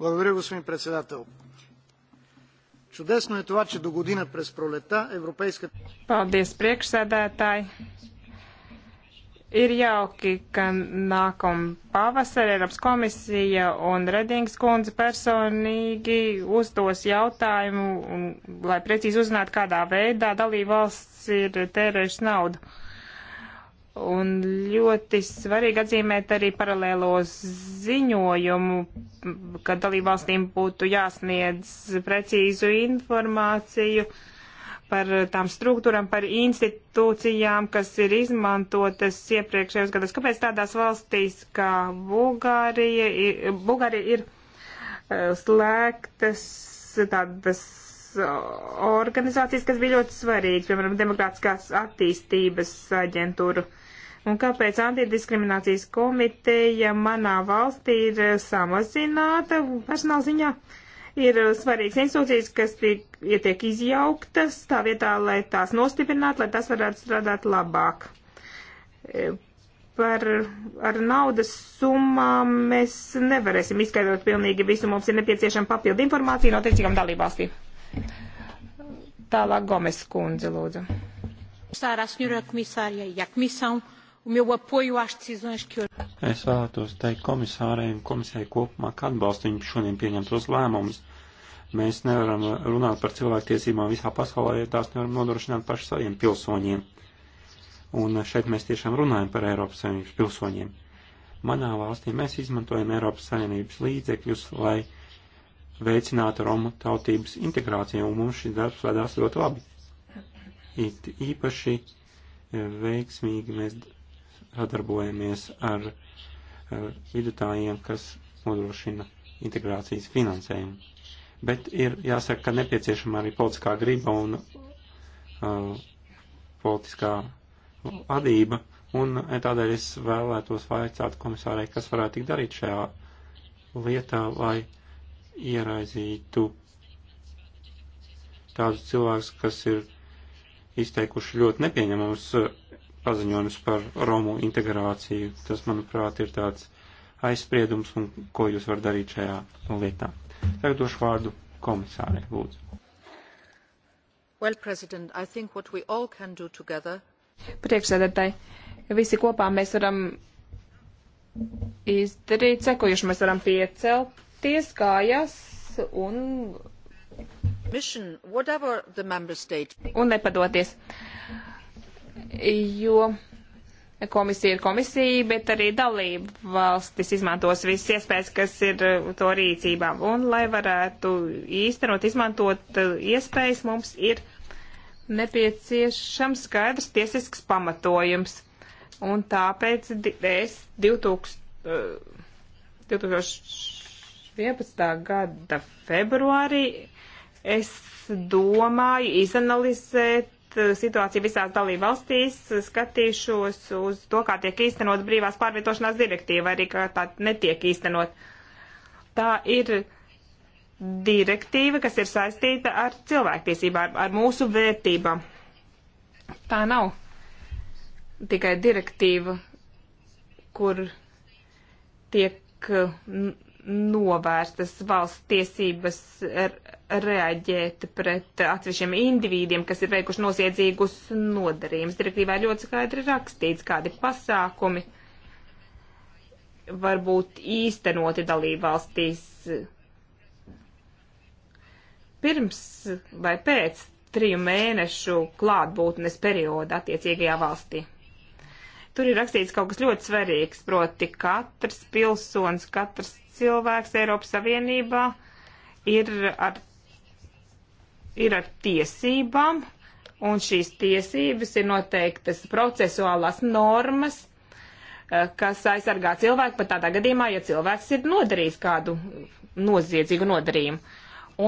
Благодаря, господин председател. Чудесно е това, че до година през пролета Европейската... Paldies, priekšsēdētāji. Ir jauki, ka nākamā pavasara Eiropas komisija un Redings kundze personīgi uzdos jautājumu, un, lai precīzi uzzinātu, kādā veidā dalībvalsts ir tērējušas naudu. Un ļoti svarīgi atzīmēt arī paralēlo ziņojumu, ka dalībvalstīm būtu jāsniedz precīzu informāciju par tām struktūram, par institūcijām, kas ir izmantotas iepriekšējos gados. Kāpēc tādās valstīs kā Bulgārija, Bulgārija ir e, slēgtas tādas organizācijas, kas bija ļoti svarīgas, piemēram, demokrātiskās attīstības aģentūra? un kāpēc antidiskriminācijas komiteja manā valstī ir samazināta personāla ziņā. Ir svarīgas institūcijas, kas tiek, tiek izjauktas tā vietā, lai tās nostiprinātu, lai tas varētu strādāt labāk. E, par ar naudas summām mēs nevarēsim izskaidrot pilnīgi visu. Mums ir nepieciešama papildu informācija no tiecīgām dalībvalstīm. Tālāk Gomes kundze, lūdzu. Sārā, ņura, komisārija, jak misau o meu apoio às decisões que hoje. Es vēlētos teikt komisārei un komisijai kopumā, ka atbalstu viņu šodien pieņemtos lēmumus. Mēs nevaram runāt par cilvēktiesībām visā pasaulē, ja tās nevaram nodrošināt paši saviem pilsoņiem. Un šeit mēs tiešām runājam par Eiropas Savienības pilsoņiem. Manā valstī mēs izmantojam Eiropas Savienības līdzekļus, lai veicinātu Romu tautības integrāciju, un mums šis darbs vedās ļoti labi. It īpaši eh, veiksmīgi mēs sadarbojamies ar vidutājiem, kas nodrošina integrācijas finansējumu. Bet ir jāsaka, ka nepieciešama arī politiskā griba un uh, politiskā vadība, un tādēļ es vēlētos vaicāt komisārai, kas varētu tik darīt šajā lietā, lai ieraizītu tādus cilvēkus, kas ir izteikuši ļoti nepieņemamus uh, paziņojums par Romu integrāciju. Tas, manuprāt, ir tāds aizspriedums, un ko jūs varat darīt šajā lietā. Tagad došu vārdu komisārai, lūdzu. Well, President, I think what we all can do together. Priekšsēdētāji, visi kopā mēs varam izdarīt sekojuši. Mēs varam piecelties kājās un. Mission, whatever the member state. Un nepadoties. Uh, jo komisija ir komisija, bet arī dalība valstis izmantos visas iespējas, kas ir uh, to rīcībā. Un, lai varētu īstenot, izmantot uh, iespējas, mums ir nepieciešams skaidrs tiesisks pamatojums. Un tāpēc es 2000, 2011. Uh, gada februārī es domāju izanalizēt Eh, situāciju visās dalību valstīs, eh, skatīšos uz to, kā tiek īstenot brīvās pārvietošanās direktīva, arī kā tā netiek īstenot. Tā ir direktīva, kas ir saistīta ar cilvēktiesībā, ar, ar mūsu vērtībām. Tā nav tikai direktīva, kur tiek eh, novērstas valsts tiesības er, reaģēt pret atsevišķiem individiem, kas ir veikuši noziedzīgus nodarījumus. Direktīvā ļoti skaidri rakstīts, kādi pasākumi var būt īstenoti dalībvalstīs pirms vai pēc triju mēnešu klātbūtnes perioda attiecīgajā valstī. Tur ir rakstīts kaut kas ļoti svarīgs, proti katrs pilsonis, katrs cilvēks Eiropas Savienībā ir ar ir ar tiesībām, un šīs tiesības ir noteiktas procesuālās normas, eh, kas aizsargā cilvēku pat tādā gadījumā, ja cilvēks ir nodarījis kādu noziedzīgu nodarījumu.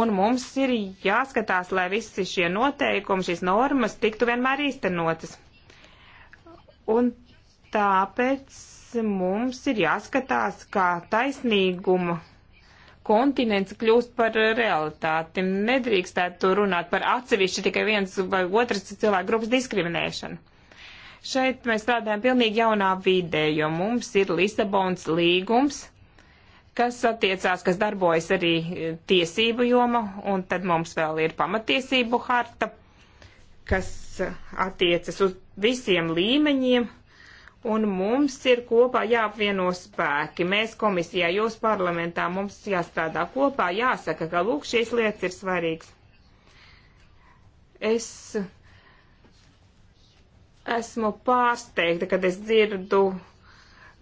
Un mums ir jāskatās, lai visi šie noteikumi, šīs normas tiktu vienmēr īstenotas. Un tāpēc mums ir jāskatās, kā taisnīguma kontinents kļūst par eh, realitāti. Nedrīkstētu runāt par atsevišķu tikai viens vai otras cilvēku grupas diskriminēšanu. Šeit mēs strādājam pilnīgi jaunā vidē, jo mums ir Lisabons līgums, kas attiecās, kas darbojas arī eh, tiesību joma, un tad mums vēl ir pamatiesību harta, kas eh, attiecas uz visiem līmeņiem Un mums ir kopā jāapvieno spēki. Mēs komisijā, jūs parlamentā, mums jāstrādā kopā, jāsaka, ka lūk, šīs lietas ir svarīgas. Es esmu pārsteigta, kad es dzirdu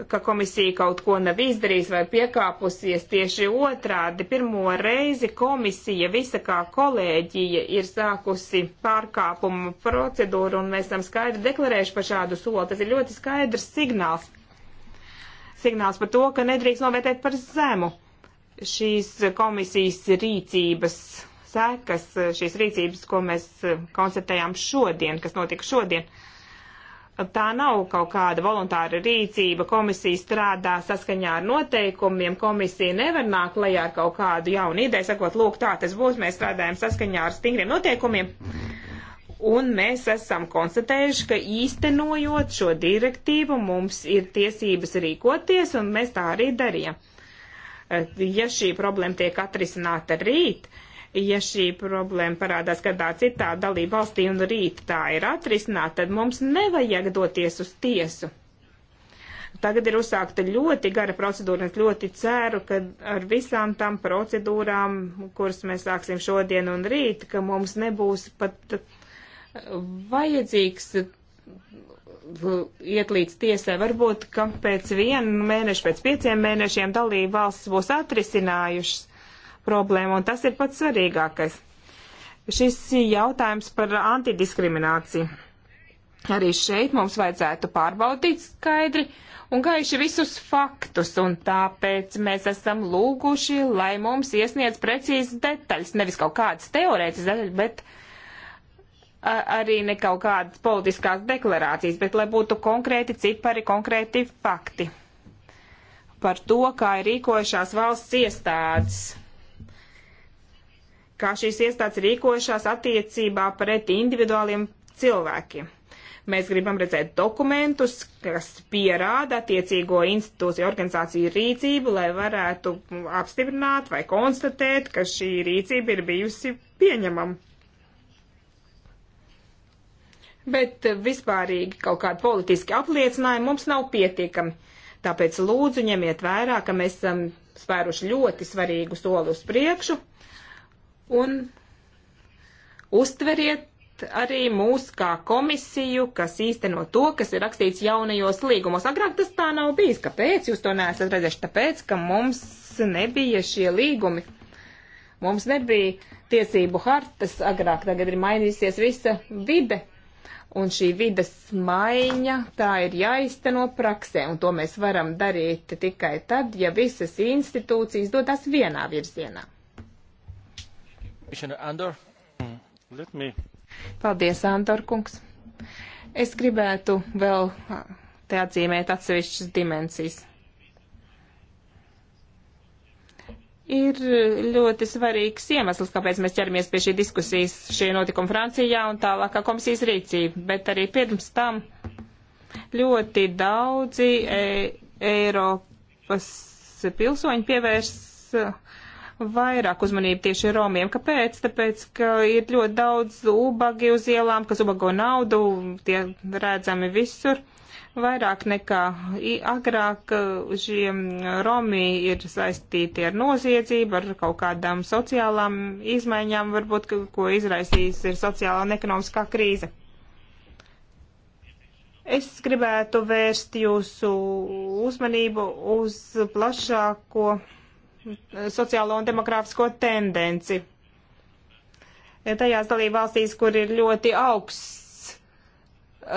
ka komisija kaut ko nav izdarījusi vai piekāpusies. Tieši otrādi, pirmo reizi komisija visa kā kolēģija ir sākusi pārkāpumu procedūru un mēs esam skaidri deklarējuši par šādu soli. Tas ir ļoti skaidrs signāls. Signāls par to, ka nedrīkst novērtēt par zemu šīs komisijas rīcības sekas, šīs rīcības, ko mēs konstatējām šodien, kas notika šodien. Uh, tā nav kaut kāda voluntāra rīcība. Komisija strādā saskaņā ar noteikumiem. Komisija nevar nākt lejā ar kaut kādu jaunu ideju, sakot, lūk, tā tas būs, mēs strādājam saskaņā ar stingriem noteikumiem. Un mēs esam konstatējuši, ka īstenojot šo direktīvu mums ir tiesības rīkoties, un mēs tā arī darījām. Ja šī problēma tiek atrisināta rīt, uh, ja šī problēma parādās kādā citā dalība valstī un rīt tā ir atrisināta, tad mums nevajag doties uz tiesu. Tagad ir uzsākta ļoti gara procedūra, un es ļoti ceru, ka ar visām tām procedūrām, kuras mēs sāksim šodien un rīt, ka mums nebūs pat uh, vajadzīgs uh, iet līdz tiesai. Varbūt, ka pēc viena mēneša, pēc pieciem mēnešiem dalība valsts būs atrisinājušas problēma, un tas ir pats svarīgākais. Šis jautājums par antidiskrimināciju. Arī šeit mums vajadzētu pārbaudīt skaidri un gaiši visus faktus, un tāpēc mēs esam lūguši, lai mums iesniedz precīzi detaļas, nevis kaut kādas teorētiskas detaļas, bet arī ne kaut kādas politiskās deklarācijas, bet lai būtu konkrēti cipari, konkrēti fakti par to, kā ir rīkojušās valsts iestādes kā šīs iestādes rīkojušās attiecībā pret individuāliem cilvēkiem. Mēs gribam redzēt dokumentus, kas pierāda attiecīgo institūciju organizāciju rīcību, lai varētu apstiprināt vai konstatēt, ka šī rīcība ir bijusi pieņemama. Bet vispārīgi kaut kādi politiski apliecinājumi mums nav pietiekami. Tāpēc lūdzu ņemiet vērā, ka mēs esam spēruši ļoti svarīgu soli uz priekšu un uztveriet arī mūs kā komisiju, kas īsteno to, kas ir rakstīts jaunajos līgumos. Agrāk tas tā nav bijis. Kāpēc jūs to neesat redzējuši? Tāpēc, ka mums nebija šie līgumi. Mums nebija tiesību hartas agrāk, tagad ir mainījusies visa vide. Un šī vides maiņa, tā ir jāizteno praksē, un to mēs varam darīt tikai tad, ja visas institūcijas dodas vienā virzienā. Mm, Paldies, Andor kungs. Es gribētu vēl te atzīmēt atsevišķas dimensijas. ir ļoti svarīgs iemesls, kāpēc mēs ķeramies pie šī diskusijas, šī notikuma Francijā un tālākā komisijas rīcība, bet arī pirms tam ļoti daudzi e Eiropas pilsoņi pievērs vairāk uzmanību tieši romiem. Kāpēc? Tāpēc, ka ir ļoti daudz ubagi uz ielām, kas ubago naudu, tie redzami visur. Vairāk nekā agrāk uh, šie romi ir saistīti ar noziedzību, ar kaut kādām sociālām izmaiņām, varbūt, ko izraisīs ir sociālā un ekonomiskā krīze. Es gribētu vērst jūsu uzmanību uz plašāko sociālo un demokrāfisko tendenci. Tajās dalība valstīs, kur ir ļoti augsts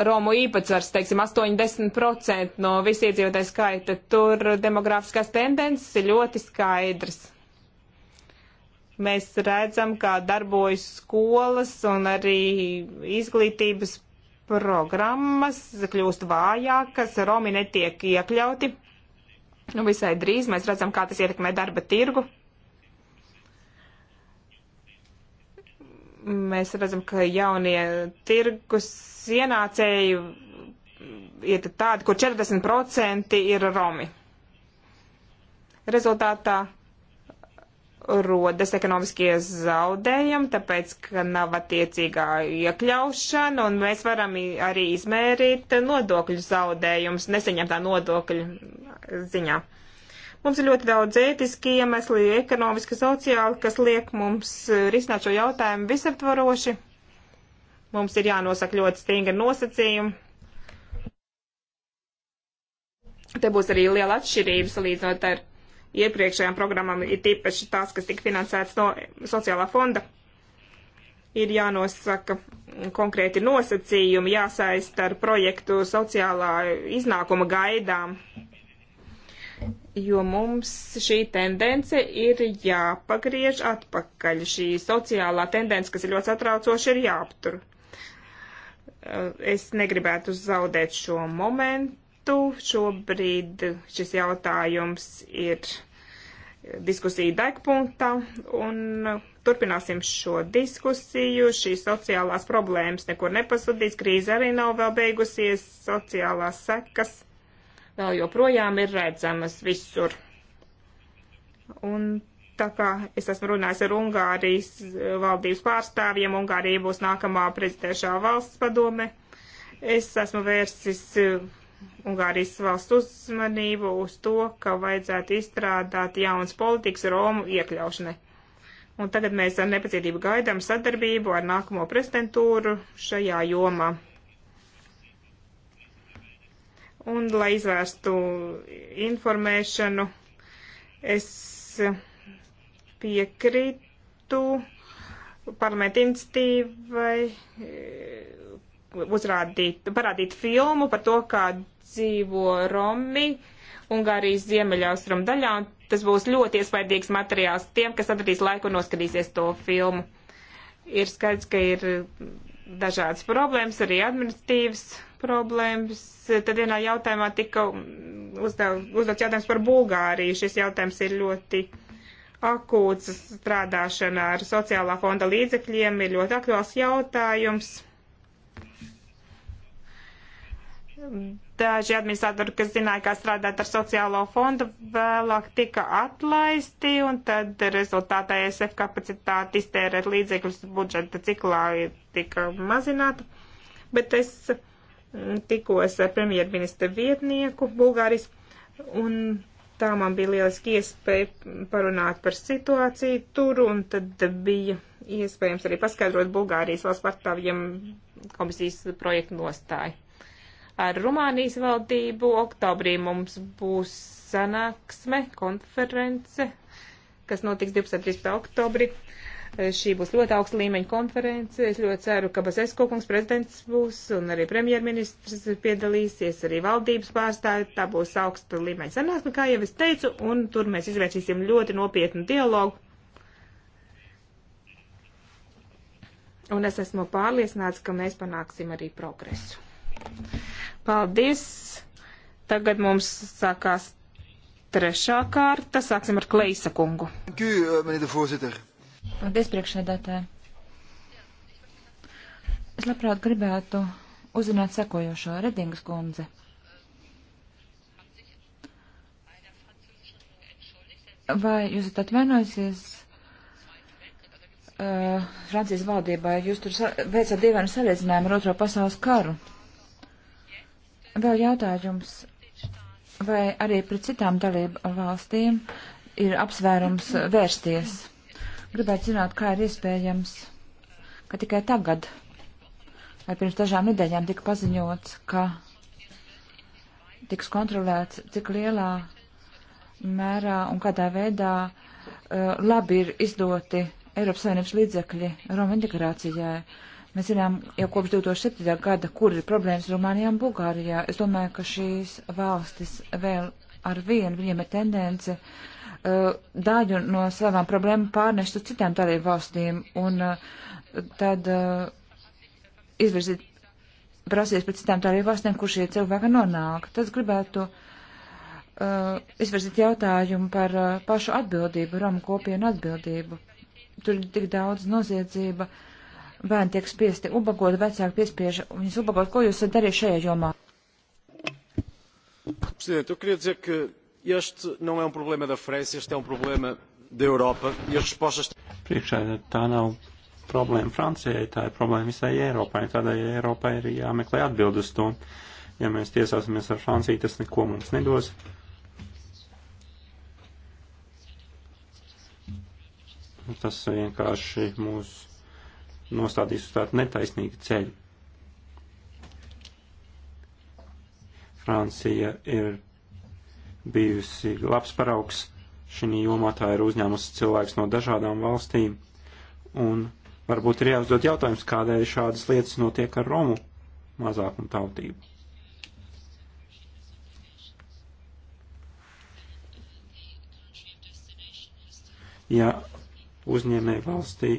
Romu īpatsvars, teiksim, 80% no visi iedzīvotāji skaita, tur demografiskās tendences ir ļoti skaidrs. Mēs redzam, kā darbojas skolas un arī izglītības programmas, kļūst vājākas, Romi netiek iekļauti Nu, visai drīz mēs redzam, kā tas ietekmē darba tirgu. Mēs redzam, ka jaunie tirgus ienācēji ir tādi, kur 40% ir romi. Rezultātā rodas ekonomiskie zaudējumi, tāpēc, ka nav attiecīgā iekļaušana, un mēs varam arī izmērīt nodokļu zaudējumus neseņemtā nodokļu ziņā. Mums ir ļoti daudz ētiski iemesli, ekonomiski, sociāli, kas liek mums risināt šo jautājumu visaptvaroši. Mums ir jānosaka ļoti stingri nosacījumi. Te būs arī liela atšķirības līdz no ar iepriekšējām programmām, ir tīpaši tās, kas tika finansētas no sociālā fonda, ir jānosaka konkrēti nosacījumi, jāsaist ar projektu sociālā iznākuma gaidām, jo mums šī tendence ir jāpagriež atpakaļ. Šī sociālā tendence, kas ir ļoti satraucoša, ir jāaptur. Es negribētu zaudēt šo momentu citu, šobrīd šis jautājums ir diskusija degpunktā un turpināsim šo diskusiju. Šīs sociālās problēmas nekur nepazudīs, krīze arī nav vēl beigusies, sociālās sekas vēl joprojām ir redzamas visur. Un tā kā es esmu runājis ar Ungārijas valdības pārstāvjiem, Ungārija būs nākamā prezidēšā valsts padome. Es esmu vērsis Ungārijas valsts uzmanību uz to, ka vajadzētu izstrādāt jaunas politikas Romu iekļaušanai. Un tagad mēs ar nepacietību gaidām sadarbību ar nākamo prezidentūru šajā jomā. Un, lai izvērstu informēšanu, es piekrītu parlamentu institīvai e, uzrādīt, parādīt filmu par to, kā dzīvo Romi Ungārijas ziemeļaustrum daļā, un tas būs ļoti iespaidīgs materiāls tiem, kas atradīs laiku un noskatīsies to filmu. Ir skaidrs, ka ir dažādas problēmas, arī administratīvas problēmas. Tad vienā jautājumā tika uzdev, uzdots jautājums par Bulgāriju. Šis jautājums ir ļoti akūts strādāšana ar sociālā fonda līdzekļiem, ir ļoti aktuāls jautājums. Daži administratori, kas zināja, kā strādāt ar sociālo fondu, vēlāk tika atlaisti, un tad rezultātā ESF kapacitāte iztērēt līdzekļus budžeta ciklā tika mazināta. Bet es mm, tikos ar premjerministra vietnieku Bulgārijas, un tā man bija lieliski iespēja parunāt par situāciju tur, un tad bija iespējams arī paskaidrot Bulgārijas valsts pārstāvjiem komisijas projektu nostāju ar Rumānijas valdību. Oktobrī mums būs sanāksme, konference, kas notiks 23. oktobrī. Šī būs ļoti augsta līmeņa konference. Es ļoti ceru, ka Basesko kungs prezidents būs un arī premjerministrs piedalīsies, arī valdības pārstāvi. Tā būs augsta līmeņa sanāksme, kā jau es teicu, un tur mēs izvērsīsim ļoti nopietnu dialogu. Un es esmu pārliecināts, ka mēs panāksim arī progresu. Paldies! Tagad mums sākās trešā kārta. Sāksim ar Kleisa kungu. Uh, Paldies, priekšsēdētāji. Es labprāt gribētu uzzināt sekojošo Redingas kundze. Vai jūs esat atvainojusies uh, Francijas valdībai? Jūs tur veicat dievēnu salīdzinājumu ar otro pasaules karu. Vēl jautājums, vai arī pret citām dalību valstīm ir apsvērums vērsties? Gribētu zināt, kā ir iespējams, ka tikai tagad, vai pirms dažām nedēļām tika paziņots, ka tiks kontrolēts, cik lielā mērā un kādā veidā uh, labi ir izdoti Eiropas Savienības līdzekļi Roma integrācijai. Uh, Mēs zinām jau kopš 2007. gada, kur ir problēmas Rumānijā un Bulgārijā. Es domāju, ka šīs valstis vēl ar vienu viņiem ir tendence uh, daļu no savām problēmām pārnest uz citām dalību valstīm un uh, tad uh, izvirzīt prasīs pēc citām dalību valstīm, kur šie cilvēki nonāk. Tad gribētu uh, izvirzīt jautājumu par uh, pašu atbildību, Romu kopienu atbildību. Tur ir tik daudz noziedzība. Uh, bērni tiek spiesti ubagot, vecāki piespiež viņus ubagot. Ko jūs darījat šajā jomā? Presidente, eu queria dizer que este não é um problema da França, este é um problema da Europa e as respostas. Priekšā tā nav problēma Francijai, tā ir problēma visai Eiropai. Tādēļ Eiropai ir jāmeklē atbild uz to. Ja mēs tiesāsimies ar Franciju, tas neko mums nedos. Tas vienkārši mūsu nostādīs uz tādu netaisnīgu ceļu. Francija ir bijusi labs paraugs šī jomā, tā ir uzņēmusi cilvēks no dažādām valstīm, un varbūt ir jāuzdod jautājums, kādēļ šādas lietas notiek ar Romu mazākumu tautību. Ja uzņēmēji valstī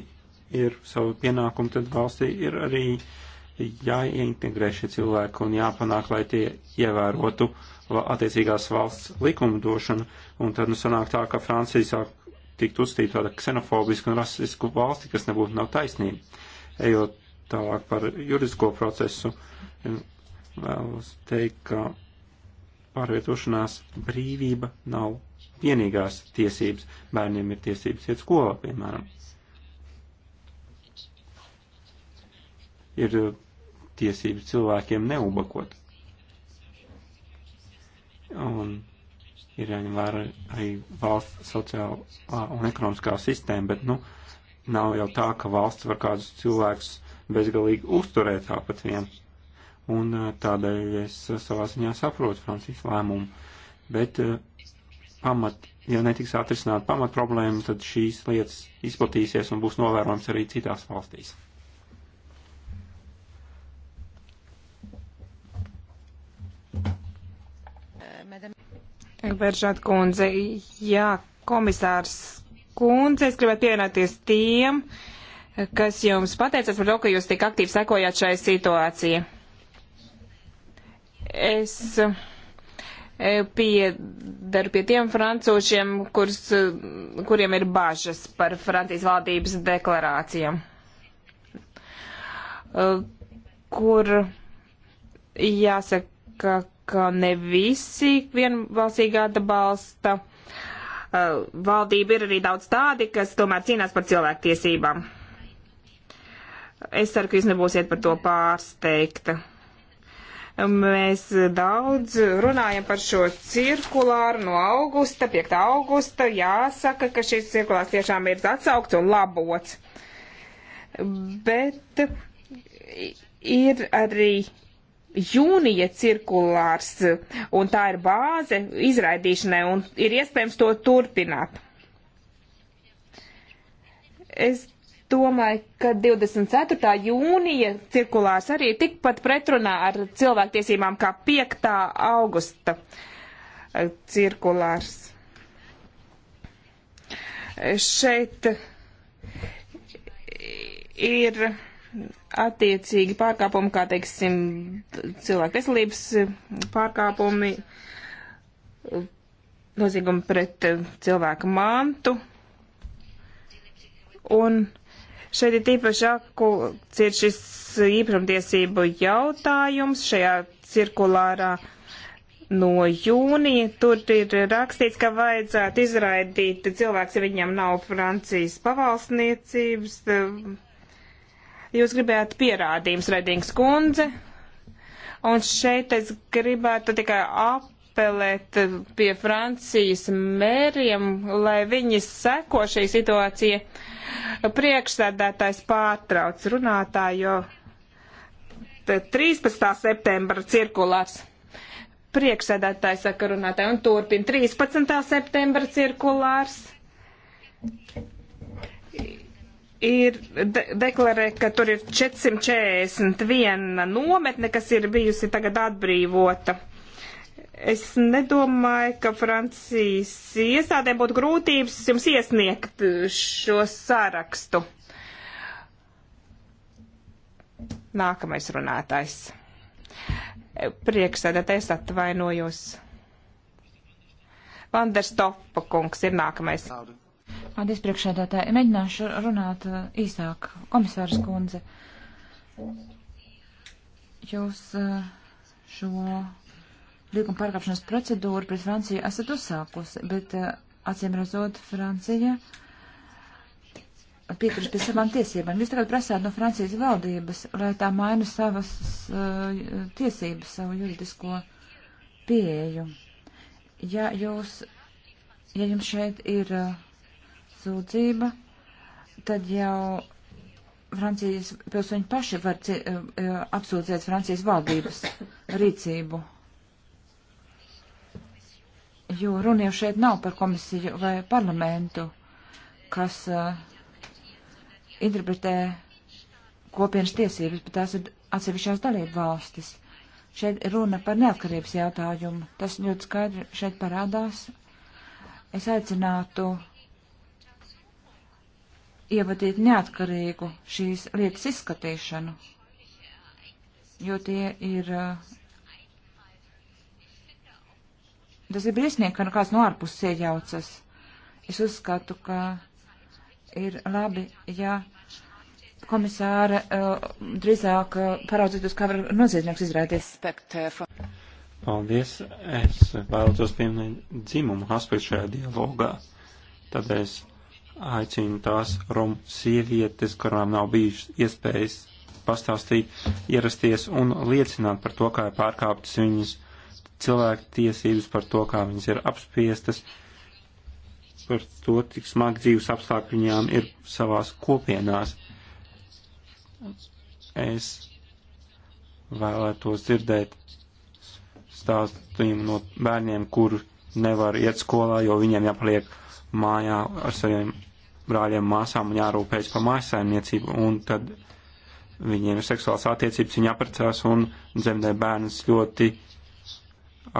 ir savu pienākumu, tad valstī ir arī jāieintegrē šie cilvēki un jāpanāk, lai tie ievērotu attiecīgās valsts likumdošanu. Un tad nu sanāk tā, ka Francija sāk tikt uzstīt tāda ksenofobisku un rasisku valsti, kas nebūtu nav taisnība. Ejot tālāk par juridisko procesu, vēlos teikt, ka pārvietošanās brīvība nav vienīgās tiesības. Bērniem ir tiesības iet skolā, piemēram. ir tiesības cilvēkiem neubakot. Un ir jāņem vērā arī valsts sociālā un ekonomiskā sistēma, bet, nu, nav jau tā, ka valsts var kādus cilvēkus bezgalīgi uzturēt tāpat vien. Un eh, tādēļ es eh, savā ziņā saprotu Francijas lēmumu. Bet eh, pamat, ja netiks atrisināt pamat problēma, tad šīs lietas izplatīsies un būs novērojams arī citās valstīs. Veržāt kundze, jā, komisārs kundze, es gribētu pievienoties tiem, kas jums pateicas par to, ka jūs tik aktīvi sekojāt šai situācijai. Es e, piedaru pie tiem francūšiem, kurs, kuriem ir bažas par Francijas valdības deklarācijām, e, kur jāsaka, ka ne visi vienbalsīgi atbalsta. Uh, valdība ir arī daudz tādi, kas tomēr cīnās par cilvēktiesībām. Es ceru, ka jūs nebūsiet par to pārsteigta. Mēs daudz runājam par šo cirkulāru no augusta, 5. augusta. Jāsaka, ka šis cirkulārs tiešām ir atsaukts un labots. Bet ir arī jūnija cirkulārs, un tā ir bāze izraidīšanai, un ir iespējams to turpināt. Es domāju, ka 24. jūnija cirkulārs arī tikpat pretrunā ar cilvēktiesībām kā 5. augusta e, cirkulārs. E, šeit ir attiecīgi pārkāpumi, kā teiksim, cilvēku veselības pārkāpumi, noziegumi pret cilvēku mantu. Un šeit ir tīpaši akūts ir šis īpašumtiesību jautājums šajā cirkulārā no jūnija. Tur ir rakstīts, ka vajadzētu izraidīt cilvēks, ja viņam nav Francijas pavalsniecības Jūs gribējāt pierādījums, Redings kundze, un šeit es gribētu tikai ap apelēt pie Francijas mēriem, lai viņi seko šī situācija. Priekšsēdētājs pārtrauc runātāju, jo 13. septembra cirkulārs. Priekšsēdētājs saka runātāju un turpina 13. septembra cirkulārs ir de deklarē, ka tur ir 441 nometne, kas ir bijusi tagad atbrīvota. Es nedomāju, ka Francijas iestādēm būtu grūtības jums iesniegt šo sarakstu. Nākamais runātājs. Priekšsēdētājs atvainojos. Vanderstopa kungs ir nākamais. Laudu. Paldies, priekšēdētāji. Mēģināšu runāt uh, īsāk. Komisārs kundze, jūs uh, šo līguma pārkāpšanas procedūru pret Franciju esat uzsākusi, bet uh, acīm redzot, Francija piekrist pie savām tiesībām. Jūs tagad prasāt no Francijas valdības, lai tā maina savas uh, tiesības, savu juridisko pieeju. Ja jūs, ja jums šeit ir uh, sūdzība, tad jau Francijas pilsoņi paši var eh, eh, apsūdzēt Francijas valdības rīcību. Jo runa jau šeit nav par komisiju vai parlamentu, kas uh, interpretē kopienas tiesības, bet tās ir atsevišķās dalību valstis. Šeit runa par neatkarības jautājumu. Tas ļoti skaidri šeit parādās. Es aicinātu ievadīt neatkarīgu šīs lietas izskatīšanu, jo tie ir. Eh, tas ir briesmīgi, ka nu kāds no ārpuses iejaucas. Es uzskatu, ka ir labi, ja komisāra uh, eh, drīzāk uh, paraudzītos, kā var noziedznieks izrādīties. Paldies. Es vēlētos pieminēt dzimumu aspektu šajā dialogā. Tad es aicinu tās rom sievietes, kurām nav bijušas iespējas pastāstīt, ierasties un liecināt par to, kā ir pārkāptas viņas cilvēku tiesības, par to, kā viņas ir apspiestas, par to, cik smagi dzīves apstākļi viņām ir savās kopienās. Es vēlētos dzirdēt stāstījumu no bērniem, kuru nevar iet skolā, jo viņiem jāpaliek mājā ar saviem brāļiem, māsām un jārūpējas par mājasaimniecību, un tad viņiem ir seksuāls attiecības, viņi aprecās un dzemdē bērnus ļoti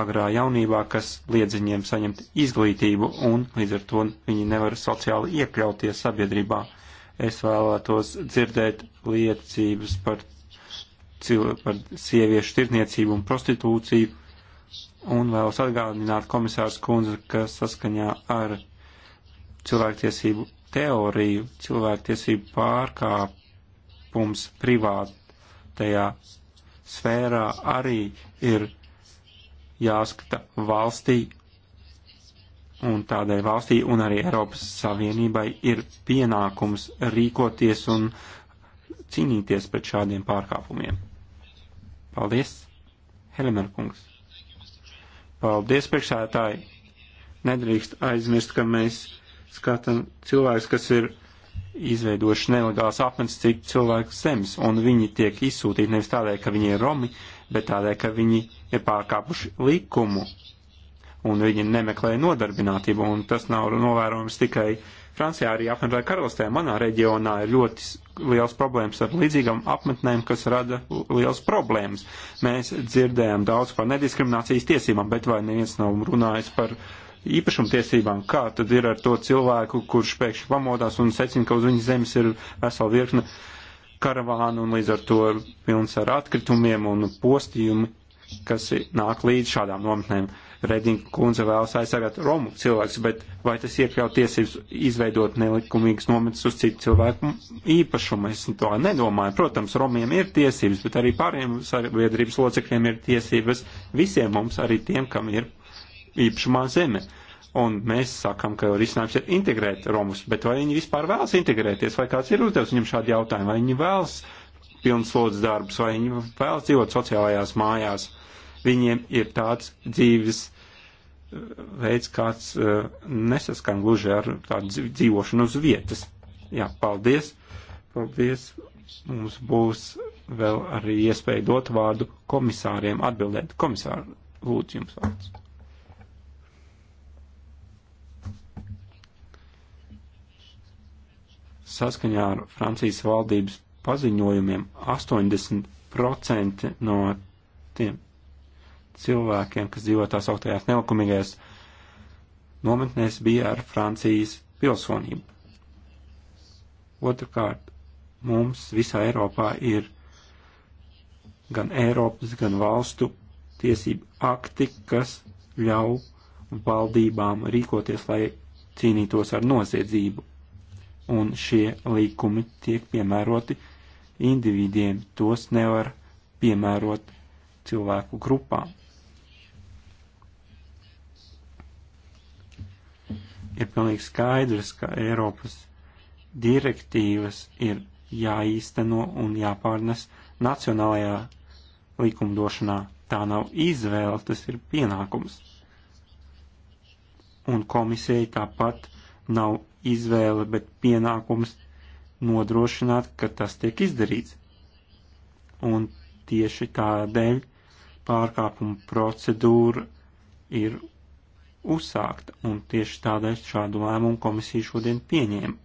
agrā jaunībā, kas liedz viņiem saņemt izglītību, un līdz ar to viņi nevar sociāli iekļauties sabiedrībā. Es vēlētos dzirdēt liecības par, cil, par sieviešu tirniecību un prostitūciju, un vēlos atgādināt komisārs kundze, ka saskaņā ar cilvēktiesību teoriju cilvēktiesību pārkāpums privātajā sfērā arī ir jāskata valstī un tādai valstī un arī Eiropas Savienībai ir pienākums rīkoties un cīnīties pret šādiem pārkāpumiem. Paldies, Helemer kungs. Paldies, priekšsētāji. Nedrīkst aizmirst, ka mēs skatam cilvēkus, kas ir izveidojuši nelegāls apmetnes citu cilvēku zemes, un viņi tiek izsūtīti nevis tādēļ, ka viņi ir romi, bet tādēļ, ka viņi ir pārkāpuši likumu, un viņi nemeklē nodarbinātību, un tas nav novērojams tikai Francijā, arī apmetnē karalistē, manā reģionā ir ļoti liels problēmas ar līdzīgām apmetnēm, kas rada liels problēmas. Mēs dzirdējām daudz par nediskriminācijas tiesībām, bet vai neviens nav runājis par uh, īpašumtiesībām. Kā tad ir ar to cilvēku, kurš pēkšņi pamodās un secina, ka uz viņas zemes ir vesela virkne karavānu un līdz ar to pilns ar atkritumiem un postījumu, kas nāk līdz šādām nometnēm. Redinga kundze vēlas aizsargāt Romu cilvēks, bet vai tas iekļaut tiesības izveidot nelikumīgas nometnes uz citu cilvēku īpašumu? Es to nedomāju. Protams, Romiem ir tiesības, bet arī pārējiem sabiedrības locekļiem ir tiesības. Visiem mums, arī tiem, kam ir īpašumā zeme. Un mēs sakam, ka risinājums ir integrēt romus, bet vai viņi vispār vēlas integrēties, vai kāds ir uzdevis viņam šādu jautājumu, vai viņi vēlas pilnslodzes darbus, vai viņi vēlas dzīvot sociālajās mājās. Viņiem ir tāds dzīves uh, veids, kāds uh, nesaskan gluži ar tādu dzīvošanu uz vietas. Jā, paldies! Paldies! Mums būs vēl arī iespēja dot vārdu komisāriem atbildēt. Komisāri, lūdzu jums vārds. Saskaņā ar Francijas valdības paziņojumiem 80% no tiem cilvēkiem, kas dzīvo tās augtajās nelikumīgajās nometnēs, bija ar Francijas pilsonību. Otrkārt, mums visā Eiropā ir gan Eiropas, gan valstu tiesību akti, kas ļauj valdībām rīkoties, lai cīnītos ar noziedzību un šie līkumi tiek piemēroti individiem, tos nevar piemērot cilvēku grupām. Ir pilnīgi skaidrs, ka Eiropas direktīvas ir jāīsteno un jāpārnes nacionālajā likumdošanā. Tā nav izvēle, tas ir pienākums. Un komisija tāpat nav izvēle, bet pienākums nodrošināt, ka tas tiek izdarīts. Un tieši tādēļ pārkāpuma procedūra ir uzsākta, un tieši tādēļ šādu lēmumu komisija šodien pieņēma.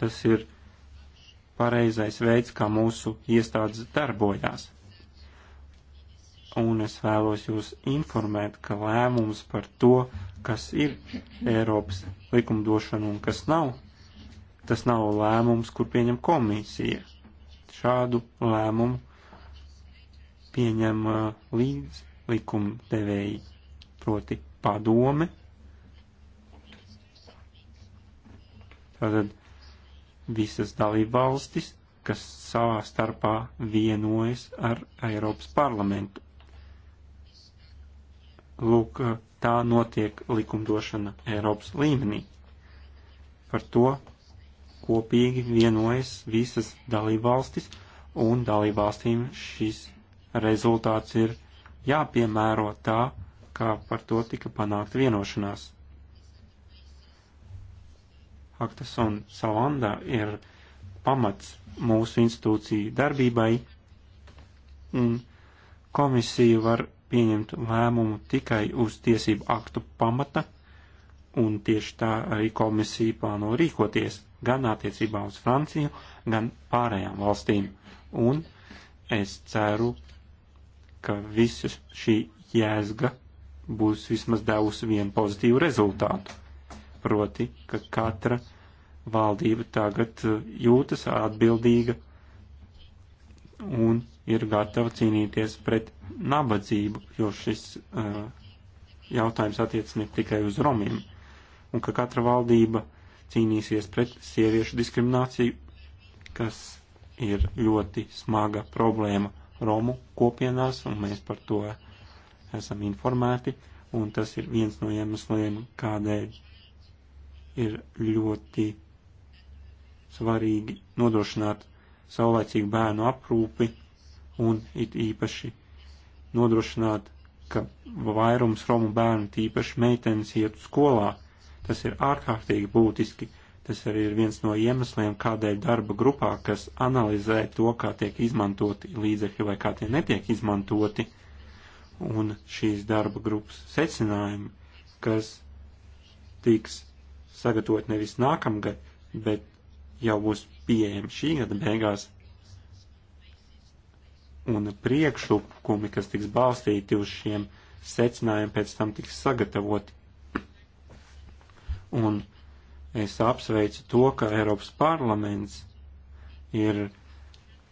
Tas ir pareizais veids, kā mūsu iestādes darbojās un es vēlos jūs informēt, ka lēmums par to, kas ir Eiropas likumdošana un kas nav, tas nav lēmums, kur pieņem komisija. Šādu lēmumu pieņem uh, līdz likumdevēji, proti padome. Tātad visas dalībvalstis, kas savā starpā vienojas ar Eiropas parlamentu Lūk, tā notiek likumdošana Eiropas līmenī. Par to kopīgi vienojas visas dalībvalstis, un dalībvalstīm šis rezultāts ir jāpiemēro tā, kā par to tika panākt vienošanās. Aktas un Savanda ir pamats mūsu institūciju darbībai, un komisija var pieņemt lēmumu tikai uz tiesību aktu pamata, un tieši tā arī komisija plāno rīkoties gan attiecībā uz Franciju, gan pārējām valstīm. Un es ceru, ka visa šī jēzga būs vismaz devusi vienu pozitīvu rezultātu. Proti, ka katra valdība tagad uh, jūtas atbildīga un ir gatava cīnīties pret nabadzību, jo šis uh, jautājums attiec ne tikai uz romiem, un ka katra valdība cīnīsies pret sieviešu diskrimināciju, kas ir ļoti smaga problēma Romu kopienās, un mēs par to esam informēti, un tas ir viens no iemesliem, kādēļ ir ļoti svarīgi nodrošināt saulēcīgu bērnu aprūpi un it īpaši nodrošināt, ka vairums romu bērnu, tīpaši meitenes, iet skolā. Tas ir ārkārtīgi būtiski. Tas arī ir viens no iemesliem, kādēļ darba grupā, kas analizē to, kā tiek izmantoti līdzekļi vai kā tie netiek izmantoti, un šīs darba grupas secinājumi, kas tiks sagatavot nevis nākamgad, bet jau būs pieejami šī gada beigās, un priekšlikumi, kas tiks balstīti uz šiem secinājumiem, pēc tam tiks sagatavoti. Un es apsveicu to, ka Eiropas parlaments ir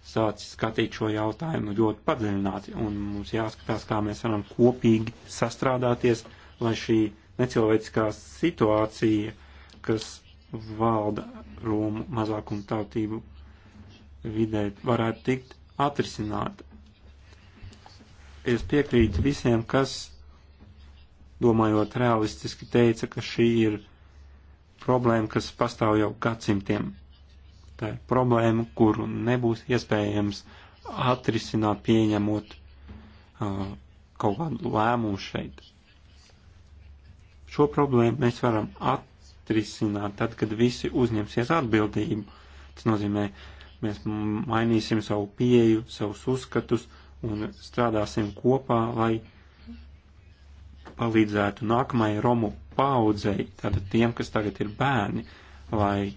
sācis skatīt šo jautājumu ļoti padziļināti, un mums jāskatās, kā mēs varam kopīgi sastrādāties, lai šī necilvēciskā situācija, kas valda Romu mazākumu tautību vidē, varētu tikt atrisināta es piekrītu visiem, kas, domājot realistiski, teica, ka šī ir problēma, kas pastāv jau gadsimtiem. Tā ir problēma, kuru nebūs iespējams atrisināt, pieņemot uh, kaut kādu lēmumu šeit. Šo problēmu mēs varam atrisināt tad, kad visi uzņemsies atbildību. Tas nozīmē, mēs mainīsim savu pieju, savus uzskatus, un strādāsim kopā, lai palīdzētu nākamajai Romu paudzei, tātad tiem, kas tagad ir bērni, lai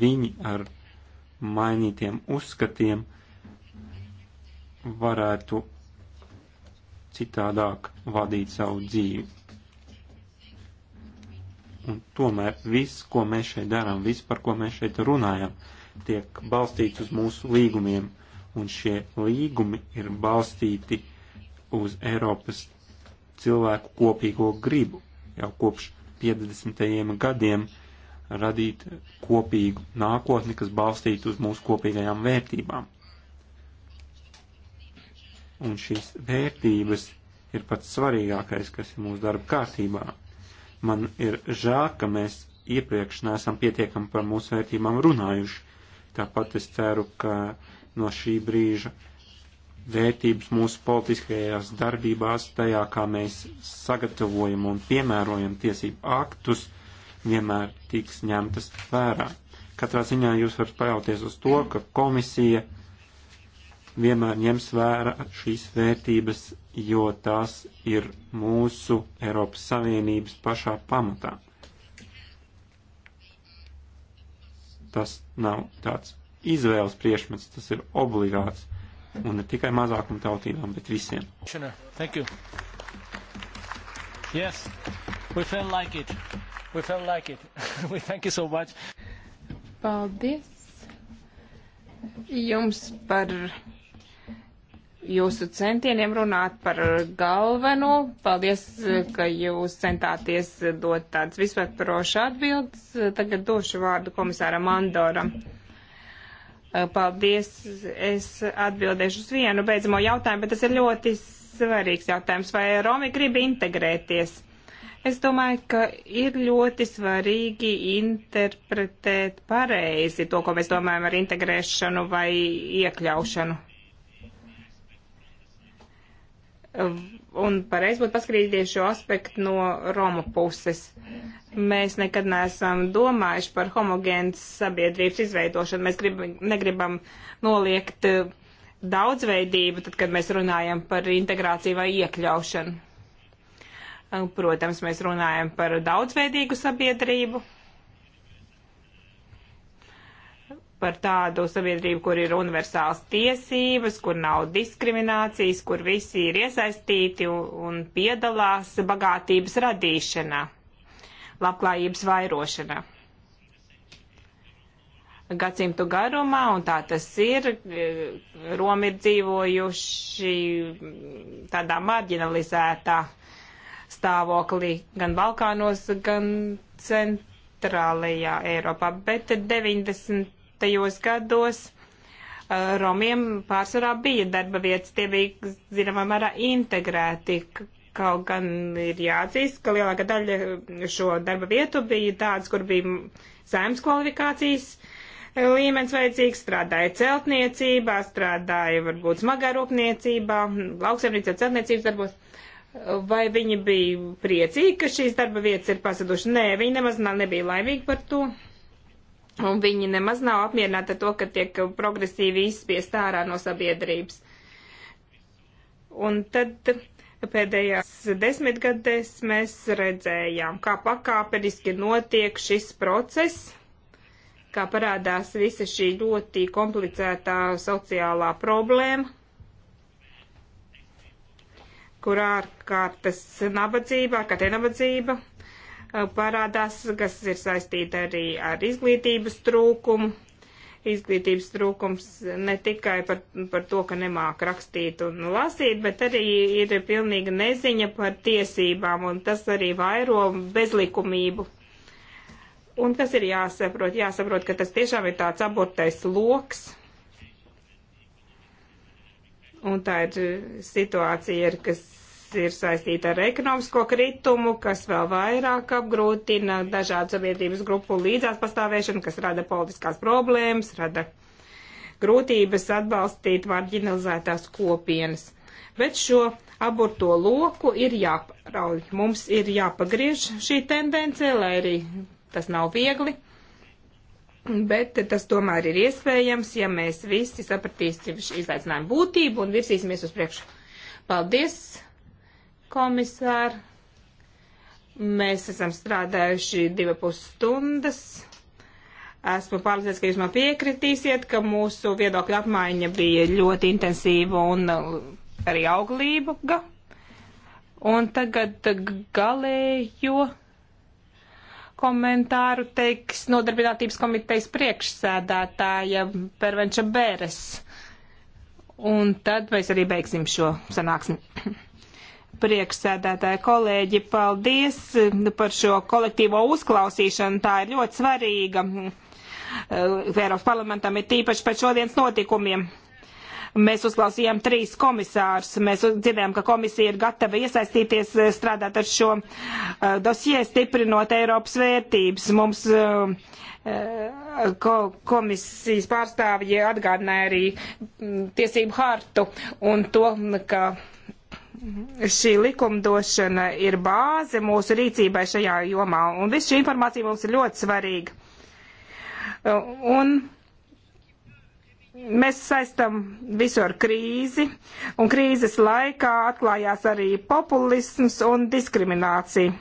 viņi ar mainītiem uzskatiem varētu citādāk vadīt savu dzīvi. Un tomēr viss, ko mēs šeit darām, viss, par ko mēs šeit runājam, tiek balstīts uz mūsu līgumiem, un šie līgumi ir balstīti uz Eiropas cilvēku kopīgo gribu jau kopš 50. gadiem radīt kopīgu nākotni, kas balstītu uz mūsu kopīgajām vērtībām. Un šīs vērtības ir pats svarīgākais, kas ir mūsu darba kārtībā. Man ir žēl, ka mēs iepriekš neesam pietiekami par mūsu vērtībām runājuši. Tāpat es ceru, ka uh, no šī brīža vērtības mūsu politiskajās darbībās, tajā, kā mēs sagatavojam un piemērojam tiesību aktus, vienmēr tiks ņemtas vērā. Katrā ziņā jūs varat paļauties uz to, ka komisija vienmēr ņems vērā šīs vērtības, jo tās ir mūsu Eiropas Savienības pašā pamatā. Tas nav tāds izvēles priešmets, tas ir obligāts. Un ne tikai mazākuma tautībām, bet visiem. Thank you. Yes, we felt like it. We felt like it. we thank you so much. Paldies jums par jūsu centieniem runāt par galveno. Paldies, ka jūs centāties dot tāds visvētprošs atbildes. Tagad došu vārdu komisāram Andoram. Eh, paldies. Es atbildēšu uz vienu beidzamo jautājumu, bet tas ir ļoti svarīgs jautājums. Vai Romi grib integrēties? Es domāju, ka ir ļoti svarīgi interpretēt pareizi to, ko mēs domājam ar integrēšanu vai iekļaušanu. Un pareizi būtu paskatīties šo aspektu no Roma puses. Mēs nekad neesam domājuši par homogēnas sabiedrības izveidošanu. Mēs grib, negribam noliegt eh, daudzveidību, tad, kad mēs runājam par integrāciju vai iekļaušanu. Eh, protams, mēs runājam par daudzveidīgu sabiedrību, par tādu sabiedrību, kur ir universāls tiesības, kur nav diskriminācijas, kur visi ir iesaistīti un piedalās bagātības radīšanā, labklājības vairošanā. Gadsimtu garumā, un tā tas ir, e, Romi ir dzīvojuši tādā marginalizētā stāvoklī gan Balkānos, gan centrālajā Eiropā, bet 90 90. gados eh, romiem pārsvarā bija darba vietas, tie bija, zināmā mērā, integrēti. Kaut gan ir jāatzīst, ka lielākā daļa šo darba vietu bija tādas, kur bija zemes kvalifikācijas eh, līmenis vajadzīgs, strādāja celtniecībā, strādāja varbūt smagā rūpniecībā, lauksaimniecībā, celtniecības darbos. Vai viņi bija priecīgi, ka šīs darba vietas ir pazudušas? Nē, viņi nemaz nebija laimīgi par to un viņi nemaz nav apmierināti ar to, ka tiek progresīvi izspiest ārā no sabiedrības. Un tad pēdējās desmitgadēs mēs redzējām, kā pakāpeniski notiek šis process, kā parādās visa šī ļoti komplicētā sociālā problēma, kur ārkārtas nabadzība, ārkārtē nabadzība, parādās, kas ir saistīta arī ar izglītības trūkumu. Izglītības trūkums ne tikai par, par to, ka nemāk rakstīt un lasīt, bet arī ir pilnīga neziņa par tiesībām, un tas arī vairo bezlikumību. Un kas ir jāsaprot? Jāsaprot, ka tas tiešām ir tāds abortais loks, un tā ir situācija, kas ir saistīta ar ekonomisko kritumu, kas vēl vairāk apgrūtina dažādu sabiedrības grupu līdzās pastāvēšanu, kas rada politiskās problēmas, rada grūtības atbalstīt marginalizētās kopienas. Bet šo aburto loku ir jāparauj. Mums ir jāpagriež šī tendence, lai arī tas nav viegli. Bet tas tomēr ir iespējams, ja mēs visi sapratīsim šī izaicinājuma būtību un virsīsimies uz priekšu. Paldies! komisāri. Mēs esam strādājuši divu pus stundas. Esmu pārliecināts, ka jūs man piekritīsiet, ka mūsu viedokļa apmaiņa bija ļoti intensīva un uh, arī auglīga. Un tagad uh, galējo komentāru teiks Nodarbinātības komitejas priekšsēdētāja Pervenča Bēres. Un tad mēs arī beigsim šo sanāksmi. Priekšsēdētāji kolēģi, paldies nu, par šo kolektīvo uzklausīšanu. Tā ir ļoti svarīga. Eh, Eiropas parlamentam ir tīpaši pēc šodienas notikumiem. Mēs uzklausījām trīs komisārus. Mēs dzirdējām, ka komisija ir gatava iesaistīties, eh, strādāt ar šo eh, dosie, stiprinot Eiropas vērtības. Mums ko, komisijas pārstāvji atgādināja arī mm, tiesību hartu un to, ka šī likumdošana ir bāze mūsu rīcībai šajā jomā, un viss šī informācija mums ir ļoti svarīga. Un mēs saistam visu ar krīzi, un krīzes laikā atklājās arī populisms un diskriminācija.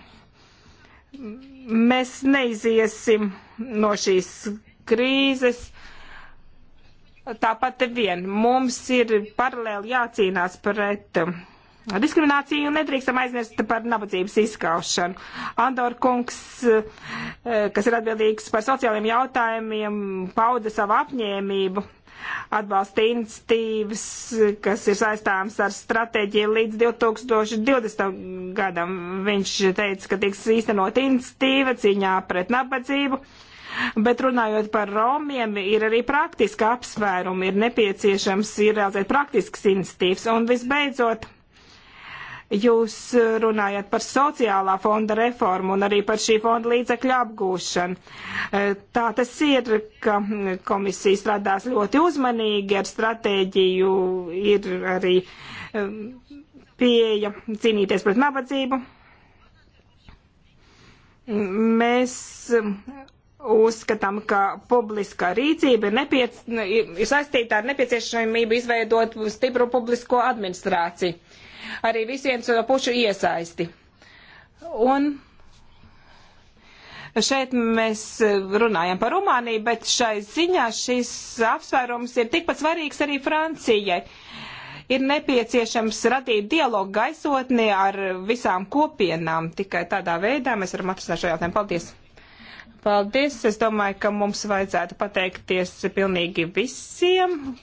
Mēs neiziesim no šīs krīzes, tāpat vien mums ir paralēli jācīnās pret diskrimināciju un nedrīkstam aizmirst par nabadzības izskaušanu. Andor kungs, eh, kas ir atbildīgs par sociāliem jautājumiem, pauda savu apņēmību atbalsta institīvas, kas ir saistāms ar stratēģiju līdz 2020. gadam. Viņš teica, ka tiks īstenot institīva cīņā pret nabadzību. Bet runājot par romiem, ir arī praktiska apsvērumi, ir nepieciešams ir realizēt praktisks institīvs. Un visbeidzot, Jūs eh, runājat par sociālā fonda reformu un arī par šī fonda līdzekļu apgūšanu. Eh, tā tas ir, ka mm, komisija strādās ļoti uzmanīgi ar stratēģiju, ir arī eh, pieeja cīnīties pret nabadzību. Mēs mm, uzskatām, ka publiskā rīcība ir, nepiec, ir saistīta ar nepieciešamību izveidot stipru publisko administrāciju arī visiem no pušu iesaisti. Un šeit mēs runājam par Rumāniju, bet šai ziņā šis apsvērums ir tikpat svarīgs arī Francijai. Ir nepieciešams radīt dialogu gaisotni ar visām kopienām. Tikai tādā veidā mēs varam atrisināt šo jautājumu. Paldies! Paldies! Es domāju, ka mums vajadzētu pateikties pilnīgi visiem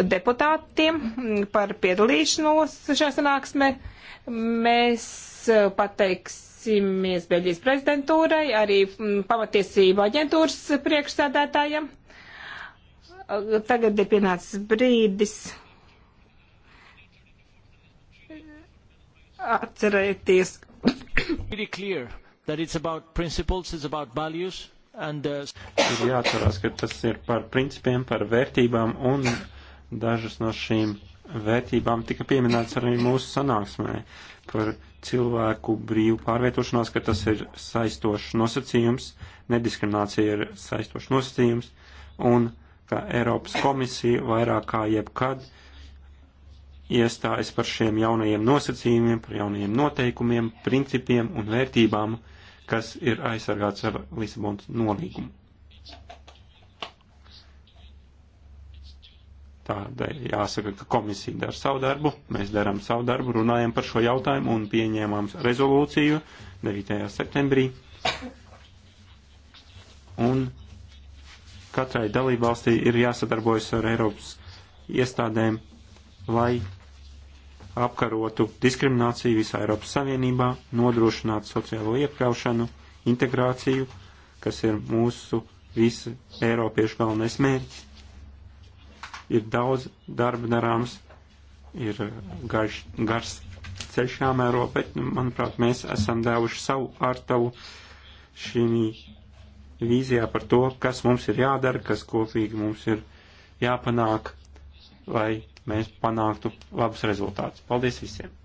deputātiem par piedalīšanos šajā sanāksmē. Mēs eh, pateiksimies Beļģijas prezidentūrai, arī mm, pamatiesība aģentūras priekšsēdētājiem. Eh, tagad ir pienācis brīdis atcerēties. Uh, ir jāatcerās, ka tas ir par principiem, par vērtībām un Dažas no šīm vērtībām tika pieminētas arī mūsu sanāksmē par cilvēku brīvu pārvietošanos, ka tas ir saistošs nosacījums, nediskriminācija ir saistošs nosacījums, un ka Eiropas komisija vairāk kā jebkad iestājas par šiem jaunajiem nosacījumiem, par jaunajiem noteikumiem, principiem un vērtībām, kas ir aizsargāts ar Lisabonas nolīgumu. Tādēļ jāsaka, ka komisija dara savu darbu, mēs darām savu darbu, runājam par šo jautājumu un pieņēmām rezolūciju 9. septembrī. Un katrai dalībvalstī ir jāsadarbojas ar Eiropas iestādēm, lai apkarotu diskrimināciju visā Eiropas Savienībā, nodrošinātu sociālo iekļaušanu, integrāciju, kas ir mūsu visu Eiropiešu galvenais mērķis ir daudz darba darāms, ir garš, gars ceļš jāmēro, bet, nu, manuprāt, mēs esam devuši savu ārtavu šīm vīzijā par to, kas mums ir jādara, kas kopīgi mums ir jāpanāk, lai mēs panāktu labus rezultātus. Paldies visiem!